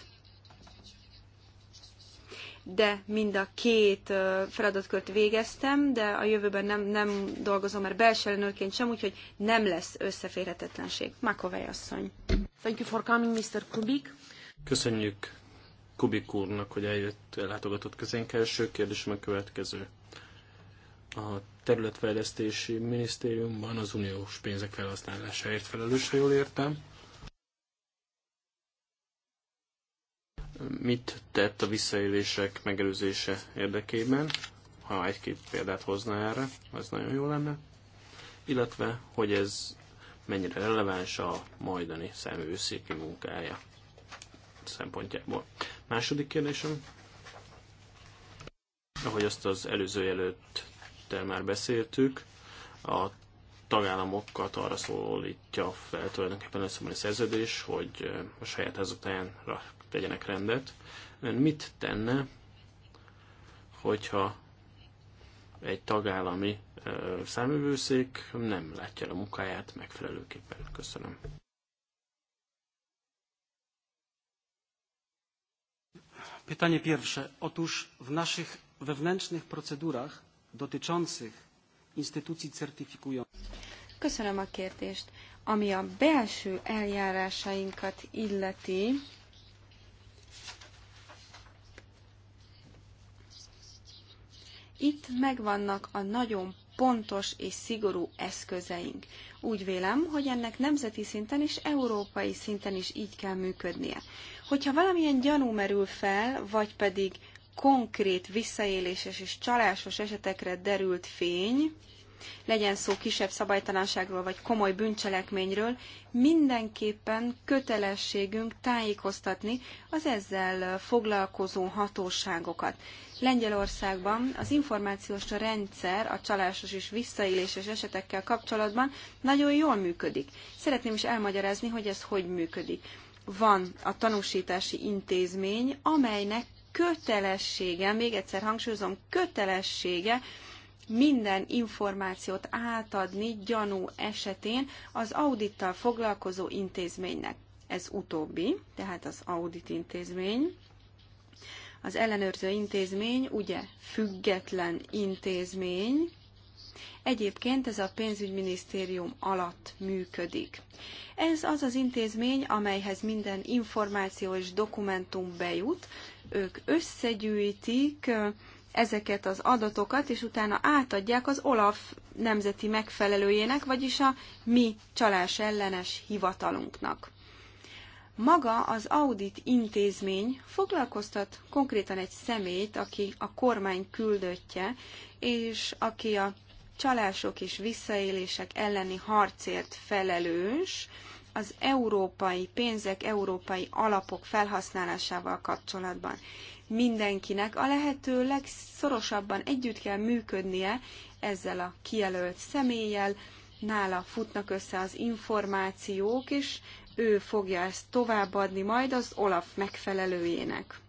de mind a két feladatkört végeztem, de a jövőben nem, nem dolgozom már belső ellenőrként sem, úgyhogy nem lesz összeférhetetlenség. Makovej asszony. Thank you for coming, Mr. Kubik.
Köszönjük Kubik úrnak, hogy eljött, látogatott közénk. Első kérdésem a következő. A területfejlesztési minisztériumban az uniós pénzek felhasználásáért felelős, ha jól értem. Mit tett a visszaélések megelőzése érdekében? Ha egy-két példát hozna erre, az nagyon jó lenne. Illetve, hogy ez mennyire releváns a majdani szemőszéki munkája szempontjából. Második kérdésem, ahogy azt az előző előtt már beszéltük, a tagállamokat arra szólítja fel tulajdonképpen a szerződés, hogy a saját házatánra tegyenek rendet. Ön mit tenne, hogyha egy tagállami számövőszék nem látja a munkáját megfelelőképpen? Köszönöm.
Pytanie pierwsze. Otóż w naszych wewnętrznych procedurach dotyczących instytucji certyfikujących.
Köszönöm a kérdést. Ami a belső eljárásainkat illeti, itt megvannak a nagyon pontos és szigorú eszközeink. Úgy vélem, hogy ennek nemzeti szinten és európai szinten is így kell működnie. Hogyha valamilyen gyanú merül fel, vagy pedig konkrét visszaéléses és csalásos esetekre derült fény, legyen szó kisebb szabálytalanságról vagy komoly bűncselekményről, mindenképpen kötelességünk tájékoztatni az ezzel foglalkozó hatóságokat. Lengyelországban az információs rendszer a csalásos és visszaéléses esetekkel kapcsolatban nagyon jól működik. Szeretném is elmagyarázni, hogy ez hogy működik. Van a tanúsítási intézmény, amelynek kötelessége, még egyszer hangsúlyozom, kötelessége minden információt átadni gyanú esetén az audittal foglalkozó intézménynek. Ez utóbbi, tehát az audit intézmény. Az ellenőrző intézmény ugye független intézmény, Egyébként ez a pénzügyminisztérium alatt működik. Ez az az intézmény, amelyhez minden információ és dokumentum bejut. Ők összegyűjtik ezeket az adatokat, és utána átadják az OLAF nemzeti megfelelőjének, vagyis a mi csalás ellenes hivatalunknak. Maga az audit intézmény foglalkoztat konkrétan egy személyt, aki a kormány küldöttje, és aki a csalások és visszaélések elleni harcért felelős, az európai pénzek, európai alapok felhasználásával kapcsolatban mindenkinek a lehető legszorosabban együtt kell működnie ezzel a kijelölt személlyel, nála futnak össze az információk, és ő fogja ezt továbbadni majd az Olaf megfelelőjének.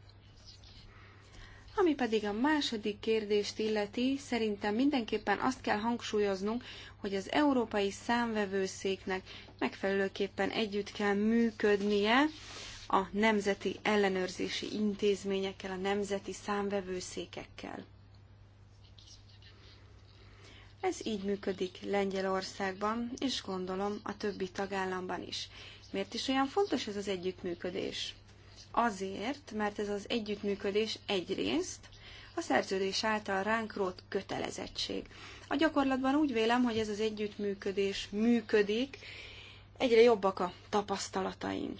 Ami pedig a második kérdést illeti, szerintem mindenképpen azt kell hangsúlyoznunk, hogy az Európai Számvevőszéknek megfelelőképpen együtt kell működnie a nemzeti ellenőrzési intézményekkel, a nemzeti számvevőszékekkel. Ez így működik Lengyelországban, és gondolom a többi tagállamban is. Miért is olyan fontos ez az együttműködés? Azért, mert ez az együttműködés egyrészt a szerződés által ránk rót kötelezettség. A gyakorlatban úgy vélem, hogy ez az együttműködés működik, egyre jobbak a tapasztalataink.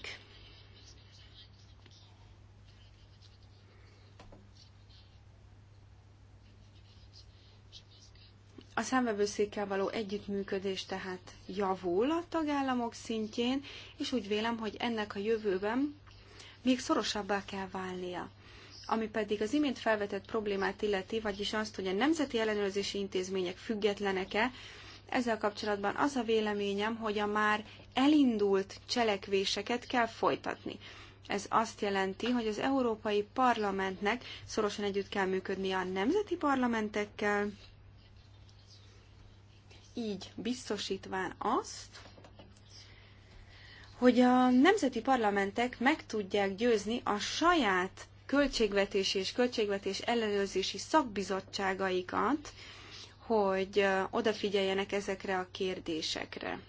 A számvevőszékkel való együttműködés tehát javul a tagállamok szintjén, és úgy vélem, hogy ennek a jövőben még szorosabbá kell válnia. Ami pedig az imént felvetett problémát illeti, vagyis azt, hogy a nemzeti ellenőrzési intézmények függetlenek-e, ezzel kapcsolatban az a véleményem, hogy a már elindult cselekvéseket kell folytatni. Ez azt jelenti, hogy az Európai Parlamentnek szorosan együtt kell működni a nemzeti parlamentekkel, így biztosítván azt, hogy a nemzeti parlamentek meg tudják győzni a saját költségvetési és költségvetés ellenőrzési szakbizottságaikat, hogy odafigyeljenek ezekre a kérdésekre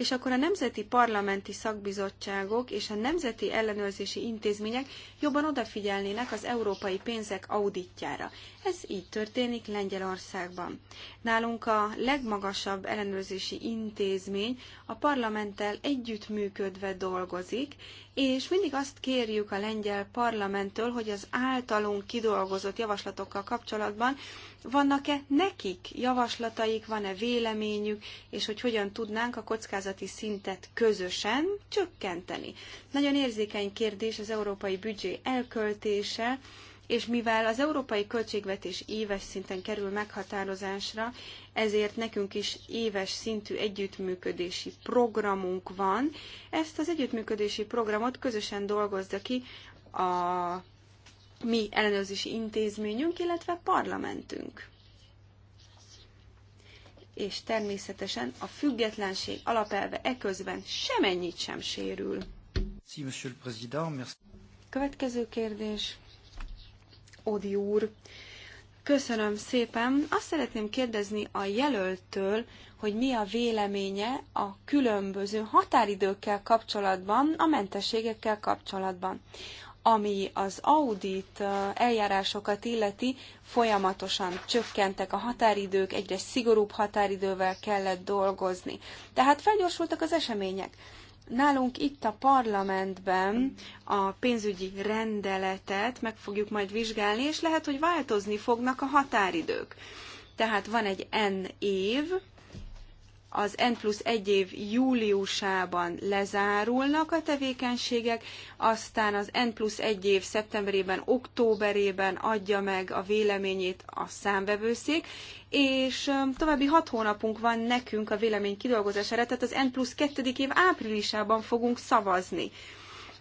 és akkor a nemzeti parlamenti szakbizottságok és a nemzeti ellenőrzési intézmények jobban odafigyelnének az európai pénzek auditjára. Ez így történik Lengyelországban. Nálunk a legmagasabb ellenőrzési intézmény a parlamenttel együttműködve dolgozik, és mindig azt kérjük a lengyel parlamenttől, hogy az általunk kidolgozott javaslatokkal kapcsolatban vannak-e nekik javaslataik, van-e véleményük, és hogy hogyan tudnánk a kockázati szintet közösen csökkenteni. Nagyon érzékeny kérdés az európai büdzsé elköltése, és mivel az európai költségvetés éves szinten kerül meghatározásra, ezért nekünk is éves szintű együttműködési programunk van. Ezt az együttműködési programot közösen dolgozza ki a mi ellenőrzési intézményünk, illetve parlamentünk és természetesen a függetlenség alapelve eközben semennyit sem sérül. Következő kérdés. Odi úr. Köszönöm szépen. Azt szeretném kérdezni a jelöltől, hogy mi a véleménye a különböző határidőkkel kapcsolatban, a mentességekkel kapcsolatban. Ami az audit eljárásokat illeti, folyamatosan csökkentek a határidők, egyre szigorúbb határidővel kellett dolgozni. Tehát felgyorsultak az események. Nálunk itt a parlamentben a pénzügyi rendeletet meg fogjuk majd vizsgálni, és lehet, hogy változni fognak a határidők. Tehát van egy N év, az N plusz egy év júliusában lezárulnak a tevékenységek, aztán az N plusz egy év szeptemberében, októberében adja meg a véleményét a számvevőszék, és további hat hónapunk van nekünk a vélemény kidolgozására, tehát az N plusz kettedik év áprilisában fogunk szavazni.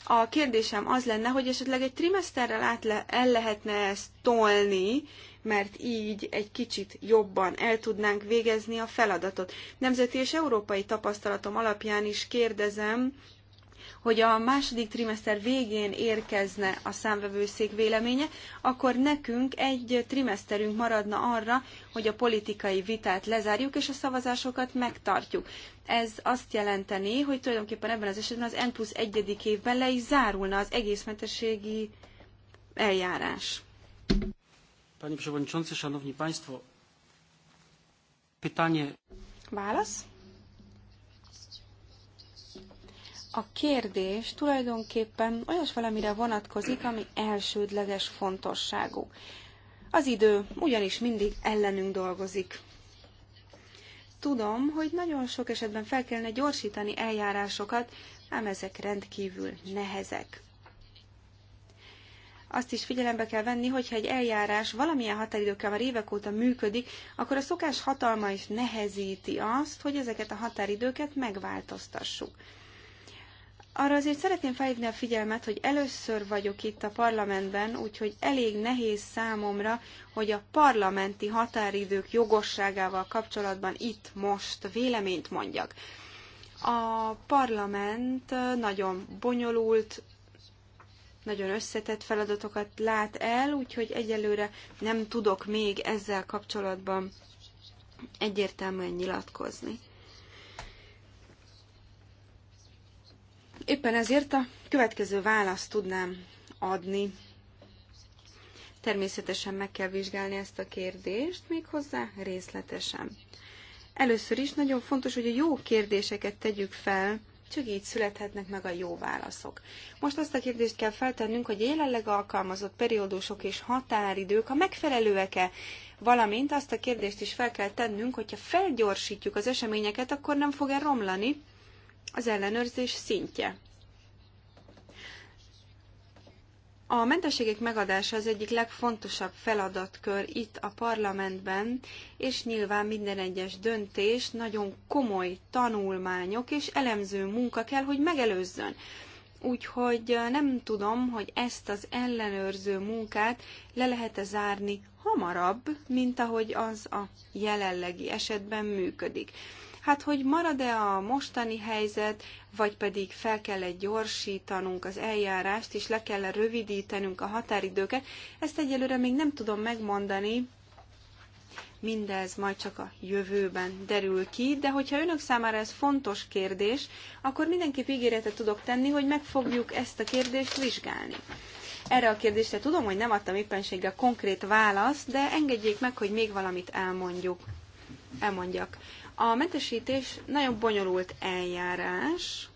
A kérdésem az lenne, hogy esetleg egy trimesterrel át le, el lehetne ezt tolni, mert így egy kicsit jobban el tudnánk végezni a feladatot. Nemzeti és európai tapasztalatom alapján is kérdezem, hogy a második trimester végén érkezne a számvevőszék véleménye, akkor nekünk egy trimesterünk maradna arra, hogy a politikai vitát lezárjuk és a szavazásokat megtartjuk. Ez azt jelenteni, hogy tulajdonképpen ebben az esetben az N plusz egyedik évben le is zárulna az egészmentességi eljárás.
Panie Przewodniczący, Szanowni Państwo, pytanie...
Válasz? A kérdés tulajdonképpen olyas valamire vonatkozik, ami elsődleges fontosságú. Az idő ugyanis mindig ellenünk dolgozik. Tudom, hogy nagyon sok esetben fel kellene gyorsítani eljárásokat, ám ezek rendkívül nehezek azt is figyelembe kell venni, hogyha egy eljárás valamilyen határidőkkel már évek óta működik, akkor a szokás hatalma is nehezíti azt, hogy ezeket a határidőket megváltoztassuk. Arra azért szeretném felhívni a figyelmet, hogy először vagyok itt a parlamentben, úgyhogy elég nehéz számomra, hogy a parlamenti határidők jogosságával kapcsolatban itt most véleményt mondjak. A parlament nagyon bonyolult, nagyon összetett feladatokat lát el, úgyhogy egyelőre nem tudok még ezzel kapcsolatban egyértelműen nyilatkozni. Éppen ezért a következő választ tudnám adni. Természetesen meg kell vizsgálni ezt a kérdést, méghozzá részletesen. Először is nagyon fontos, hogy a jó kérdéseket tegyük fel, csak így születhetnek meg a jó válaszok. Most azt a kérdést kell feltennünk, hogy jelenleg alkalmazott periódusok és határidők a megfelelőek-e, valamint azt a kérdést is fel kell tennünk, hogyha felgyorsítjuk az eseményeket, akkor nem fog-e romlani az ellenőrzés szintje. A mentességek megadása az egyik legfontosabb feladatkör itt a parlamentben, és nyilván minden egyes döntés nagyon komoly tanulmányok és elemző munka kell, hogy megelőzzön. Úgyhogy nem tudom, hogy ezt az ellenőrző munkát le lehet-e zárni hamarabb, mint ahogy az a jelenlegi esetben működik hát hogy marad-e a mostani helyzet, vagy pedig fel kell egy gyorsítanunk az eljárást, és le kell -e rövidítenünk a határidőket, ezt egyelőre még nem tudom megmondani, mindez majd csak a jövőben derül ki, de hogyha önök számára ez fontos kérdés, akkor mindenképp ígéretet tudok tenni, hogy meg fogjuk ezt a kérdést vizsgálni. Erre a kérdésre tudom, hogy nem adtam éppenséggel konkrét választ, de engedjék meg, hogy még valamit elmondjuk. Elmondjak. A mentesítés nagyon bonyolult eljárás,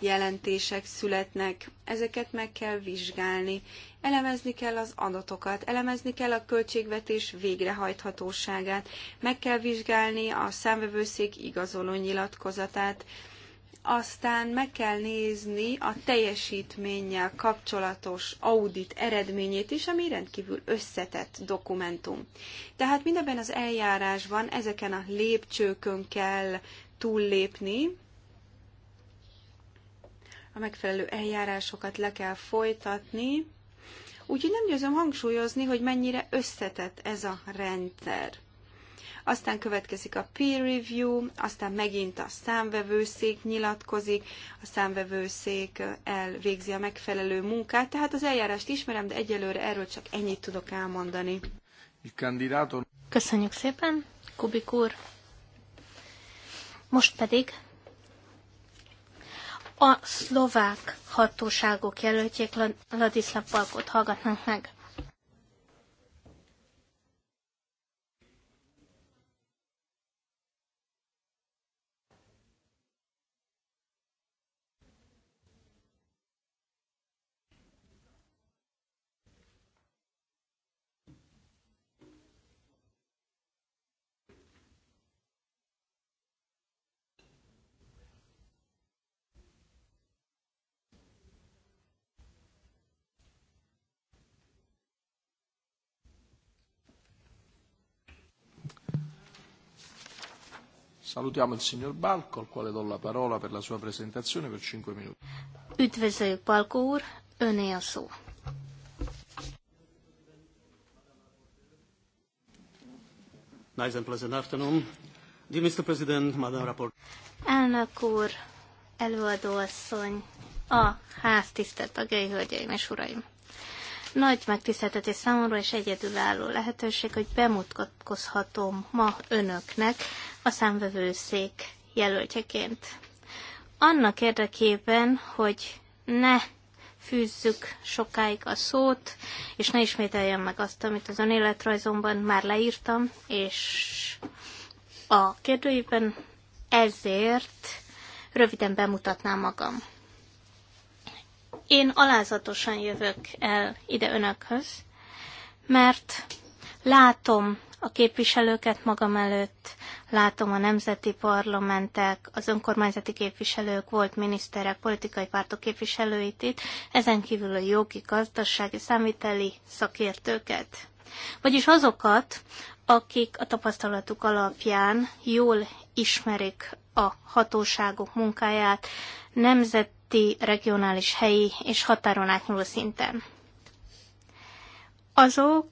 jelentések születnek, ezeket meg kell vizsgálni, elemezni kell az adatokat, elemezni kell a költségvetés végrehajthatóságát, meg kell vizsgálni a számvevőszék igazoló nyilatkozatát, aztán meg kell nézni a teljesítménnyel kapcsolatos audit eredményét is, ami rendkívül összetett dokumentum. Tehát mindebben az eljárásban ezeken a lépcsőkön kell túllépni, a megfelelő eljárásokat le kell folytatni, úgyhogy nem győzöm hangsúlyozni, hogy mennyire összetett ez a rendszer aztán következik a peer review, aztán megint a számvevőszék nyilatkozik, a számvevőszék elvégzi a megfelelő munkát, tehát az eljárást ismerem, de egyelőre erről csak ennyit tudok elmondani.
Köszönjük szépen, Kubik úr! Most pedig a szlovák hatóságok jelöltjék Ladislav Balkot hallgatnak meg.
Salutiamo il signor Balco, al quale do la parola per la sua presentazione per 5 minuti.
Üdvözöljük, Balko úr, öné a szó.
Nice and pleasant afternoon. Dear Mr. President, Madam
Rapport. Elnök úr, asszony, a ház tisztelt tagjai, hölgyeim és uraim. Nagy megtiszteltetés számomra és egyedülálló lehetőség, hogy bemutatkozhatom ma önöknek a számvevőszék jelöltjeként. Annak érdekében, hogy ne fűzzük sokáig a szót, és ne ismételjem meg azt, amit az önéletrajzomban már leírtam, és a kérdőjében ezért röviden bemutatnám magam én alázatosan jövök el ide önökhöz, mert látom a képviselőket magam előtt, látom a nemzeti parlamentek, az önkormányzati képviselők, volt miniszterek, politikai pártok képviselőit itt, ezen kívül a jogi, gazdasági, számíteli szakértőket. Vagyis azokat, akik a tapasztalatuk alapján jól ismerik a hatóságok munkáját, nemzet nemzeti, regionális, helyi és határon átnyúló szinten. Azok,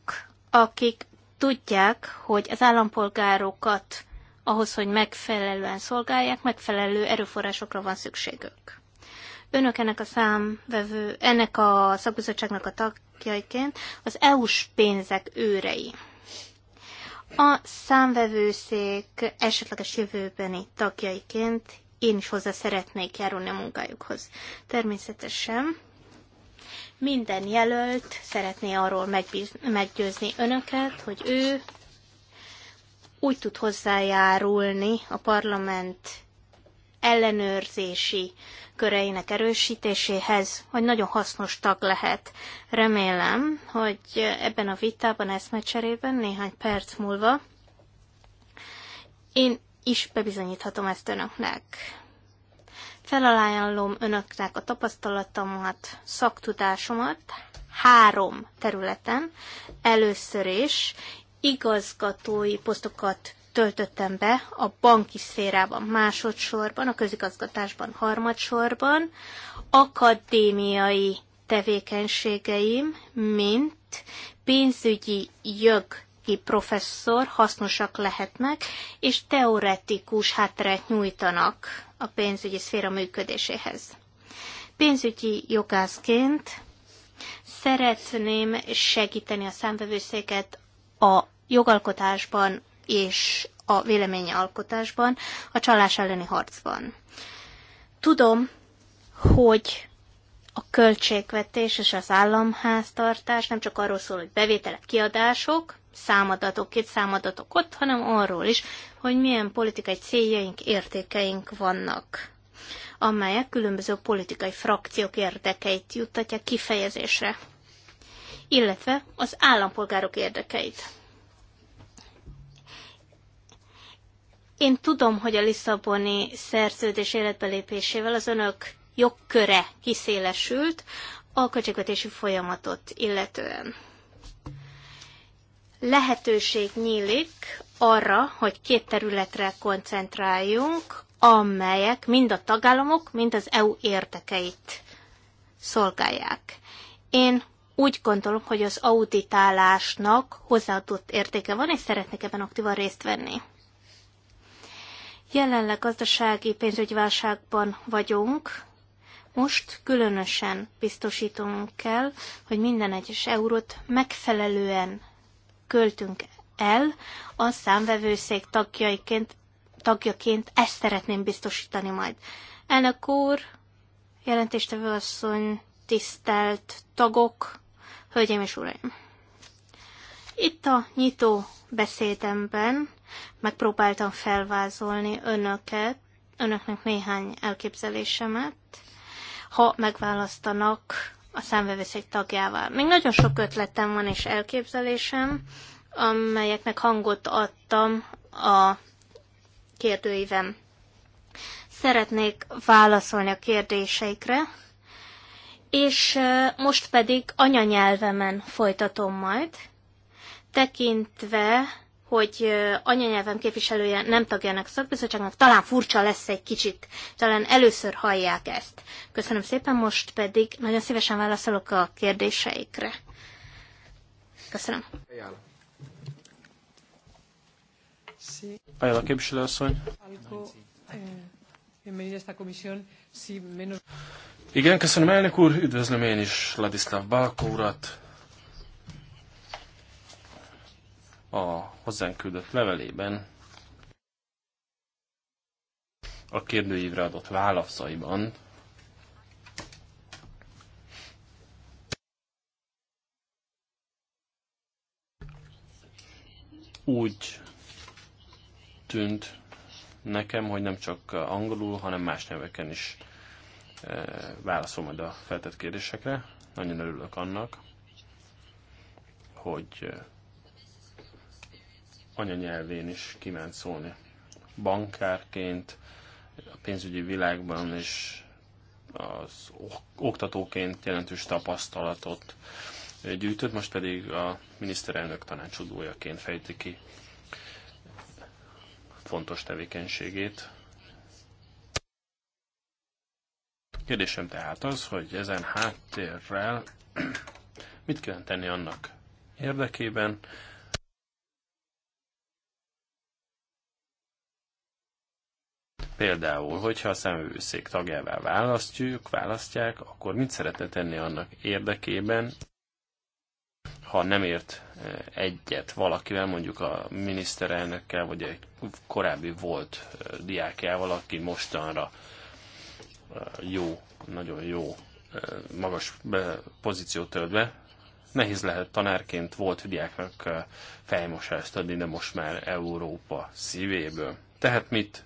akik tudják, hogy az állampolgárokat ahhoz, hogy megfelelően szolgálják, megfelelő erőforrásokra van szükségük. Önök ennek a számvevő, ennek a szakbizottságnak a tagjaiként az EU-s pénzek őrei. A számvevőszék esetleges jövőbeni tagjaiként én is hozzá szeretnék járulni a munkájukhoz. Természetesen minden jelölt szeretné arról megbíz, meggyőzni önöket, hogy ő úgy tud hozzájárulni a parlament ellenőrzési köreinek erősítéséhez, hogy nagyon hasznos tag lehet. Remélem, hogy ebben a vitában, eszmecserében néhány perc múlva én is bebizonyíthatom ezt önöknek. Felajánlom önöknek a tapasztalatomat, szaktudásomat három területen. Először is igazgatói posztokat töltöttem be a banki szférában másodszorban, a közigazgatásban harmadsorban, akadémiai tevékenységeim, mint pénzügyi jog professzor hasznosak lehetnek, és teoretikus hátteret nyújtanak a pénzügyi szféra működéséhez. Pénzügyi jogászként szeretném segíteni a számvevőszéket a jogalkotásban és a véleményalkotásban, a csalás elleni harcban. Tudom, hogy a költségvetés és az államháztartás nem csak arról szól, hogy bevételek, kiadások, számadatok, két számadatok ott, hanem arról is, hogy milyen politikai céljaink, értékeink vannak, amelyek különböző politikai frakciók érdekeit juttatják kifejezésre, illetve az állampolgárok érdekeit. Én tudom, hogy a Lisszaboni szerződés életbelépésével az önök jogköre kiszélesült a költségvetési folyamatot illetően lehetőség nyílik arra, hogy két területre koncentráljunk, amelyek mind a tagállamok, mind az EU érdekeit szolgálják. Én úgy gondolom, hogy az auditálásnak hozzáadott értéke van, és szeretnék ebben aktívan részt venni. Jelenleg gazdasági pénzügyi válságban vagyunk, most különösen biztosítunk kell, hogy minden egyes eurót megfelelően költünk el, a számvevőszék tagjaiként, tagjaként ezt szeretném biztosítani majd. Elnök úr, jelentéstevő asszony, tisztelt tagok, hölgyeim és uraim! Itt a nyitó beszédemben megpróbáltam felvázolni önöket, önöknek néhány elképzelésemet. Ha megválasztanak a egy tagjával. Még nagyon sok ötletem van és elképzelésem, amelyeknek hangot adtam a kérdőívem. Szeretnék válaszolni a kérdéseikre, és most pedig anyanyelvemen folytatom majd, tekintve hogy anyanyelvem képviselője nem tagjának szakbizottságnak, talán furcsa lesz egy kicsit, talán először hallják ezt. Köszönöm szépen, most pedig nagyon szívesen válaszolok a kérdéseikre. Köszönöm.
Ajánl a képviselőasszony. Igen, köszönöm elnök úr, üdvözlöm én is Ladislav Balko urat, a hozzánk küldött levelében a kérdőívre adott válaszaiban úgy tűnt nekem, hogy nem csak angolul, hanem más nyelveken is e, válaszol majd a feltett kérdésekre. Nagyon örülök annak, hogy anyanyelvén is kiment szólni. Bankárként, a pénzügyi világban és az oktatóként jelentős tapasztalatot gyűjtött, most pedig a miniszterelnök tanácsadójaként fejti ki fontos tevékenységét. Kérdésem tehát az, hogy ezen háttérrel mit kell tenni annak érdekében, Például, hogyha a szemvőszék tagjává választjuk, választják, akkor mit szeretne tenni annak érdekében, ha nem ért e, egyet valakivel, mondjuk a miniszterelnökkel, vagy egy korábbi volt e, diákjával, aki mostanra e, jó, nagyon jó, magas pozíciót tölt be. Nehéz lehet tanárként volt diáknak fejmosást adni, de most már Európa szívéből. Tehát mit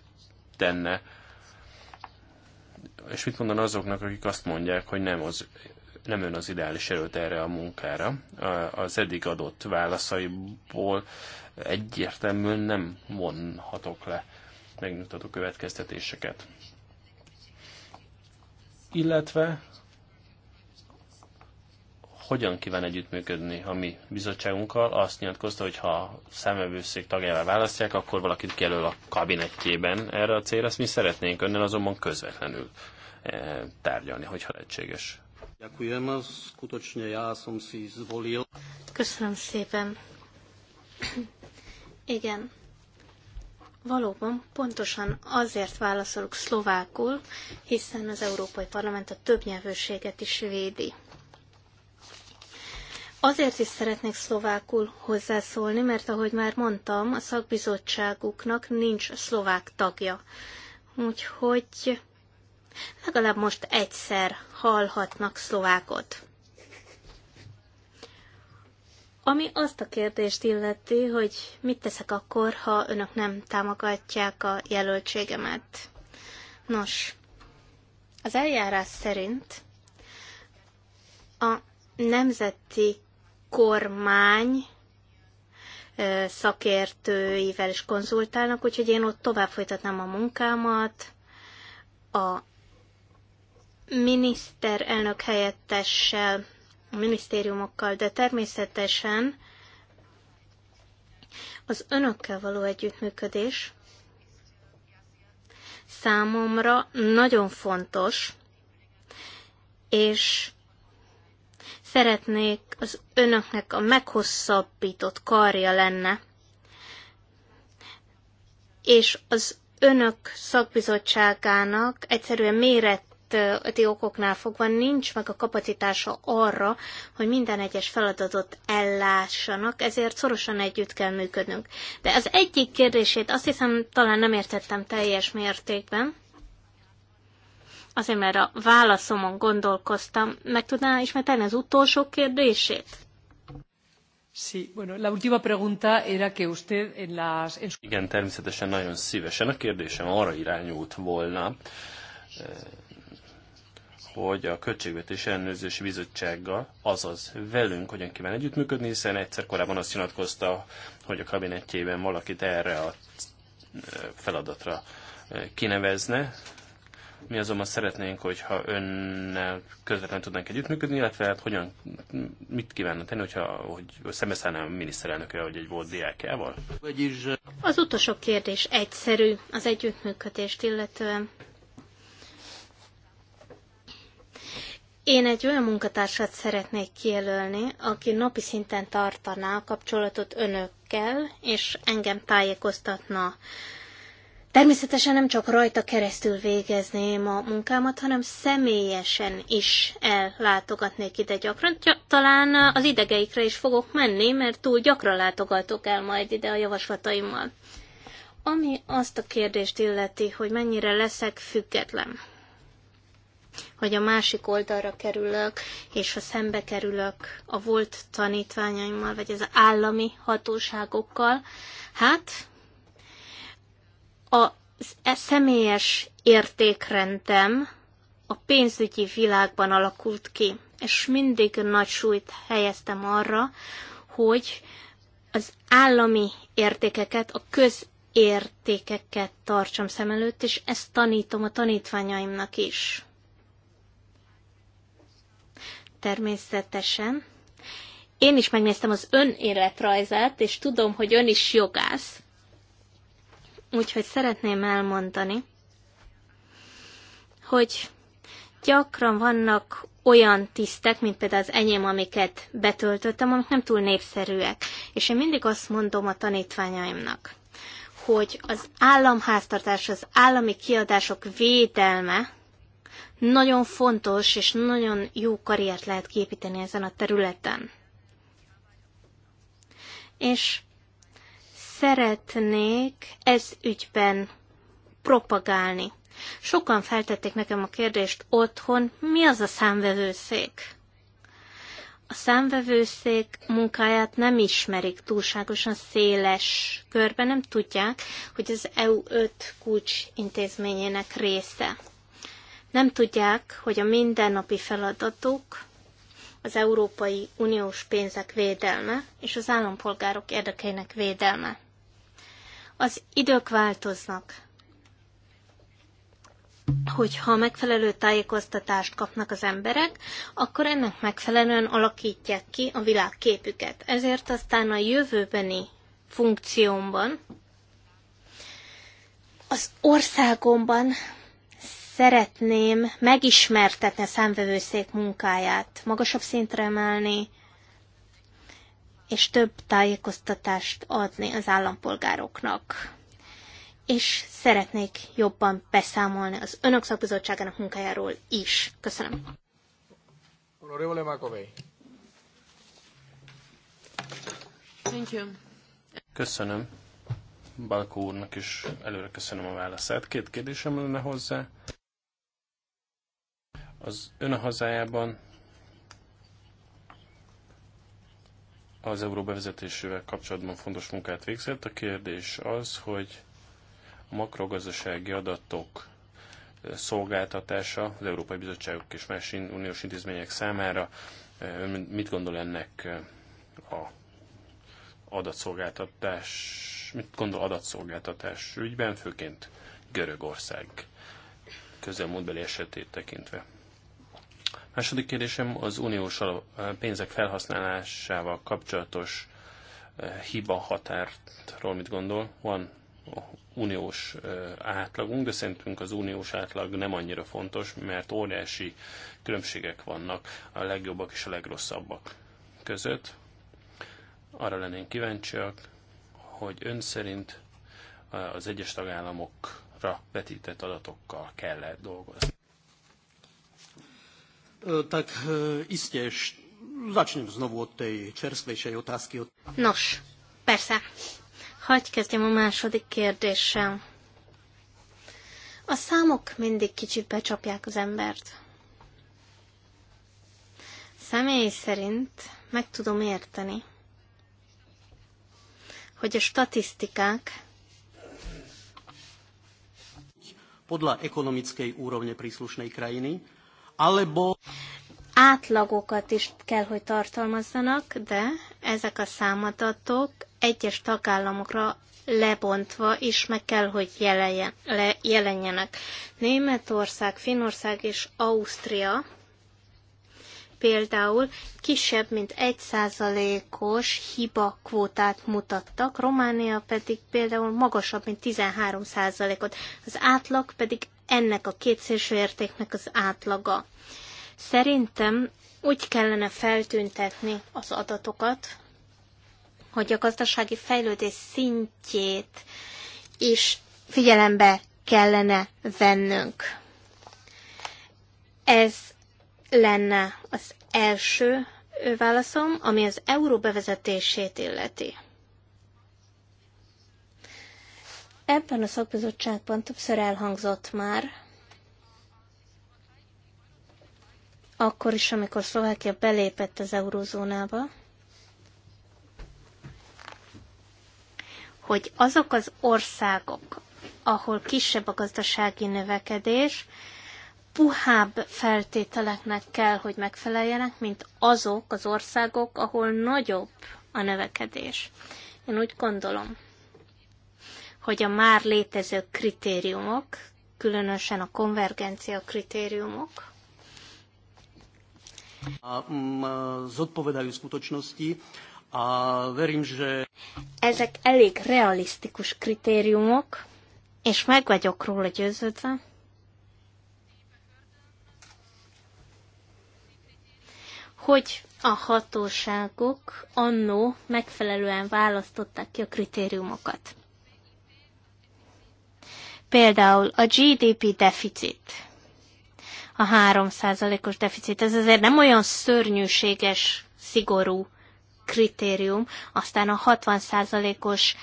tenne, és mit mondan azoknak, akik azt mondják, hogy nem, az, nem ön az ideális erőt erre a munkára. Az eddig adott válaszaiból egyértelműen nem vonhatok le megnyugtató következtetéseket. Illetve hogyan kíván együttműködni a mi bizottságunkkal. Azt nyilatkozta, hogy ha szemevőszék tagjává választják, akkor valakit kijelöl a kabinettjében erre a célra. Ezt mi szeretnénk önnel azonban közvetlenül eh, tárgyalni, hogyha lehetséges.
Köszönöm szépen. Igen. Valóban, pontosan azért válaszolok szlovákul, hiszen az Európai Parlament a többnyelvűséget is védi. Azért is szeretnék szlovákul hozzászólni, mert ahogy már mondtam, a szakbizottságuknak nincs szlovák tagja. Úgyhogy legalább most egyszer hallhatnak szlovákot. Ami azt a kérdést illeti, hogy mit teszek akkor, ha önök nem támogatják a jelöltségemet. Nos, az eljárás szerint a nemzeti kormány szakértőivel is konzultálnak, úgyhogy én ott tovább folytatnám a munkámat. A miniszterelnök helyettessel, a minisztériumokkal, de természetesen az önökkel való együttműködés számomra nagyon fontos, és szeretnék az önöknek a meghosszabbított karja lenne, és az önök szakbizottságának egyszerűen méreti okoknál fogva nincs meg a kapacitása arra, hogy minden egyes feladatot ellássanak, ezért szorosan együtt kell működnünk. De az egyik kérdését azt hiszem talán nem értettem teljes mértékben, Azért, mert a válaszomon gondolkoztam. Meg tudná ismételni az utolsó kérdését?
Sí, bueno, la última pregunta era que usted en las... En...
Igen, természetesen nagyon szívesen. A kérdésem arra irányult volna, eh, hogy a Költségvetési Ellenőrzési Bizottsággal, azaz velünk hogyan kíván együttműködni, hiszen egyszer korábban azt nyilatkozta, hogy a kabinettjében valakit erre a eh, feladatra eh, kinevezne, mi azonban szeretnénk, hogyha önnel közvetlenül tudnánk együttműködni, illetve hát hogyan, mit kívánna tenni, hogyha, hogy szembeszállna a miniszterelnökkel, vagy egy volt diákjával?
Az utolsó kérdés egyszerű az együttműködést illetően. Én egy olyan munkatársat szeretnék kijelölni, aki napi szinten tartaná a kapcsolatot önökkel, és engem tájékoztatna Természetesen nem csak rajta keresztül végezném a munkámat, hanem személyesen is ellátogatnék ide gyakran. Talán az idegeikre is fogok menni, mert túl gyakran látogatok el majd ide a javaslataimmal. Ami azt a kérdést illeti, hogy mennyire leszek független, hogy a másik oldalra kerülök, és ha szembe kerülök a volt tanítványaimmal, vagy az állami hatóságokkal, hát a e- személyes értékrendem a pénzügyi világban alakult ki, és mindig nagy súlyt helyeztem arra, hogy az állami értékeket, a közértékeket tartsam szem előtt, és ezt tanítom a tanítványaimnak is. Természetesen. Én is megnéztem az ön életrajzát, és tudom, hogy ön is jogász, Úgyhogy szeretném elmondani, hogy gyakran vannak olyan tisztek, mint például az enyém, amiket betöltöttem, amik nem túl népszerűek. És én mindig azt mondom a tanítványaimnak, hogy az államháztartás, az állami kiadások védelme nagyon fontos, és nagyon jó karriert lehet képíteni ezen a területen. És szeretnék ez ügyben propagálni. Sokan feltették nekem a kérdést otthon, mi az a számvevőszék? A számvevőszék munkáját nem ismerik túlságosan széles körben, nem tudják, hogy az EU 5 kulcs intézményének része. Nem tudják, hogy a mindennapi feladatuk az Európai Uniós pénzek védelme és az állampolgárok érdekeinek védelme. Az idők változnak. Hogyha megfelelő tájékoztatást kapnak az emberek, akkor ennek megfelelően alakítják ki a világképüket. Ezért aztán a jövőbeni funkciómban, az országomban szeretném megismertetni a számvevőszék munkáját, magasabb szintre emelni, és több tájékoztatást adni az állampolgároknak. És szeretnék jobban beszámolni az Önök szakbizottságának munkájáról is. Köszönöm.
Makovei.
Köszönöm. Balkó úrnak is előre köszönöm a válaszát. Két kérdésem lenne hozzá. Az ön a hazájában az euró bevezetésével kapcsolatban fontos munkát végzett. A kérdés az, hogy a makrogazdasági adatok eh, szolgáltatása az Európai Bizottságok és más uniós intézmények számára. Eh, mit gondol ennek eh, a adatszolgáltatás, mit gondol adatszolgáltatás ügyben, főként Görögország közelmúltbeli esetét tekintve? Második kérdésem az uniós pénzek felhasználásával kapcsolatos eh, hiba határtról mit gondol? Van uniós eh, átlagunk, de szerintünk az uniós átlag nem annyira fontos, mert óriási különbségek vannak a legjobbak és a legrosszabbak között. Arra lennénk kíváncsiak, hogy ön szerint eh, az egyes tagállamokra vetített adatokkal kell -e dolgozni.
E, tak e, iście, zacznę znowu od tej czerstlejszej otázki.
Nos, persze. Hagyj kezdjem a második kérdéssel. A számok mindig kicsit becsapják az embert. Személy szerint meg tudom érteni, hogy a statisztikák
podľa ekonomickej úrovne príslušnej krajiny alebo...
Átlagokat is kell, hogy tartalmazzanak, de ezek a számadatok egyes tagállamokra lebontva is meg kell, hogy jelenjen, le, jelenjenek. Németország, Finnország és Ausztria például kisebb, mint egy százalékos hiba kvótát mutattak, Románia pedig például magasabb, mint 13 százalékot. az átlag pedig ennek a két szélső értéknek az átlaga. Szerintem úgy kellene feltüntetni az adatokat, hogy a gazdasági fejlődés szintjét is figyelembe kellene vennünk. Ez lenne az első válaszom, ami az euró bevezetését illeti. Ebben a szakbizottságban többször elhangzott már, akkor is, amikor Szlovákia belépett az eurózónába, hogy azok az országok, ahol kisebb a gazdasági növekedés, puhább feltételeknek kell, hogy megfeleljenek, mint azok az országok, ahol nagyobb a növekedés. Én úgy gondolom hogy a már létező kritériumok, különösen a konvergencia kritériumok,
mm, a, zodpovedajú skutočnosti a verím, že...
Ezek elég realisztikus kritériumok, és meg vagyok róla győződve, hogy a hatóságok annó megfelelően választották ki a kritériumokat. Például a GDP deficit, a 3%-os deficit, ez azért nem olyan szörnyűséges, szigorú kritérium, aztán a 60%-os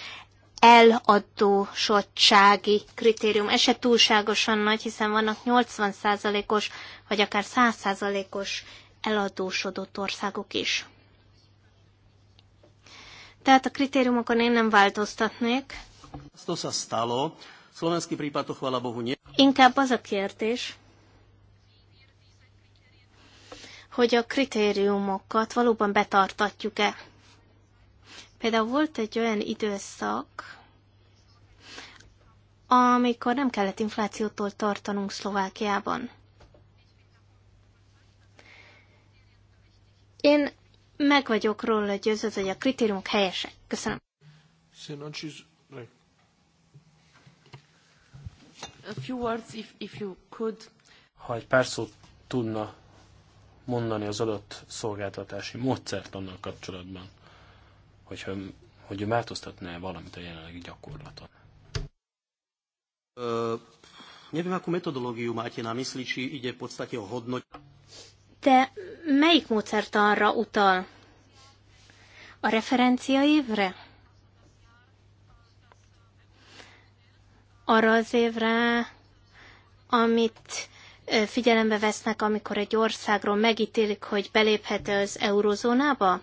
eladósottsági kritérium. Ez se túlságosan nagy, hiszen vannak 80%-os, vagy akár 100%-os eladósodott országok is. Tehát a kritériumokon én nem változtatnék.
Azt stalo, prípad to chvála Bohu nie.
Inkább az a kérdés, hogy a kritériumokat valóban betartatjuk-e. Például volt egy olyan időszak, amikor nem kellett inflációtól tartanunk Szlovákiában. Én meg vagyok róla győződve, hogy a kritériumok helyesek. Köszönöm.
Ha egy pár szót tudna mondani az adott szolgáltatási módszert annak kapcsolatban, hogyha, hogy ő változtatná
-e valamit a jelenlegi gyakorlaton. Uh, akú metodológiu máte na mysli, či ide v podstate o hodnot...
De melyik módszert arra utal? A referencia évre? arra az évre, amit figyelembe vesznek, amikor egy országról megítélik, hogy beléphet -e az eurozónába?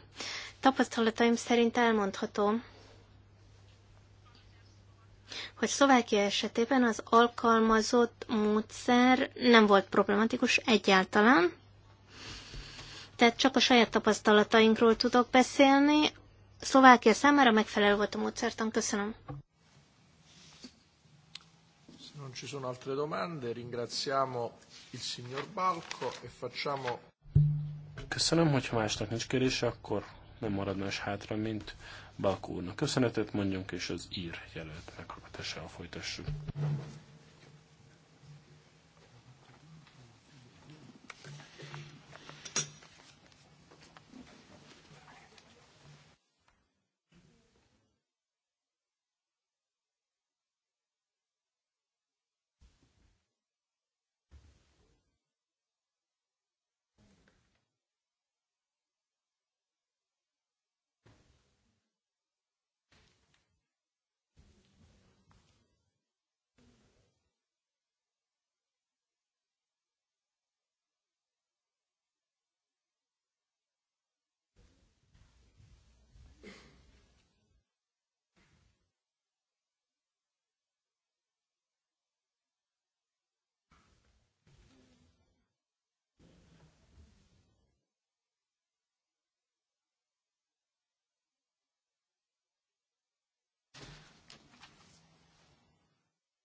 Tapasztalataim szerint elmondhatom, hogy Szlovákia esetében az alkalmazott módszer nem volt problematikus egyáltalán, tehát csak a saját tapasztalatainkról tudok beszélni. Szlovákia számára megfelelő volt a módszertan. Köszönöm.
Non ci sono altre domande, ringraziamo il signor Balco e facciamo...
Köszönöm,
hogyha másnak nincs kérdése, akkor nem marad más hátra, mint Balkó úrnak. Köszönetet mondjunk, és az ír jelölt meghallgatásával folytassuk.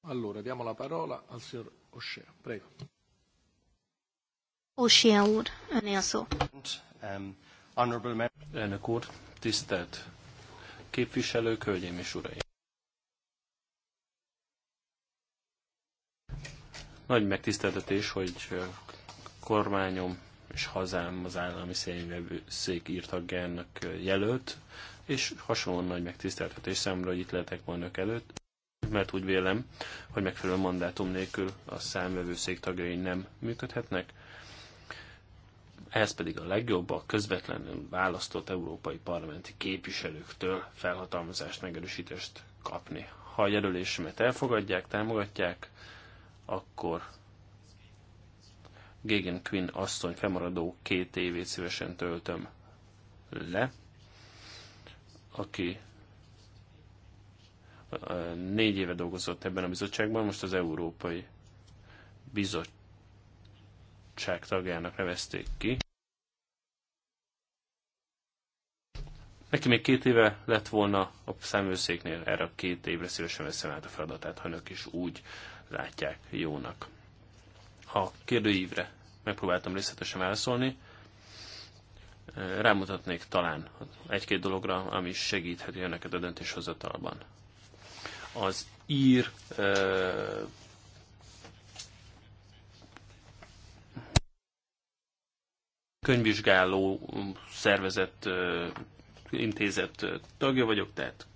Allora, diamo la parola al signor O'Shea. Prego.
O'Shea ur, öné a szó.
Um, Elnök úr, tisztelt képviselők, hölgyeim és uraim! Nagy megtiszteltetés, hogy kormányom és hazám az állami szék írtagjának jelölt, és hasonlóan nagy megtiszteltetés számomra, hogy itt lehetek volna önök előtt mert úgy vélem, hogy megfelelő mandátum nélkül a számvevőszék tagjai nem működhetnek. Ehhez pedig a legjobb a közvetlenül választott európai parlamenti képviselőktől felhatalmazást, megerősítést kapni. Ha a jelölésemet elfogadják, támogatják, akkor Gégen Quinn asszony fennmaradó két évét szívesen töltöm le, aki négy éve dolgozott ebben a bizottságban, most az Európai Bizottság tagjának nevezték ki. Neki még két éve lett volna a számőszéknél, erre a két évre szívesen veszem át a feladatát, ha önök is úgy látják jónak. A kérdőívre megpróbáltam részletesen válaszolni, rámutatnék talán egy-két dologra, ami segítheti önöket a döntéshozatalban az ír könyvvizsgáló szervezet intézet tagja vagyok, tehát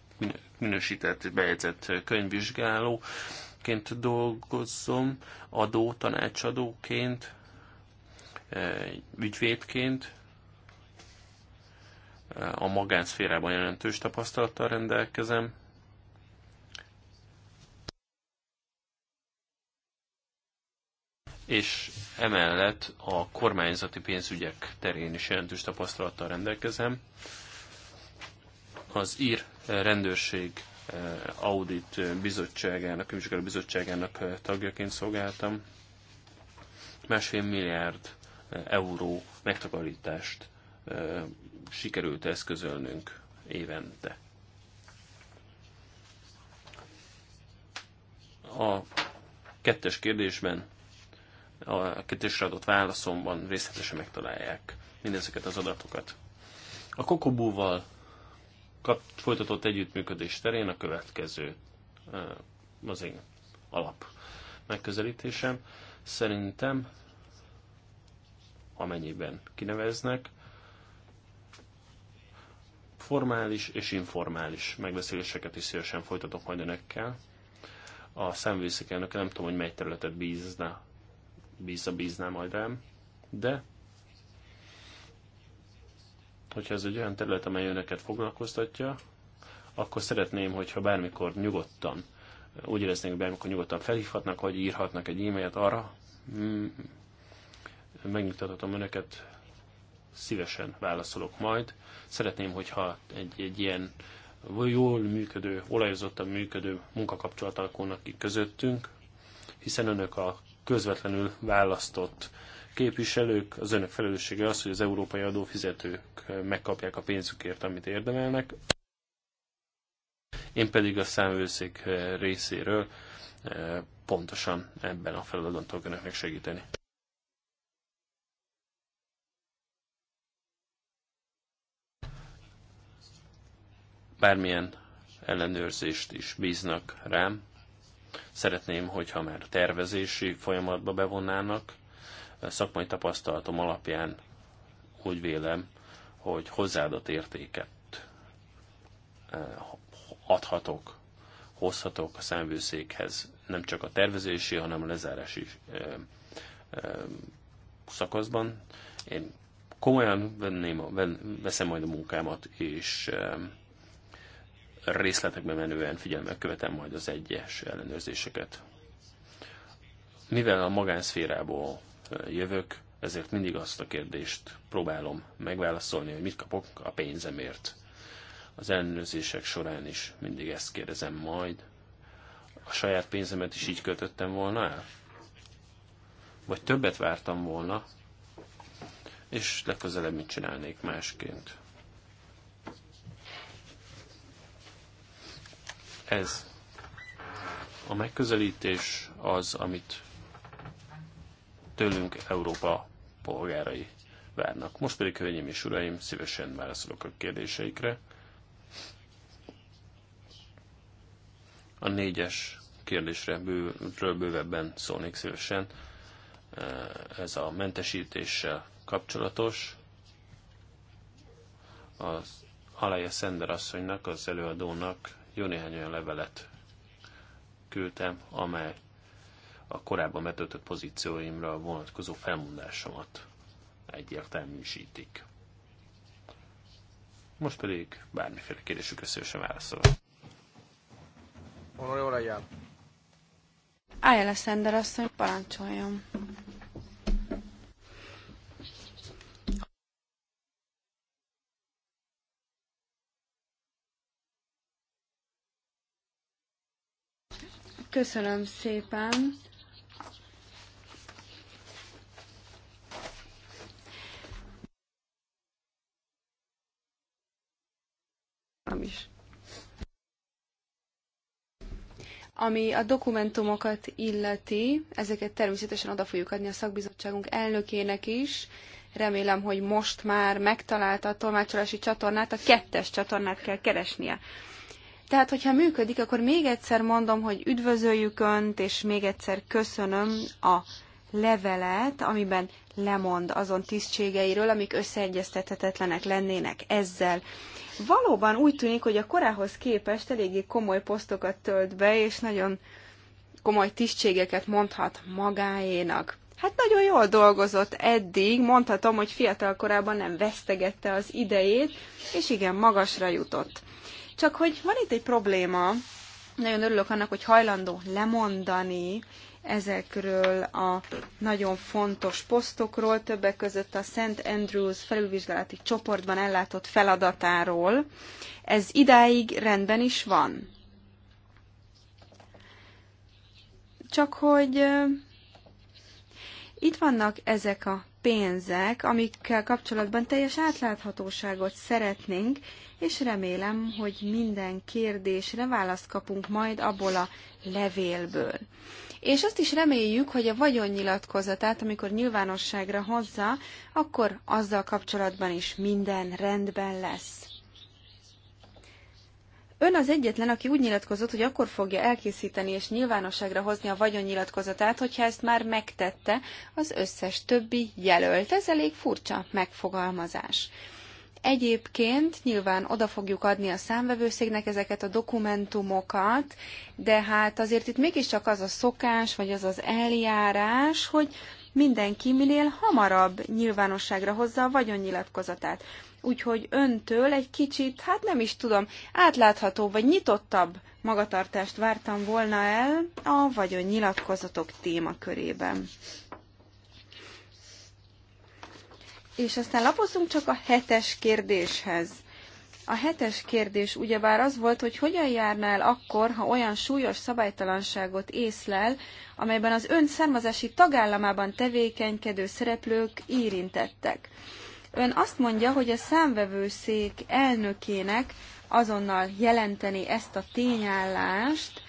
minősített, bejegyzett könyvvizsgálóként dolgozom, adó tanácsadóként, ügyvédként, a magánszférában jelentős tapasztalattal rendelkezem, és emellett a kormányzati pénzügyek terén is jelentős tapasztalattal rendelkezem. Az ír rendőrség eh, audit bizottságának, vizsgáló bizottságának eh, tagjaként szolgáltam. Másfél milliárd eh, euró megtakarítást sikerült eszközölnünk évente. A kettes kérdésben a kérdésre adott válaszomban részletesen megtalálják mindezeket az adatokat. A Kokobúval kap, folytatott együttműködés terén a következő eh, az én alap megközelítésem. Szerintem, amennyiben kineveznek, formális és informális megbeszéléseket is szívesen folytatok majd önökkel. A elnöke nem tudom, hogy mely területet bízna bízza bízná majd rám, de hogyha ez egy olyan terület, amely önöket foglalkoztatja, akkor szeretném, hogyha bármikor nyugodtan, úgy éreznék, hogy bármikor nyugodtan felhívhatnak, vagy írhatnak egy e-mailt arra, mm, megnyugtathatom önöket, szívesen válaszolok majd. Szeretném, hogyha egy, egy ilyen jól működő, olajozottan működő munkakapcsolat alakulnak ki közöttünk, hiszen önök a közvetlenül választott képviselők, az önök felelőssége az, hogy az európai adófizetők megkapják a pénzükért, amit érdemelnek. Én pedig a számvőszék részéről eh, pontosan ebben a feladatban tudok önöknek segíteni. Bármilyen ellenőrzést is bíznak rám, Szeretném, hogyha már tervezési folyamatba bevonnának. Szakmai tapasztalatom alapján úgy vélem, hogy hozzáadott értéket eh, adhatok, hozhatok a számvőszékhez nem csak a tervezési, hanem a lezárási eh, eh, szakaszban. Én komolyan venném, veszem majd a munkámat, és részletekbe menően figyelemmel követem majd az egyes ellenőrzéseket. Mivel a magánszférából jövök, ezért mindig azt a kérdést próbálom megválaszolni, hogy mit kapok a pénzemért. Az ellenőrzések során is mindig ezt kérdezem majd. A saját pénzemet is így kötöttem volna el? Vagy többet vártam volna, és legközelebb mit csinálnék másként? Ez a megközelítés az, amit tőlünk Európa polgárai várnak. Most pedig, hölgyeim és uraim, szívesen válaszolok a kérdéseikre. A négyes kérdésre bőről bővebben szólnék szívesen. Ez a mentesítéssel kapcsolatos. Az Alaya Szender asszonynak, az előadónak jó néhány olyan levelet küldtem, amely a korábban betöltött pozícióimra vonatkozó felmondásomat egyértelműsítik. Most pedig bármiféle kérdésükre szívesen válaszolok.
Honorable Ayala.
Ayala Sender asszony, parancsoljon. Köszönöm szépen. Nem is. Ami a dokumentumokat illeti, ezeket természetesen oda fogjuk adni a szakbizottságunk elnökének is. Remélem, hogy most már megtalálta a tolmácsolási csatornát, a kettes csatornát kell keresnie. Tehát, hogyha működik, akkor még egyszer mondom, hogy üdvözöljük Önt, és még egyszer köszönöm a levelet, amiben lemond azon tisztségeiről, amik összeegyeztethetetlenek lennének ezzel. Valóban úgy tűnik, hogy a korához képest eléggé komoly posztokat tölt be, és nagyon komoly tisztségeket mondhat magáénak. Hát nagyon jól dolgozott eddig, mondhatom, hogy fiatal korában nem vesztegette az idejét, és igen, magasra jutott. Csak hogy van itt egy probléma, nagyon örülök annak, hogy hajlandó lemondani ezekről a nagyon fontos posztokról, többek között a St. Andrews felülvizsgálati csoportban ellátott feladatáról. Ez idáig rendben is van. Csak hogy itt vannak ezek a pénzek, amikkel kapcsolatban teljes átláthatóságot szeretnénk, és remélem, hogy minden kérdésre választ kapunk majd abból a levélből. És azt is reméljük, hogy a vagyonnyilatkozatát, amikor nyilvánosságra hozza, akkor azzal kapcsolatban is minden rendben lesz. Ön az egyetlen, aki úgy nyilatkozott, hogy akkor fogja elkészíteni és nyilvánosságra hozni a vagyonnyilatkozatát, hogyha ezt már megtette az összes többi jelölt. Ez elég furcsa megfogalmazás. Egyébként nyilván oda fogjuk adni a számvevőszéknek ezeket a dokumentumokat, de hát azért itt mégiscsak az a szokás, vagy az az eljárás, hogy mindenki minél hamarabb nyilvánosságra hozza a vagyonnyilatkozatát. Úgyhogy öntől egy kicsit, hát nem is tudom, átlátható vagy nyitottabb magatartást vártam volna el a vagyonnyilatkozatok témakörében. És aztán lapozunk csak a hetes kérdéshez. A hetes kérdés ugyebár az volt, hogy hogyan járnál akkor, ha olyan súlyos szabálytalanságot észlel, amelyben az ön származási tagállamában tevékenykedő szereplők érintettek. Ön azt mondja, hogy a számvevőszék elnökének azonnal jelenteni ezt a tényállást,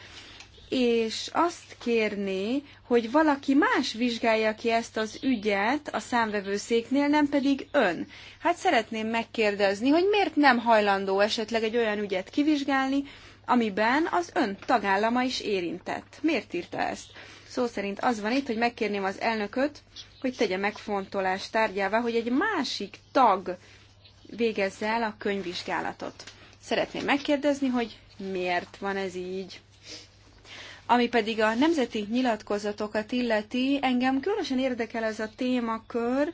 és azt kérni, hogy valaki más vizsgálja ki ezt az ügyet a számvevőszéknél, nem pedig ön. Hát szeretném megkérdezni, hogy miért nem hajlandó esetleg egy olyan ügyet kivizsgálni, amiben az ön tagállama is érintett. Miért írta ezt? Szó szerint az van itt, hogy megkérném az elnököt, hogy tegye megfontolás tárgyává, hogy egy másik tag végezze el a könyvvizsgálatot. Szeretném megkérdezni, hogy miért van ez így. Ami pedig a nemzeti nyilatkozatokat illeti, engem különösen érdekel ez a témakör,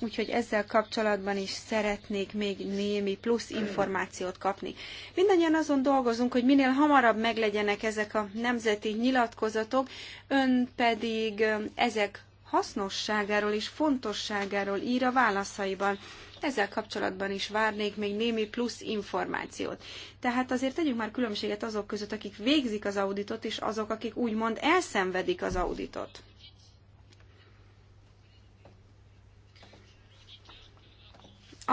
úgyhogy ezzel kapcsolatban is szeretnék még némi plusz információt kapni. Mindannyian azon dolgozunk, hogy minél hamarabb meglegyenek ezek a nemzeti nyilatkozatok, ön pedig ezek hasznosságáról és fontosságáról ír a válaszaiban. Ezzel kapcsolatban is várnék még némi plusz információt. Tehát azért tegyünk már különbséget azok között, akik végzik az auditot, és azok, akik úgymond elszenvedik az auditot.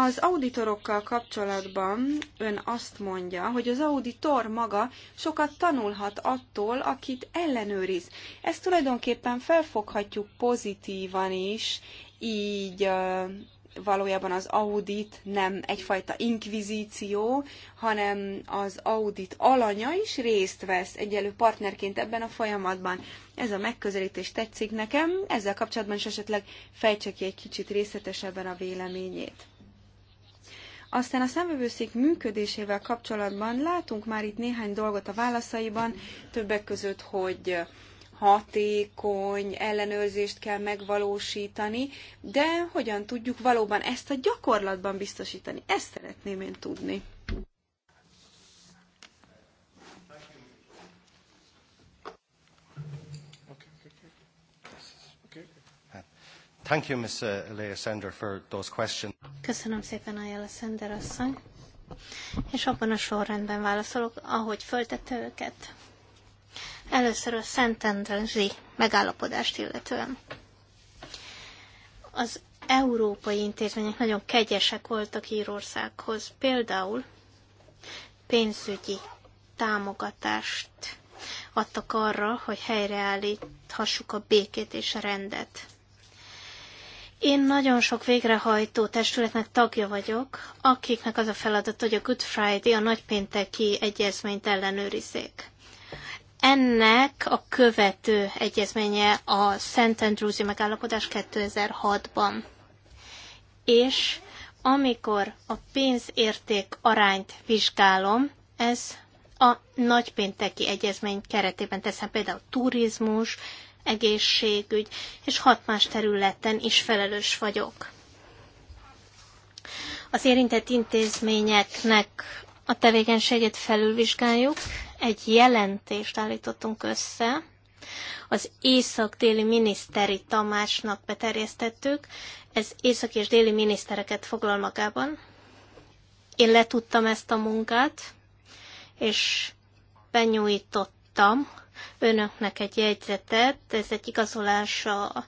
Az auditorokkal kapcsolatban ön azt mondja, hogy az auditor maga sokat tanulhat attól, akit ellenőriz. Ezt tulajdonképpen felfoghatjuk pozitívan is, így valójában az audit nem egyfajta inkvizíció, hanem az audit alanya is részt vesz egyelő partnerként ebben a folyamatban. Ez a megközelítés tetszik nekem, ezzel kapcsolatban is esetleg fejtse ki egy kicsit részletesebben a véleményét. Aztán a szemvevőszék működésével kapcsolatban látunk már itt néhány dolgot a válaszaiban, többek között, hogy hatékony ellenőrzést kell megvalósítani, de hogyan tudjuk valóban ezt a gyakorlatban biztosítani? Ezt szeretném én tudni.
Thank you, Ms. Uh, Leia Sender, for those questions.
Köszönöm szépen, Ayala Sender asszony. És abban a sorrendben válaszolok, ahogy föltette őket. Először a Szentendrezi megállapodást illetően. Az európai intézmények nagyon kegyesek voltak Írországhoz. Például pénzügyi támogatást adtak arra, hogy helyreállíthassuk a békét és a rendet. Én nagyon sok végrehajtó testületnek tagja vagyok, akiknek az a feladat, hogy a Good Friday, a nagypénteki egyezményt ellenőrizzék. Ennek a követő egyezménye a Szent Andrewsi megállapodás 2006-ban. És amikor a pénzérték arányt vizsgálom, ez a nagypénteki egyezmény keretében teszem például turizmus, egészségügy és hat más területen is felelős vagyok. Az érintett intézményeknek a tevékenységét felülvizsgáljuk, egy jelentést állítottunk össze, az Észak-Déli Miniszteri Tamásnak beterjesztettük, ez észak és déli minisztereket foglal magában. Én letudtam ezt a munkát, és benyújtottam önöknek egy jegyzetet, ez egy igazolás a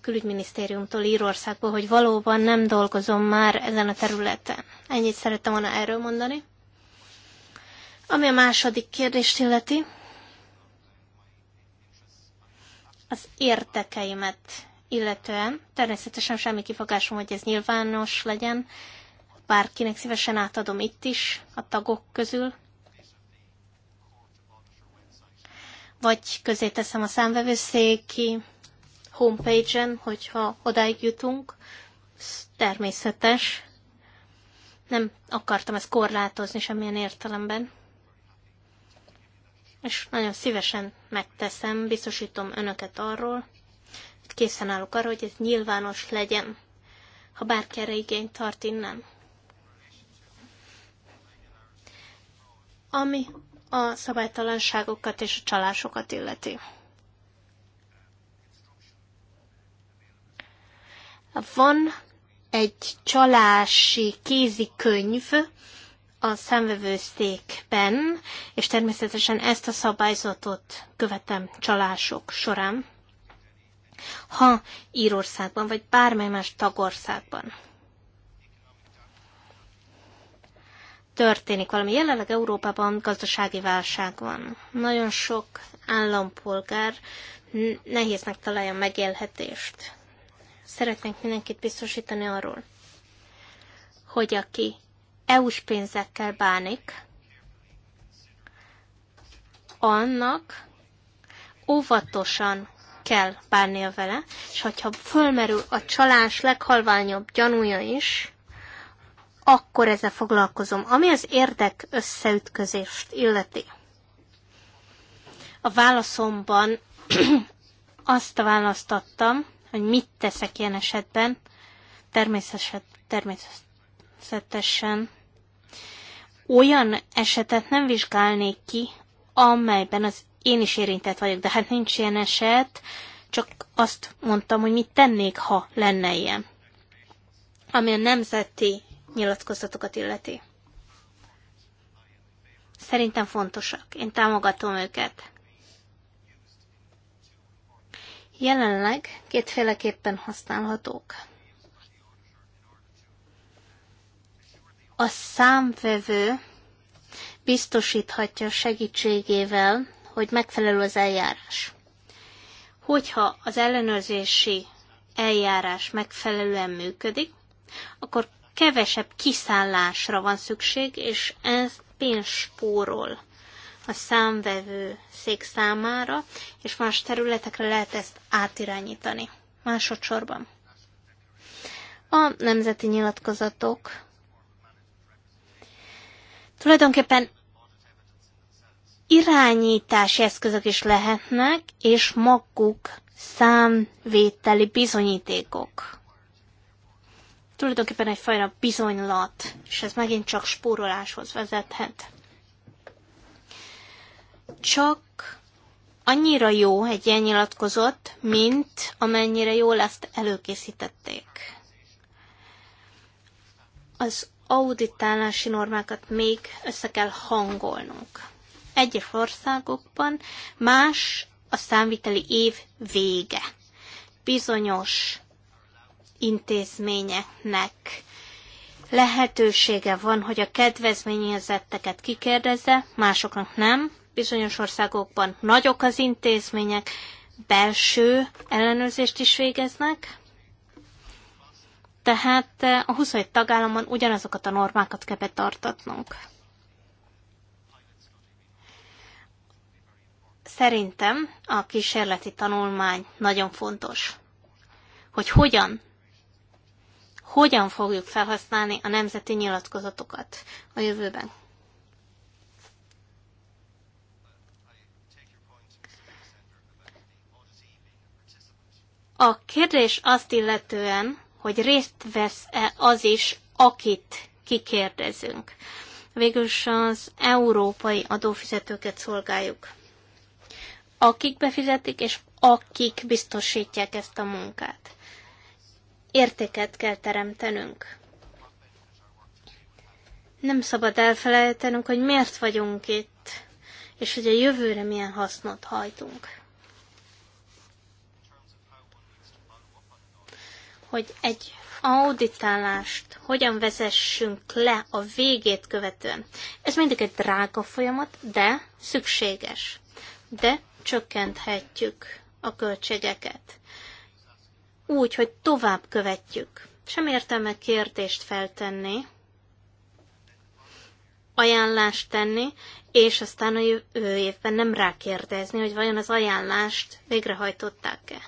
külügyminisztériumtól Írországból, hogy valóban nem dolgozom már ezen a területen. Ennyit szerettem volna erről mondani. Ami a második kérdést illeti, az értekeimet illetően, természetesen semmi kifogásom, hogy ez nyilvános legyen, bárkinek szívesen átadom itt is, a tagok közül, vagy közé teszem a számvevőszéki homepage-en, hogyha odáig jutunk. Ez természetes. Nem akartam ezt korlátozni semmilyen értelemben. És nagyon szívesen megteszem, biztosítom önöket arról, hogy készen állok arra, hogy ez nyilvános legyen, ha bárki erre igényt tart innen. Ami a szabálytalanságokat és a csalásokat illeti. Van egy csalási kézikönyv a szemvevőszékben, és természetesen ezt a szabályzatot követem csalások során, ha Írországban vagy bármely más tagországban történik valami. Jelenleg Európában gazdasági válság van. Nagyon sok állampolgár nehéznek találja megélhetést. Szeretnénk mindenkit biztosítani arról, hogy aki EU-s pénzekkel bánik, annak óvatosan kell bánnia vele, és hogyha fölmerül a csalás leghalványabb gyanúja is, akkor ezzel foglalkozom. Ami az érdek összeütközést illeti. A válaszomban azt választottam, hogy mit teszek ilyen esetben, természetesen, természetesen olyan esetet nem vizsgálnék ki, amelyben az én is érintett vagyok, de hát nincs ilyen eset, csak azt mondtam, hogy mit tennék, ha lenne ilyen. Ami a nemzeti nyilatkozatokat illeti. Szerintem fontosak. Én támogatom őket. Jelenleg kétféleképpen használhatók. A számvevő biztosíthatja segítségével, hogy megfelelő az eljárás. Hogyha az ellenőrzési eljárás megfelelően működik, akkor kevesebb kiszállásra van szükség, és ez spórol a számvevő szék számára, és más területekre lehet ezt átirányítani. Másodszorban. A nemzeti nyilatkozatok tulajdonképpen irányítási eszközök is lehetnek, és maguk számvételi bizonyítékok tulajdonképpen egyfajta bizonylat, és ez megint csak spóroláshoz vezethet. Csak annyira jó egy ilyen nyilatkozott, mint amennyire jól ezt előkészítették. Az auditálási normákat még össze kell hangolnunk. Egyes országokban más a számviteli év vége. Bizonyos intézményeknek lehetősége van, hogy a kedvezményezetteket kikérdezze, másoknak nem. Bizonyos országokban nagyok az intézmények, belső ellenőrzést is végeznek, tehát eh, a 27 tagállamon ugyanazokat a normákat kell betartatnunk. Szerintem a kísérleti tanulmány nagyon fontos, hogy hogyan hogyan fogjuk felhasználni a nemzeti nyilatkozatokat a jövőben. A kérdés azt illetően, hogy részt vesz-e az is, akit kikérdezünk. Végülis az európai adófizetőket szolgáljuk, akik befizetik, és akik biztosítják ezt a munkát értéket kell teremtenünk. Nem szabad elfelejtenünk, hogy miért vagyunk itt, és hogy a jövőre milyen hasznot hajtunk. Hogy egy auditálást hogyan vezessünk le a végét követően. Ez mindig egy drága folyamat, de szükséges. De csökkenthetjük a költségeket úgy, hogy tovább követjük. Sem értelme kérdést feltenni, ajánlást tenni, és aztán a jövő évben nem rákérdezni, hogy vajon az ajánlást végrehajtották-e.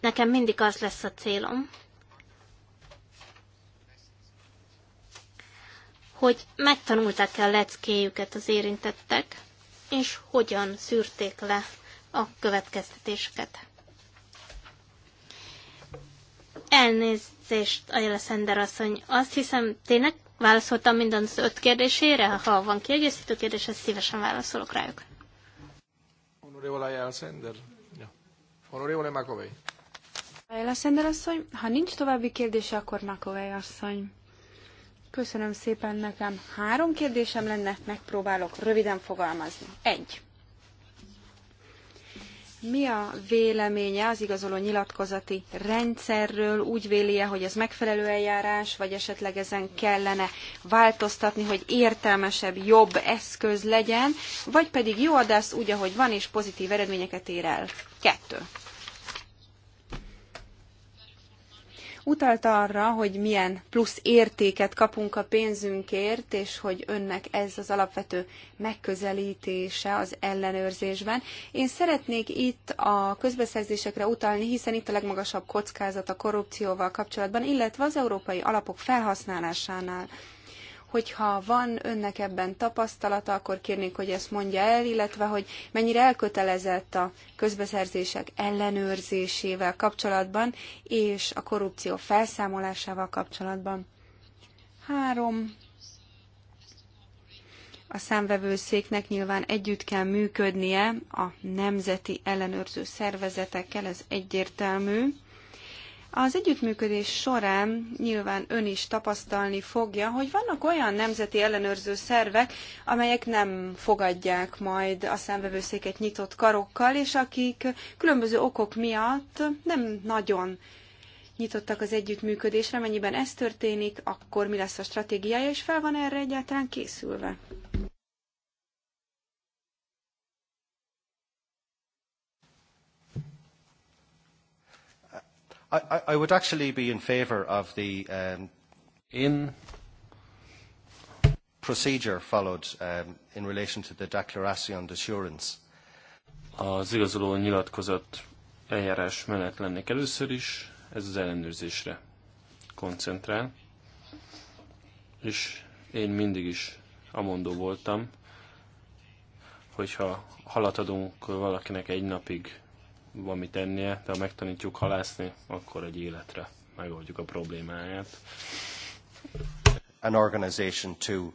Nekem mindig az lesz a célom, hogy megtanulták-e a leckéjüket az érintettek, és hogyan szűrték le a következtetéseket. Elnézést, Ajala Szender asszony. Azt hiszem, tényleg válaszoltam minden az öt kérdésére? Ha van kiegészítő kérdés, ezt szívesen válaszolok rájuk.
Honorable Ayala Szender. Honorable Makovej.
Ayala Szender asszony, ha nincs további kérdése, akkor Makovej asszony. Köszönöm szépen nekem. Három kérdésem lenne, megpróbálok röviden fogalmazni. Egy. Mi a véleménye az igazoló nyilatkozati rendszerről? Úgy véli -e, hogy ez megfelelő eljárás, vagy esetleg ezen kellene változtatni, hogy értelmesebb, jobb eszköz legyen, vagy pedig jó adász úgy, ahogy van, és pozitív eredményeket ér el? Kettő. utalta arra, hogy milyen plusz értéket kapunk a pénzünkért, és hogy önnek ez az alapvető megközelítése az ellenőrzésben. Én szeretnék itt a közbeszerzésekre utalni, hiszen itt a legmagasabb kockázat a korrupcióval kapcsolatban, illetve az európai alapok felhasználásánál Hogyha van önnek ebben tapasztalata, akkor kérnék, hogy ezt mondja el, illetve hogy mennyire elkötelezett a közbeszerzések ellenőrzésével kapcsolatban és a korrupció felszámolásával kapcsolatban. Három a számvevőszéknek nyilván együtt kell működnie a nemzeti ellenőrző szervezetekkel, ez egyértelmű. Az együttműködés során nyilván ön is tapasztalni fogja, hogy vannak olyan nemzeti ellenőrző szervek, amelyek nem fogadják majd a számvevőszéket nyitott karokkal, és akik különböző okok miatt nem nagyon nyitottak az együttműködésre. Mennyiben ez történik, akkor mi lesz a stratégiája, és fel van erre egyáltalán készülve?
I, I would actually be in favour of the um, in procedure followed
um, in relation to the declaration d'assurance. Az igazoló nyilatkozat eljárás menet lennék először is, ez az ellenőrzésre koncentrál, és én mindig is amondó voltam, hogyha halat valakinek egy napig van mit tennie, de ha megtanítjuk halászni, akkor egy életre megoldjuk a problémáját. An organization to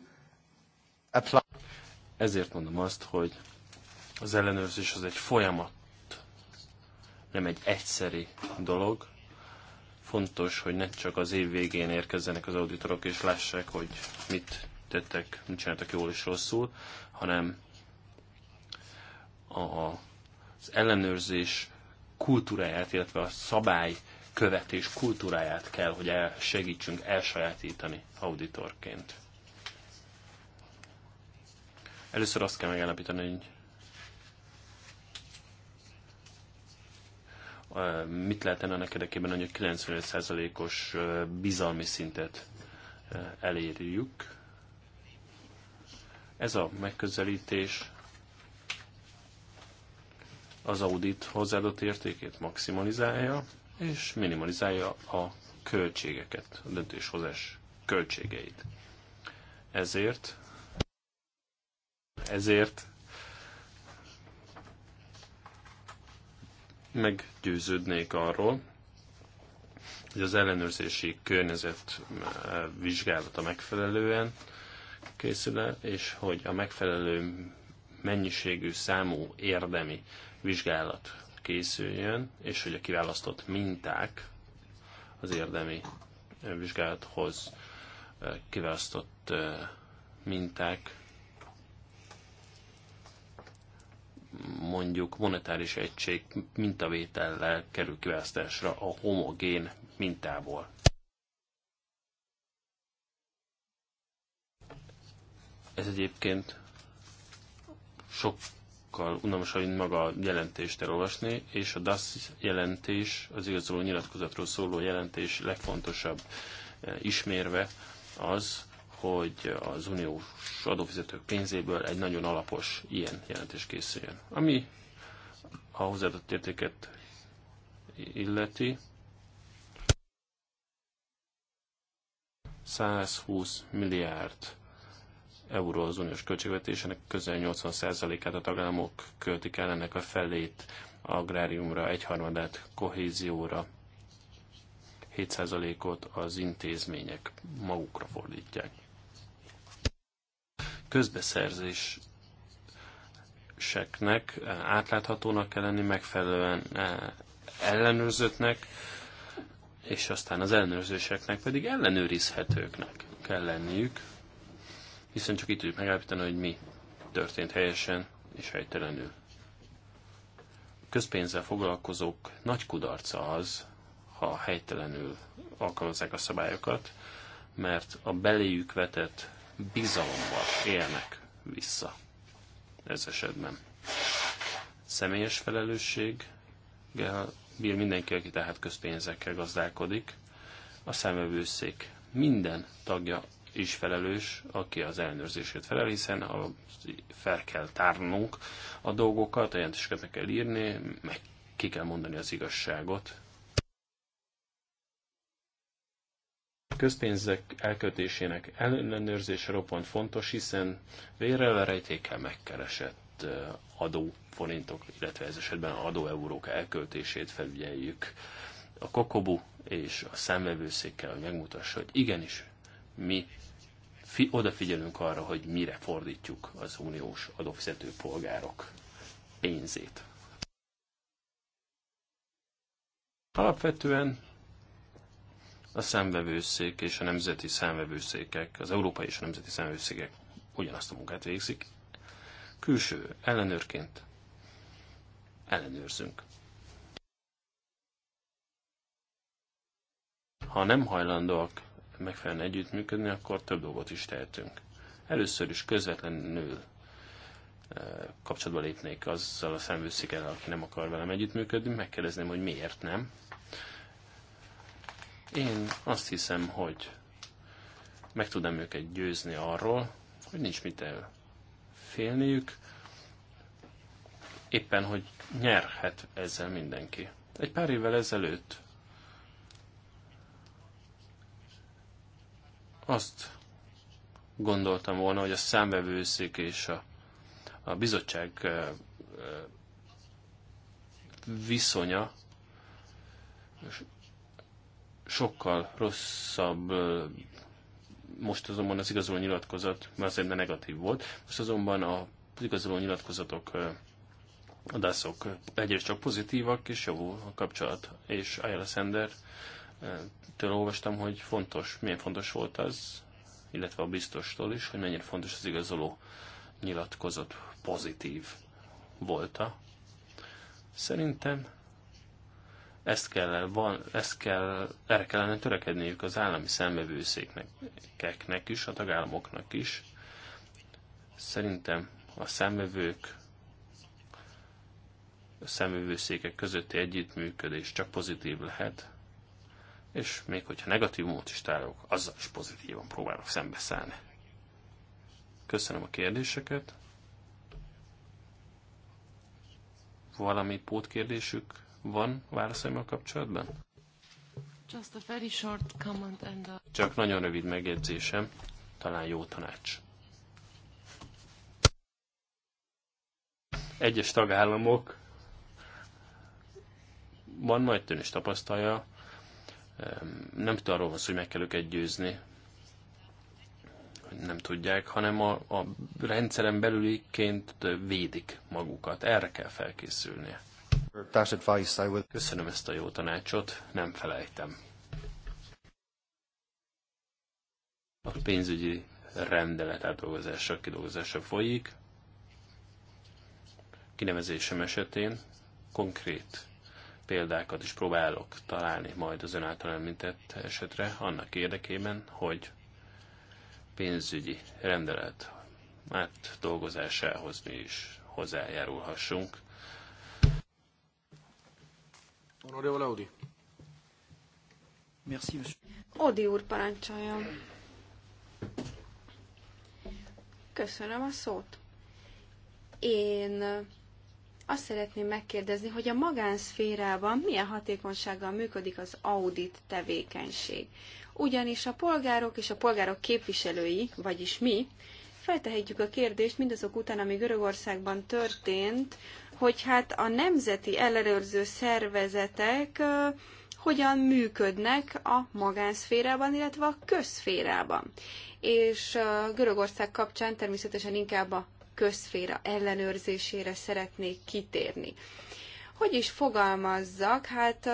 apply. Ezért mondom azt, hogy az ellenőrzés az egy folyamat, nem egy egyszeri dolog. Fontos, hogy ne csak az év végén érkezzenek az auditorok és lássák, hogy mit tettek, mit csináltak jól és rosszul, hanem a, az ellenőrzés kultúráját, illetve a szabály kultúráját kell, hogy el segítsünk elsajátítani auditorként. Először azt kell megállapítani, hogy mit lehet ennek érdekében, hogy a 95%-os bizalmi szintet elérjük. Ez a megközelítés az audit hozzáadott értékét maximalizálja, és minimalizálja a költségeket, a döntéshozás költségeit. Ezért ezért meggyőződnék arról, hogy az ellenőrzési környezet eh, vizsgálata megfelelően készül el, és hogy a megfelelő mennyiségű számú érdemi vizsgálat készüljön, és hogy a kiválasztott minták az érdemi vizsgálathoz kiválasztott minták mondjuk monetáris egység mintavétellel kerül kiválasztásra a homogén mintából. Ez egyébként sok sokkal unalmasabb, mint maga a jelentést elolvasni, és a DASZ jelentés, az igazoló nyilatkozatról szóló jelentés legfontosabb e, ismérve az, hogy az uniós adófizetők pénzéből egy nagyon alapos ilyen jelentés készüljön. Ami a hozzáadott értéket illeti, 120 milliárd euró az uniós költségvetésének közel 80%-át a tagállamok költik el, ennek a felét agráriumra, egyharmadát kohézióra, 7%-ot az intézmények magukra fordítják. Közbeszerzés seknek átláthatónak kell lenni, megfelelően eh, ellenőrzöttnek, és aztán az ellenőrzéseknek pedig ellenőrizhetőknek kell lenniük, hiszen csak itt tudjuk megállapítani, hogy mi történt helyesen és helytelenül. A közpénzzel foglalkozók nagy kudarca az, ha helytelenül alkalmazzák a szabályokat, mert a beléjük vetett bizalommal élnek vissza ez esetben. Személyes felelősség bír mindenki, aki tehát közpénzekkel gazdálkodik. A számövőszék minden tagja is felelős, aki az ellenőrzését felel, hiszen a, fel kell tárnunk a dolgokat, a jelentéseket meg kell írni, meg ki kell mondani az igazságot. A közpénzek elkötésének ellenőrzése roppant fontos, hiszen vérrel rejtékkel megkeresett eh, adó forintok, illetve ez esetben adó eurók elköltését felügyeljük. A kokobu és a szemvevőszékkel hogy megmutassa, hogy igenis mi fi, odafigyelünk arra, hogy mire fordítjuk az uniós adófizető polgárok pénzét. Alapvetően a számvevőszék és a nemzeti számvevőszékek, az európai és a nemzeti számvevőszékek ugyanazt a munkát végzik. Külső ellenőrként ellenőrzünk. Ha nem hajlandóak megfelelően együttműködni, akkor több dolgot is tehetünk. Először is közvetlenül eh, kapcsolatba lépnék azzal a szemvőszikkel, aki nem akar velem együttműködni, megkérdezném, hogy miért nem. Én azt hiszem, hogy meg tudnám őket győzni arról, hogy nincs mit félniük, éppen, hogy nyerhet ezzel mindenki. Egy pár évvel ezelőtt azt gondoltam volna, hogy a számvevőszék és a, a bizottság viszonya sokkal rosszabb most azonban az igazoló nyilatkozat, mert azért nem negatív volt, most azonban a igazoló nyilatkozatok adászok egyrészt csak pozitívak, és jó a kapcsolat, és Ayala Sender től olvastam, hogy fontos, milyen fontos volt az, illetve a biztostól is, hogy mennyire fontos az igazoló nyilatkozat pozitív volta. Szerintem ezt kell, van, ezt kell, erre kellene törekedniük az állami szemvevőszékeknek is, a tagállamoknak is. Szerintem a szemvevők a szemvevőszékek közötti együttműködés csak pozitív lehet, és még hogyha negatív módot is tárolok, azzal is pozitívan próbálok szembeszállni. Köszönöm a kérdéseket. Valami pótkérdésük van válaszaimmal kapcsolatban?
Just a very short comment and a...
Csak nagyon rövid megjegyzésem, talán jó tanács. Egyes tagállamok van majd tűnés tapasztalja, nem tud arról van szó, hogy meg kell őket győzni, nem tudják, hanem a, a rendszeren belüliként védik magukat. Erre kell felkészülnie. Köszönöm ezt a jó tanácsot, nem felejtem. A pénzügyi rendelet átdolgozása, kidolgozása folyik. Kinevezésem esetén konkrét példákat is próbálok találni majd az ön által említett esetre, annak érdekében, hogy pénzügyi rendelet dolgozásához mi is hozzájárulhassunk.
Honorable Audi. Merci,
Odi úr parancsoljon. Köszönöm a szót. Én azt szeretném megkérdezni, hogy a magánszférában milyen hatékonysággal működik az audit tevékenység. Ugyanis a polgárok és a polgárok képviselői, vagyis mi, feltehetjük a kérdést mindazok után, ami Görögországban történt, hogy hát a nemzeti ellenőrző szervezetek hogyan működnek a magánszférában, illetve a közszférában. És Görögország kapcsán természetesen inkább a közféra ellenőrzésére szeretnék kitérni. Hogy is fogalmazzak, hát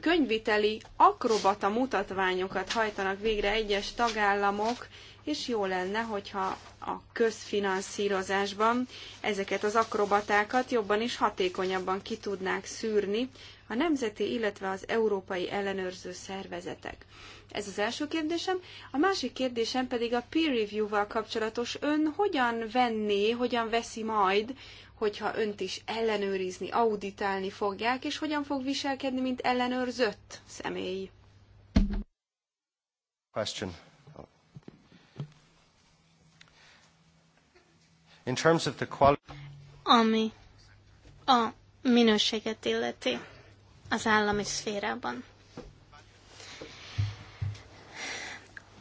könyviteli akrobata mutatványokat hajtanak végre egyes tagállamok, és jó lenne, hogyha a közfinanszírozásban ezeket az akrobatákat jobban és hatékonyabban ki tudnák szűrni, a nemzeti, illetve az európai ellenőrző szervezetek? Ez az első kérdésem. A másik kérdésem pedig a peer review-val kapcsolatos. Ön hogyan venné, hogyan veszi majd, hogyha önt is ellenőrizni, auditálni fogják, és hogyan fog viselkedni, mint ellenőrzött személy?
Question. In terms of the quality...
Ami a minőséget illeti az állami szférában.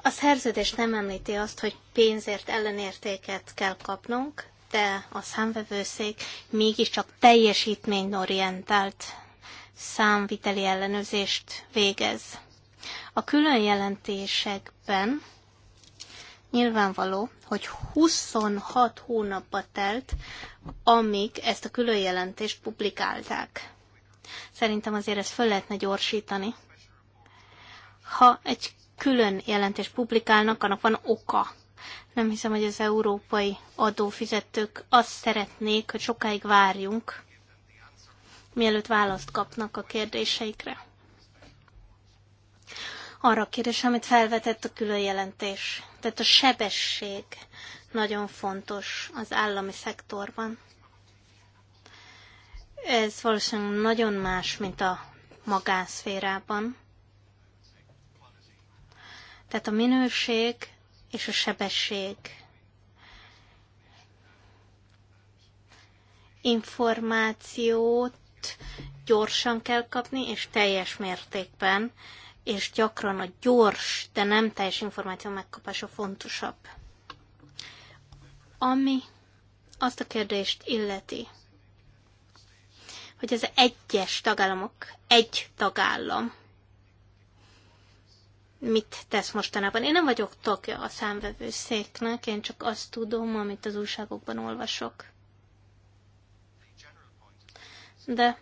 A szerződés nem említi azt, hogy pénzért ellenértéket kell kapnunk, de a számvevőszék mégiscsak teljesítményorientált számviteli ellenőrzést végez. A külön jelentésekben nyilvánvaló, hogy 26 hónapba telt, amíg ezt a külön jelentést publikálták. Szerintem azért ezt föl lehetne gyorsítani. Ha egy külön jelentést publikálnak, annak van oka. Nem hiszem, hogy az európai adófizetők azt szeretnék, hogy sokáig várjunk, mielőtt választ kapnak a kérdéseikre. Arra a kérdés, amit felvetett a külön jelentés. Tehát a sebesség nagyon fontos az állami szektorban. Ez valószínűleg nagyon más, mint a magánszférában. Tehát a minőség és a sebesség. Információt gyorsan kell kapni, és teljes mértékben, és gyakran a gyors, de nem teljes információ megkapása fontosabb. Ami azt a kérdést illeti, hogy az egyes tagállamok, egy tagállam mit tesz mostanában. Én nem vagyok tagja a számvevőszéknek, én csak azt tudom, amit az újságokban olvasok. De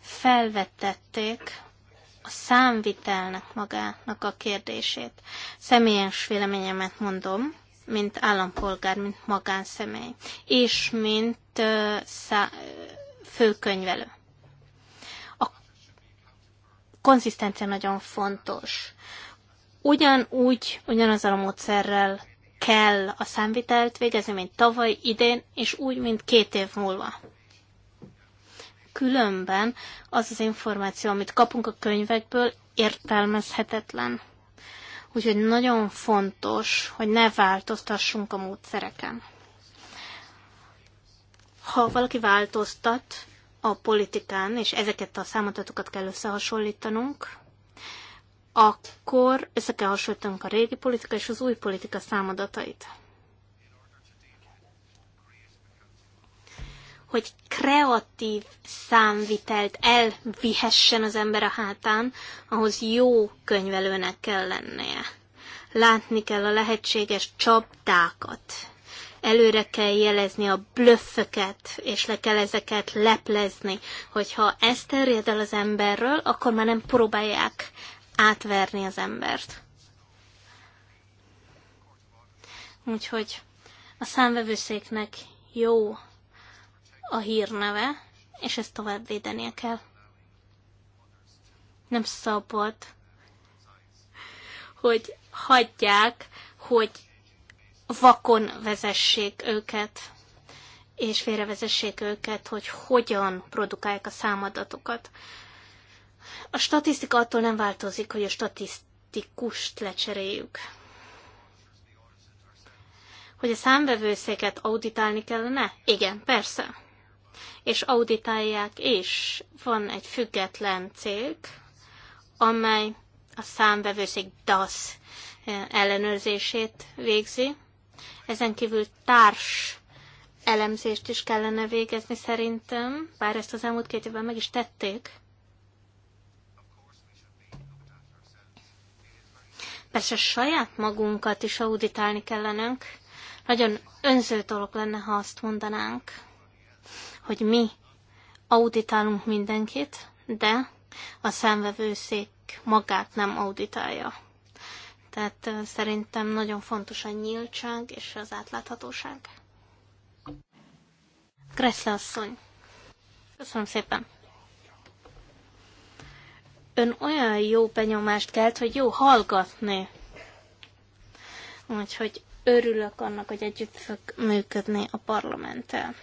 felvetették a számvitelnek magának a kérdését. Személyes véleményemet mondom, mint állampolgár, mint magánszemély, és mint szá- főkönyvelő. A konzisztencia nagyon fontos. Ugyanúgy, ugyanazzal a módszerrel kell a számvitelt végezni, mint tavaly, idén, és úgy, mint két év múlva. Különben az az információ, amit kapunk a könyvekből, értelmezhetetlen. Úgyhogy nagyon fontos, hogy ne változtassunk a módszereken. Ha valaki változtat a politikán, és ezeket a számadatokat kell összehasonlítanunk, akkor össze kell hasonlítanunk a régi politika és az új politika számadatait. hogy kreatív számvitelt elvihessen az ember a hátán, ahhoz jó könyvelőnek kell lennie. Látni kell a lehetséges csapdákat, előre kell jelezni a blöfföket, és le kell ezeket leplezni, hogyha ez terjed el az emberről, akkor már nem próbálják átverni az embert. Úgyhogy a számvevőszéknek jó a hírneve, és ezt tovább védenie kell. Nem szabad, hogy hagyják, hogy vakon vezessék őket, és félrevezessék őket, hogy hogyan produkálják a számadatokat. A statisztika attól nem változik, hogy a statisztikust lecseréljük. Hogy a számvevőszéket auditálni kellene? Igen, persze és auditálják is. Van egy független cég, amely a számvevőszék DAS eh, ellenőrzését végzi. Ezen kívül társ elemzést is kellene végezni szerintem, bár ezt az elmúlt két évben meg is tették. Persze saját magunkat is auditálni kellenünk. Nagyon önző dolog lenne, ha azt mondanánk, hogy mi auditálunk mindenkit, de a szemvevőszék magát nem auditálja. Tehát szerintem nagyon fontos a nyíltság és az átláthatóság. Kreszle asszony, köszönöm szépen. Ön olyan jó benyomást kelt, hogy jó hallgatni. Úgyhogy örülök annak, hogy együtt fog működni a parlamenttel.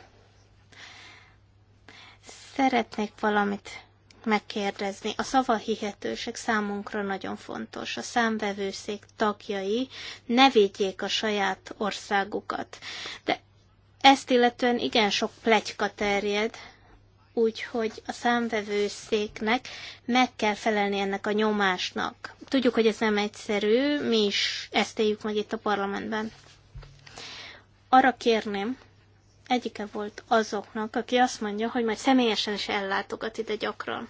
Szeretnék valamit megkérdezni. A szavahihetőség számunkra nagyon fontos. A számvevőszék tagjai ne védjék a saját országukat. De ezt illetően igen sok plegyka terjed, úgyhogy a számvevőszéknek meg kell felelni ennek a nyomásnak. Tudjuk, hogy ez nem egyszerű, mi is ezt éljük meg itt a parlamentben. Arra kérném, egyike volt azoknak, aki azt mondja, hogy majd személyesen is ellátogat ide gyakran.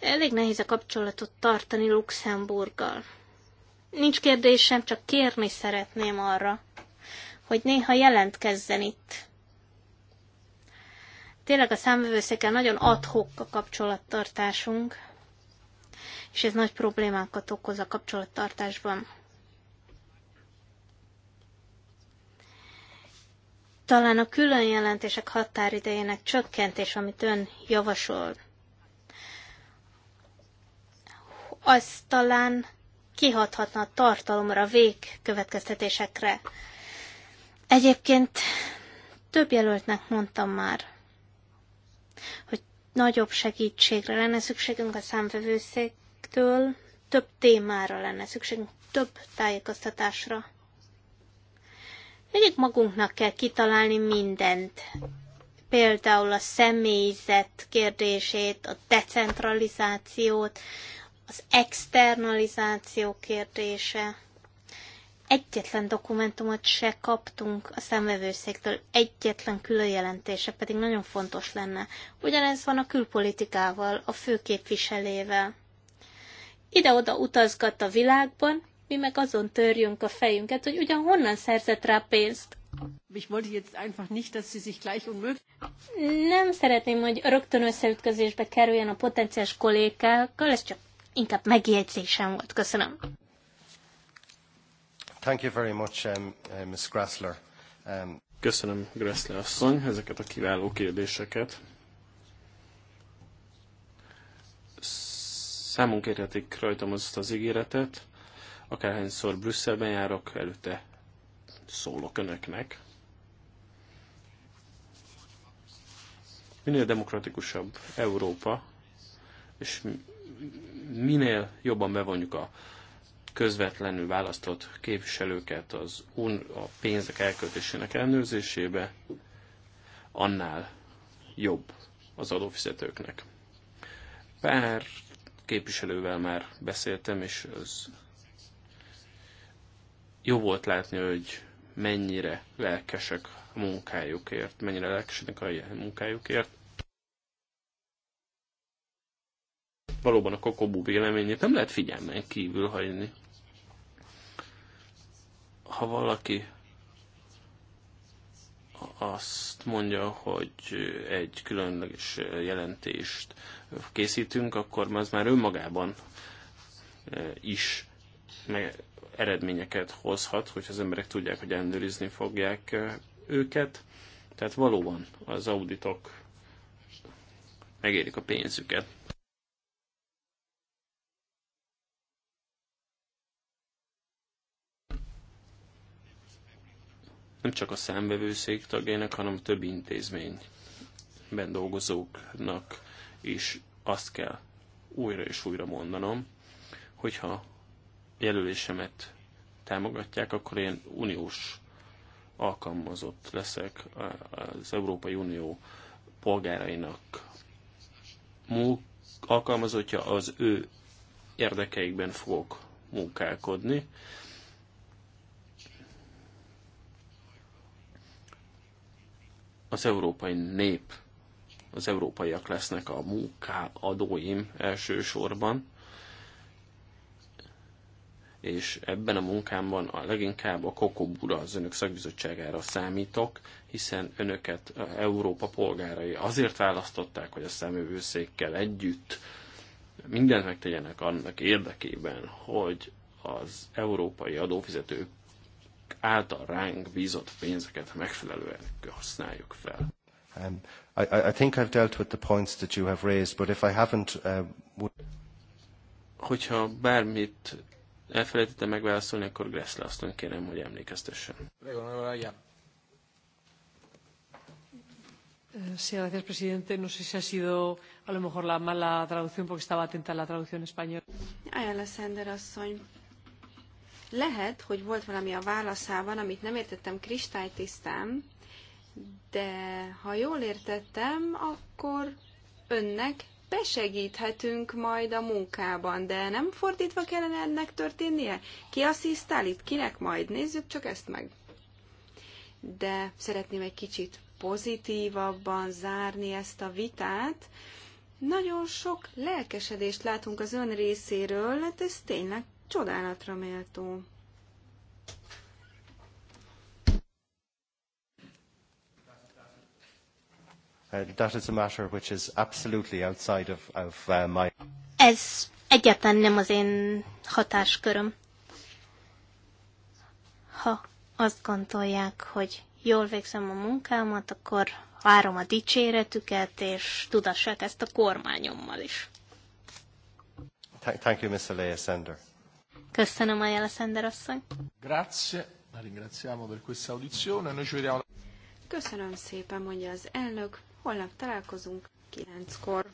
Elég nehéz a kapcsolatot tartani Luxemburggal. Nincs kérdésem, csak kérni szeretném arra, hogy néha jelentkezzen itt. Tényleg a számvevőszékkel nagyon adhok a kapcsolattartásunk, és ez nagy problémákat okoz a kapcsolattartásban. talán a külön jelentések határidejének csökkentés, amit ön javasol, az talán kihathatna a tartalomra, végkövetkeztetésekre. Egyébként több jelöltnek mondtam már, hogy nagyobb segítségre lenne szükségünk a számvevőszéktől, több témára lenne szükségünk, több tájékoztatásra. Mindig magunknak kell kitalálni mindent. Például a személyzet kérdését, a decentralizációt, az externalizáció kérdése. Egyetlen dokumentumot se kaptunk a szemvevőszéktől, egyetlen külön jelentése pedig nagyon fontos lenne. Ugyanez van a külpolitikával, a főképviselével. Ide-oda utazgat a világban, mi meg azon törjünk a fejünket, hogy ugyan honnan szerzett rá pénzt.
Ich wollte jetzt einfach nicht, dass Sie sich gleich unmöglich...
Nem szeretném, hogy rögtön összeütközésbe kerüljen a potenciális kollégákkal, ez csak inkább megjegyzésem volt. Köszönöm.
Thank you very
much, um, uh, Ms. Grassler. Um... Köszönöm, Grassler asszony, ezeket a kiváló kérdéseket. Számunk érhetik rajtam azt az ígéretet, akárhányszor Brüsszelben járok, előtte szólok önöknek. Minél demokratikusabb Európa, és minél jobban bevonjuk a közvetlenül választott képviselőket az un, a pénzek elköltésének ellenőrzésébe, annál jobb az adófizetőknek. Pár képviselővel már beszéltem, és az jó volt látni, hogy mennyire lelkesek a munkájukért, mennyire lelkesek a munkájukért. Valóban a kokobú véleményét nem lehet figyelmen kívül hagyni. Ha valaki azt mondja, hogy egy különleges jelentést készítünk, akkor az már önmagában is eredményeket hozhat, hogy az emberek tudják, hogy ellenőrizni fogják eh, őket. Tehát valóban az auditok megérik a pénzüket. nem csak a számbevőszék tagjának, hanem a többi intézményben dolgozóknak is azt kell újra és újra mondanom, hogyha jelölésemet támogatják, akkor én uniós alkalmazott leszek az Európai Unió polgárainak alkalmazottja, az ő érdekeikben fogok munkálkodni. Az európai nép, az európaiak lesznek a munkáadóim elsősorban, és ebben a munkámban a leginkább a Kokobura az önök szakbizottságára számítok, hiszen önöket a Európa polgárai azért választották, hogy a szemövőszékkel együtt mindent megtegyenek annak érdekében, hogy az európai adófizetők által ránk bízott pénzeket megfelelően használjuk fel.
Um,
I, I think I've dealt with the points that you have raised, but if I haven't... Uh, would...
Hogyha bármit elfelejtette megválaszolni, akkor Gressle aztán kérem, hogy emlékeztessen.
Sí, gracias, presidente. No sé si ha sido a lo mejor la mala traducción porque estaba atenta a la traducción española.
Ayala Sender asszony. Lehet, hogy volt valami a válaszában, amit nem értettem kristálytisztán, de ha jól értettem, akkor önnek besegíthetünk majd a munkában, de nem fordítva kellene ennek történnie? Ki asszisztál itt? Kinek majd? Nézzük csak ezt meg. De szeretném egy kicsit pozitívabban zárni ezt a vitát. Nagyon sok lelkesedést látunk az ön részéről, hát ez tényleg csodálatra méltó.
Uh, that is a matter which is absolutely outside of, of uh, my...
Ez egyáltalán nem az én hatásköröm. Ha azt gondolják, hogy jól végzem a munkámat, akkor várom a dicséretüket, és tudassák ezt a kormányommal is.
Thank you, Mr. Leia Sender.
Köszönöm, Ayala Sender asszony.
Grazie. Ringraziamo per questa audizione. Noi ci vediamo...
Köszönöm szépen, mondja az elnök.
Holnap találkozunk 9-kor.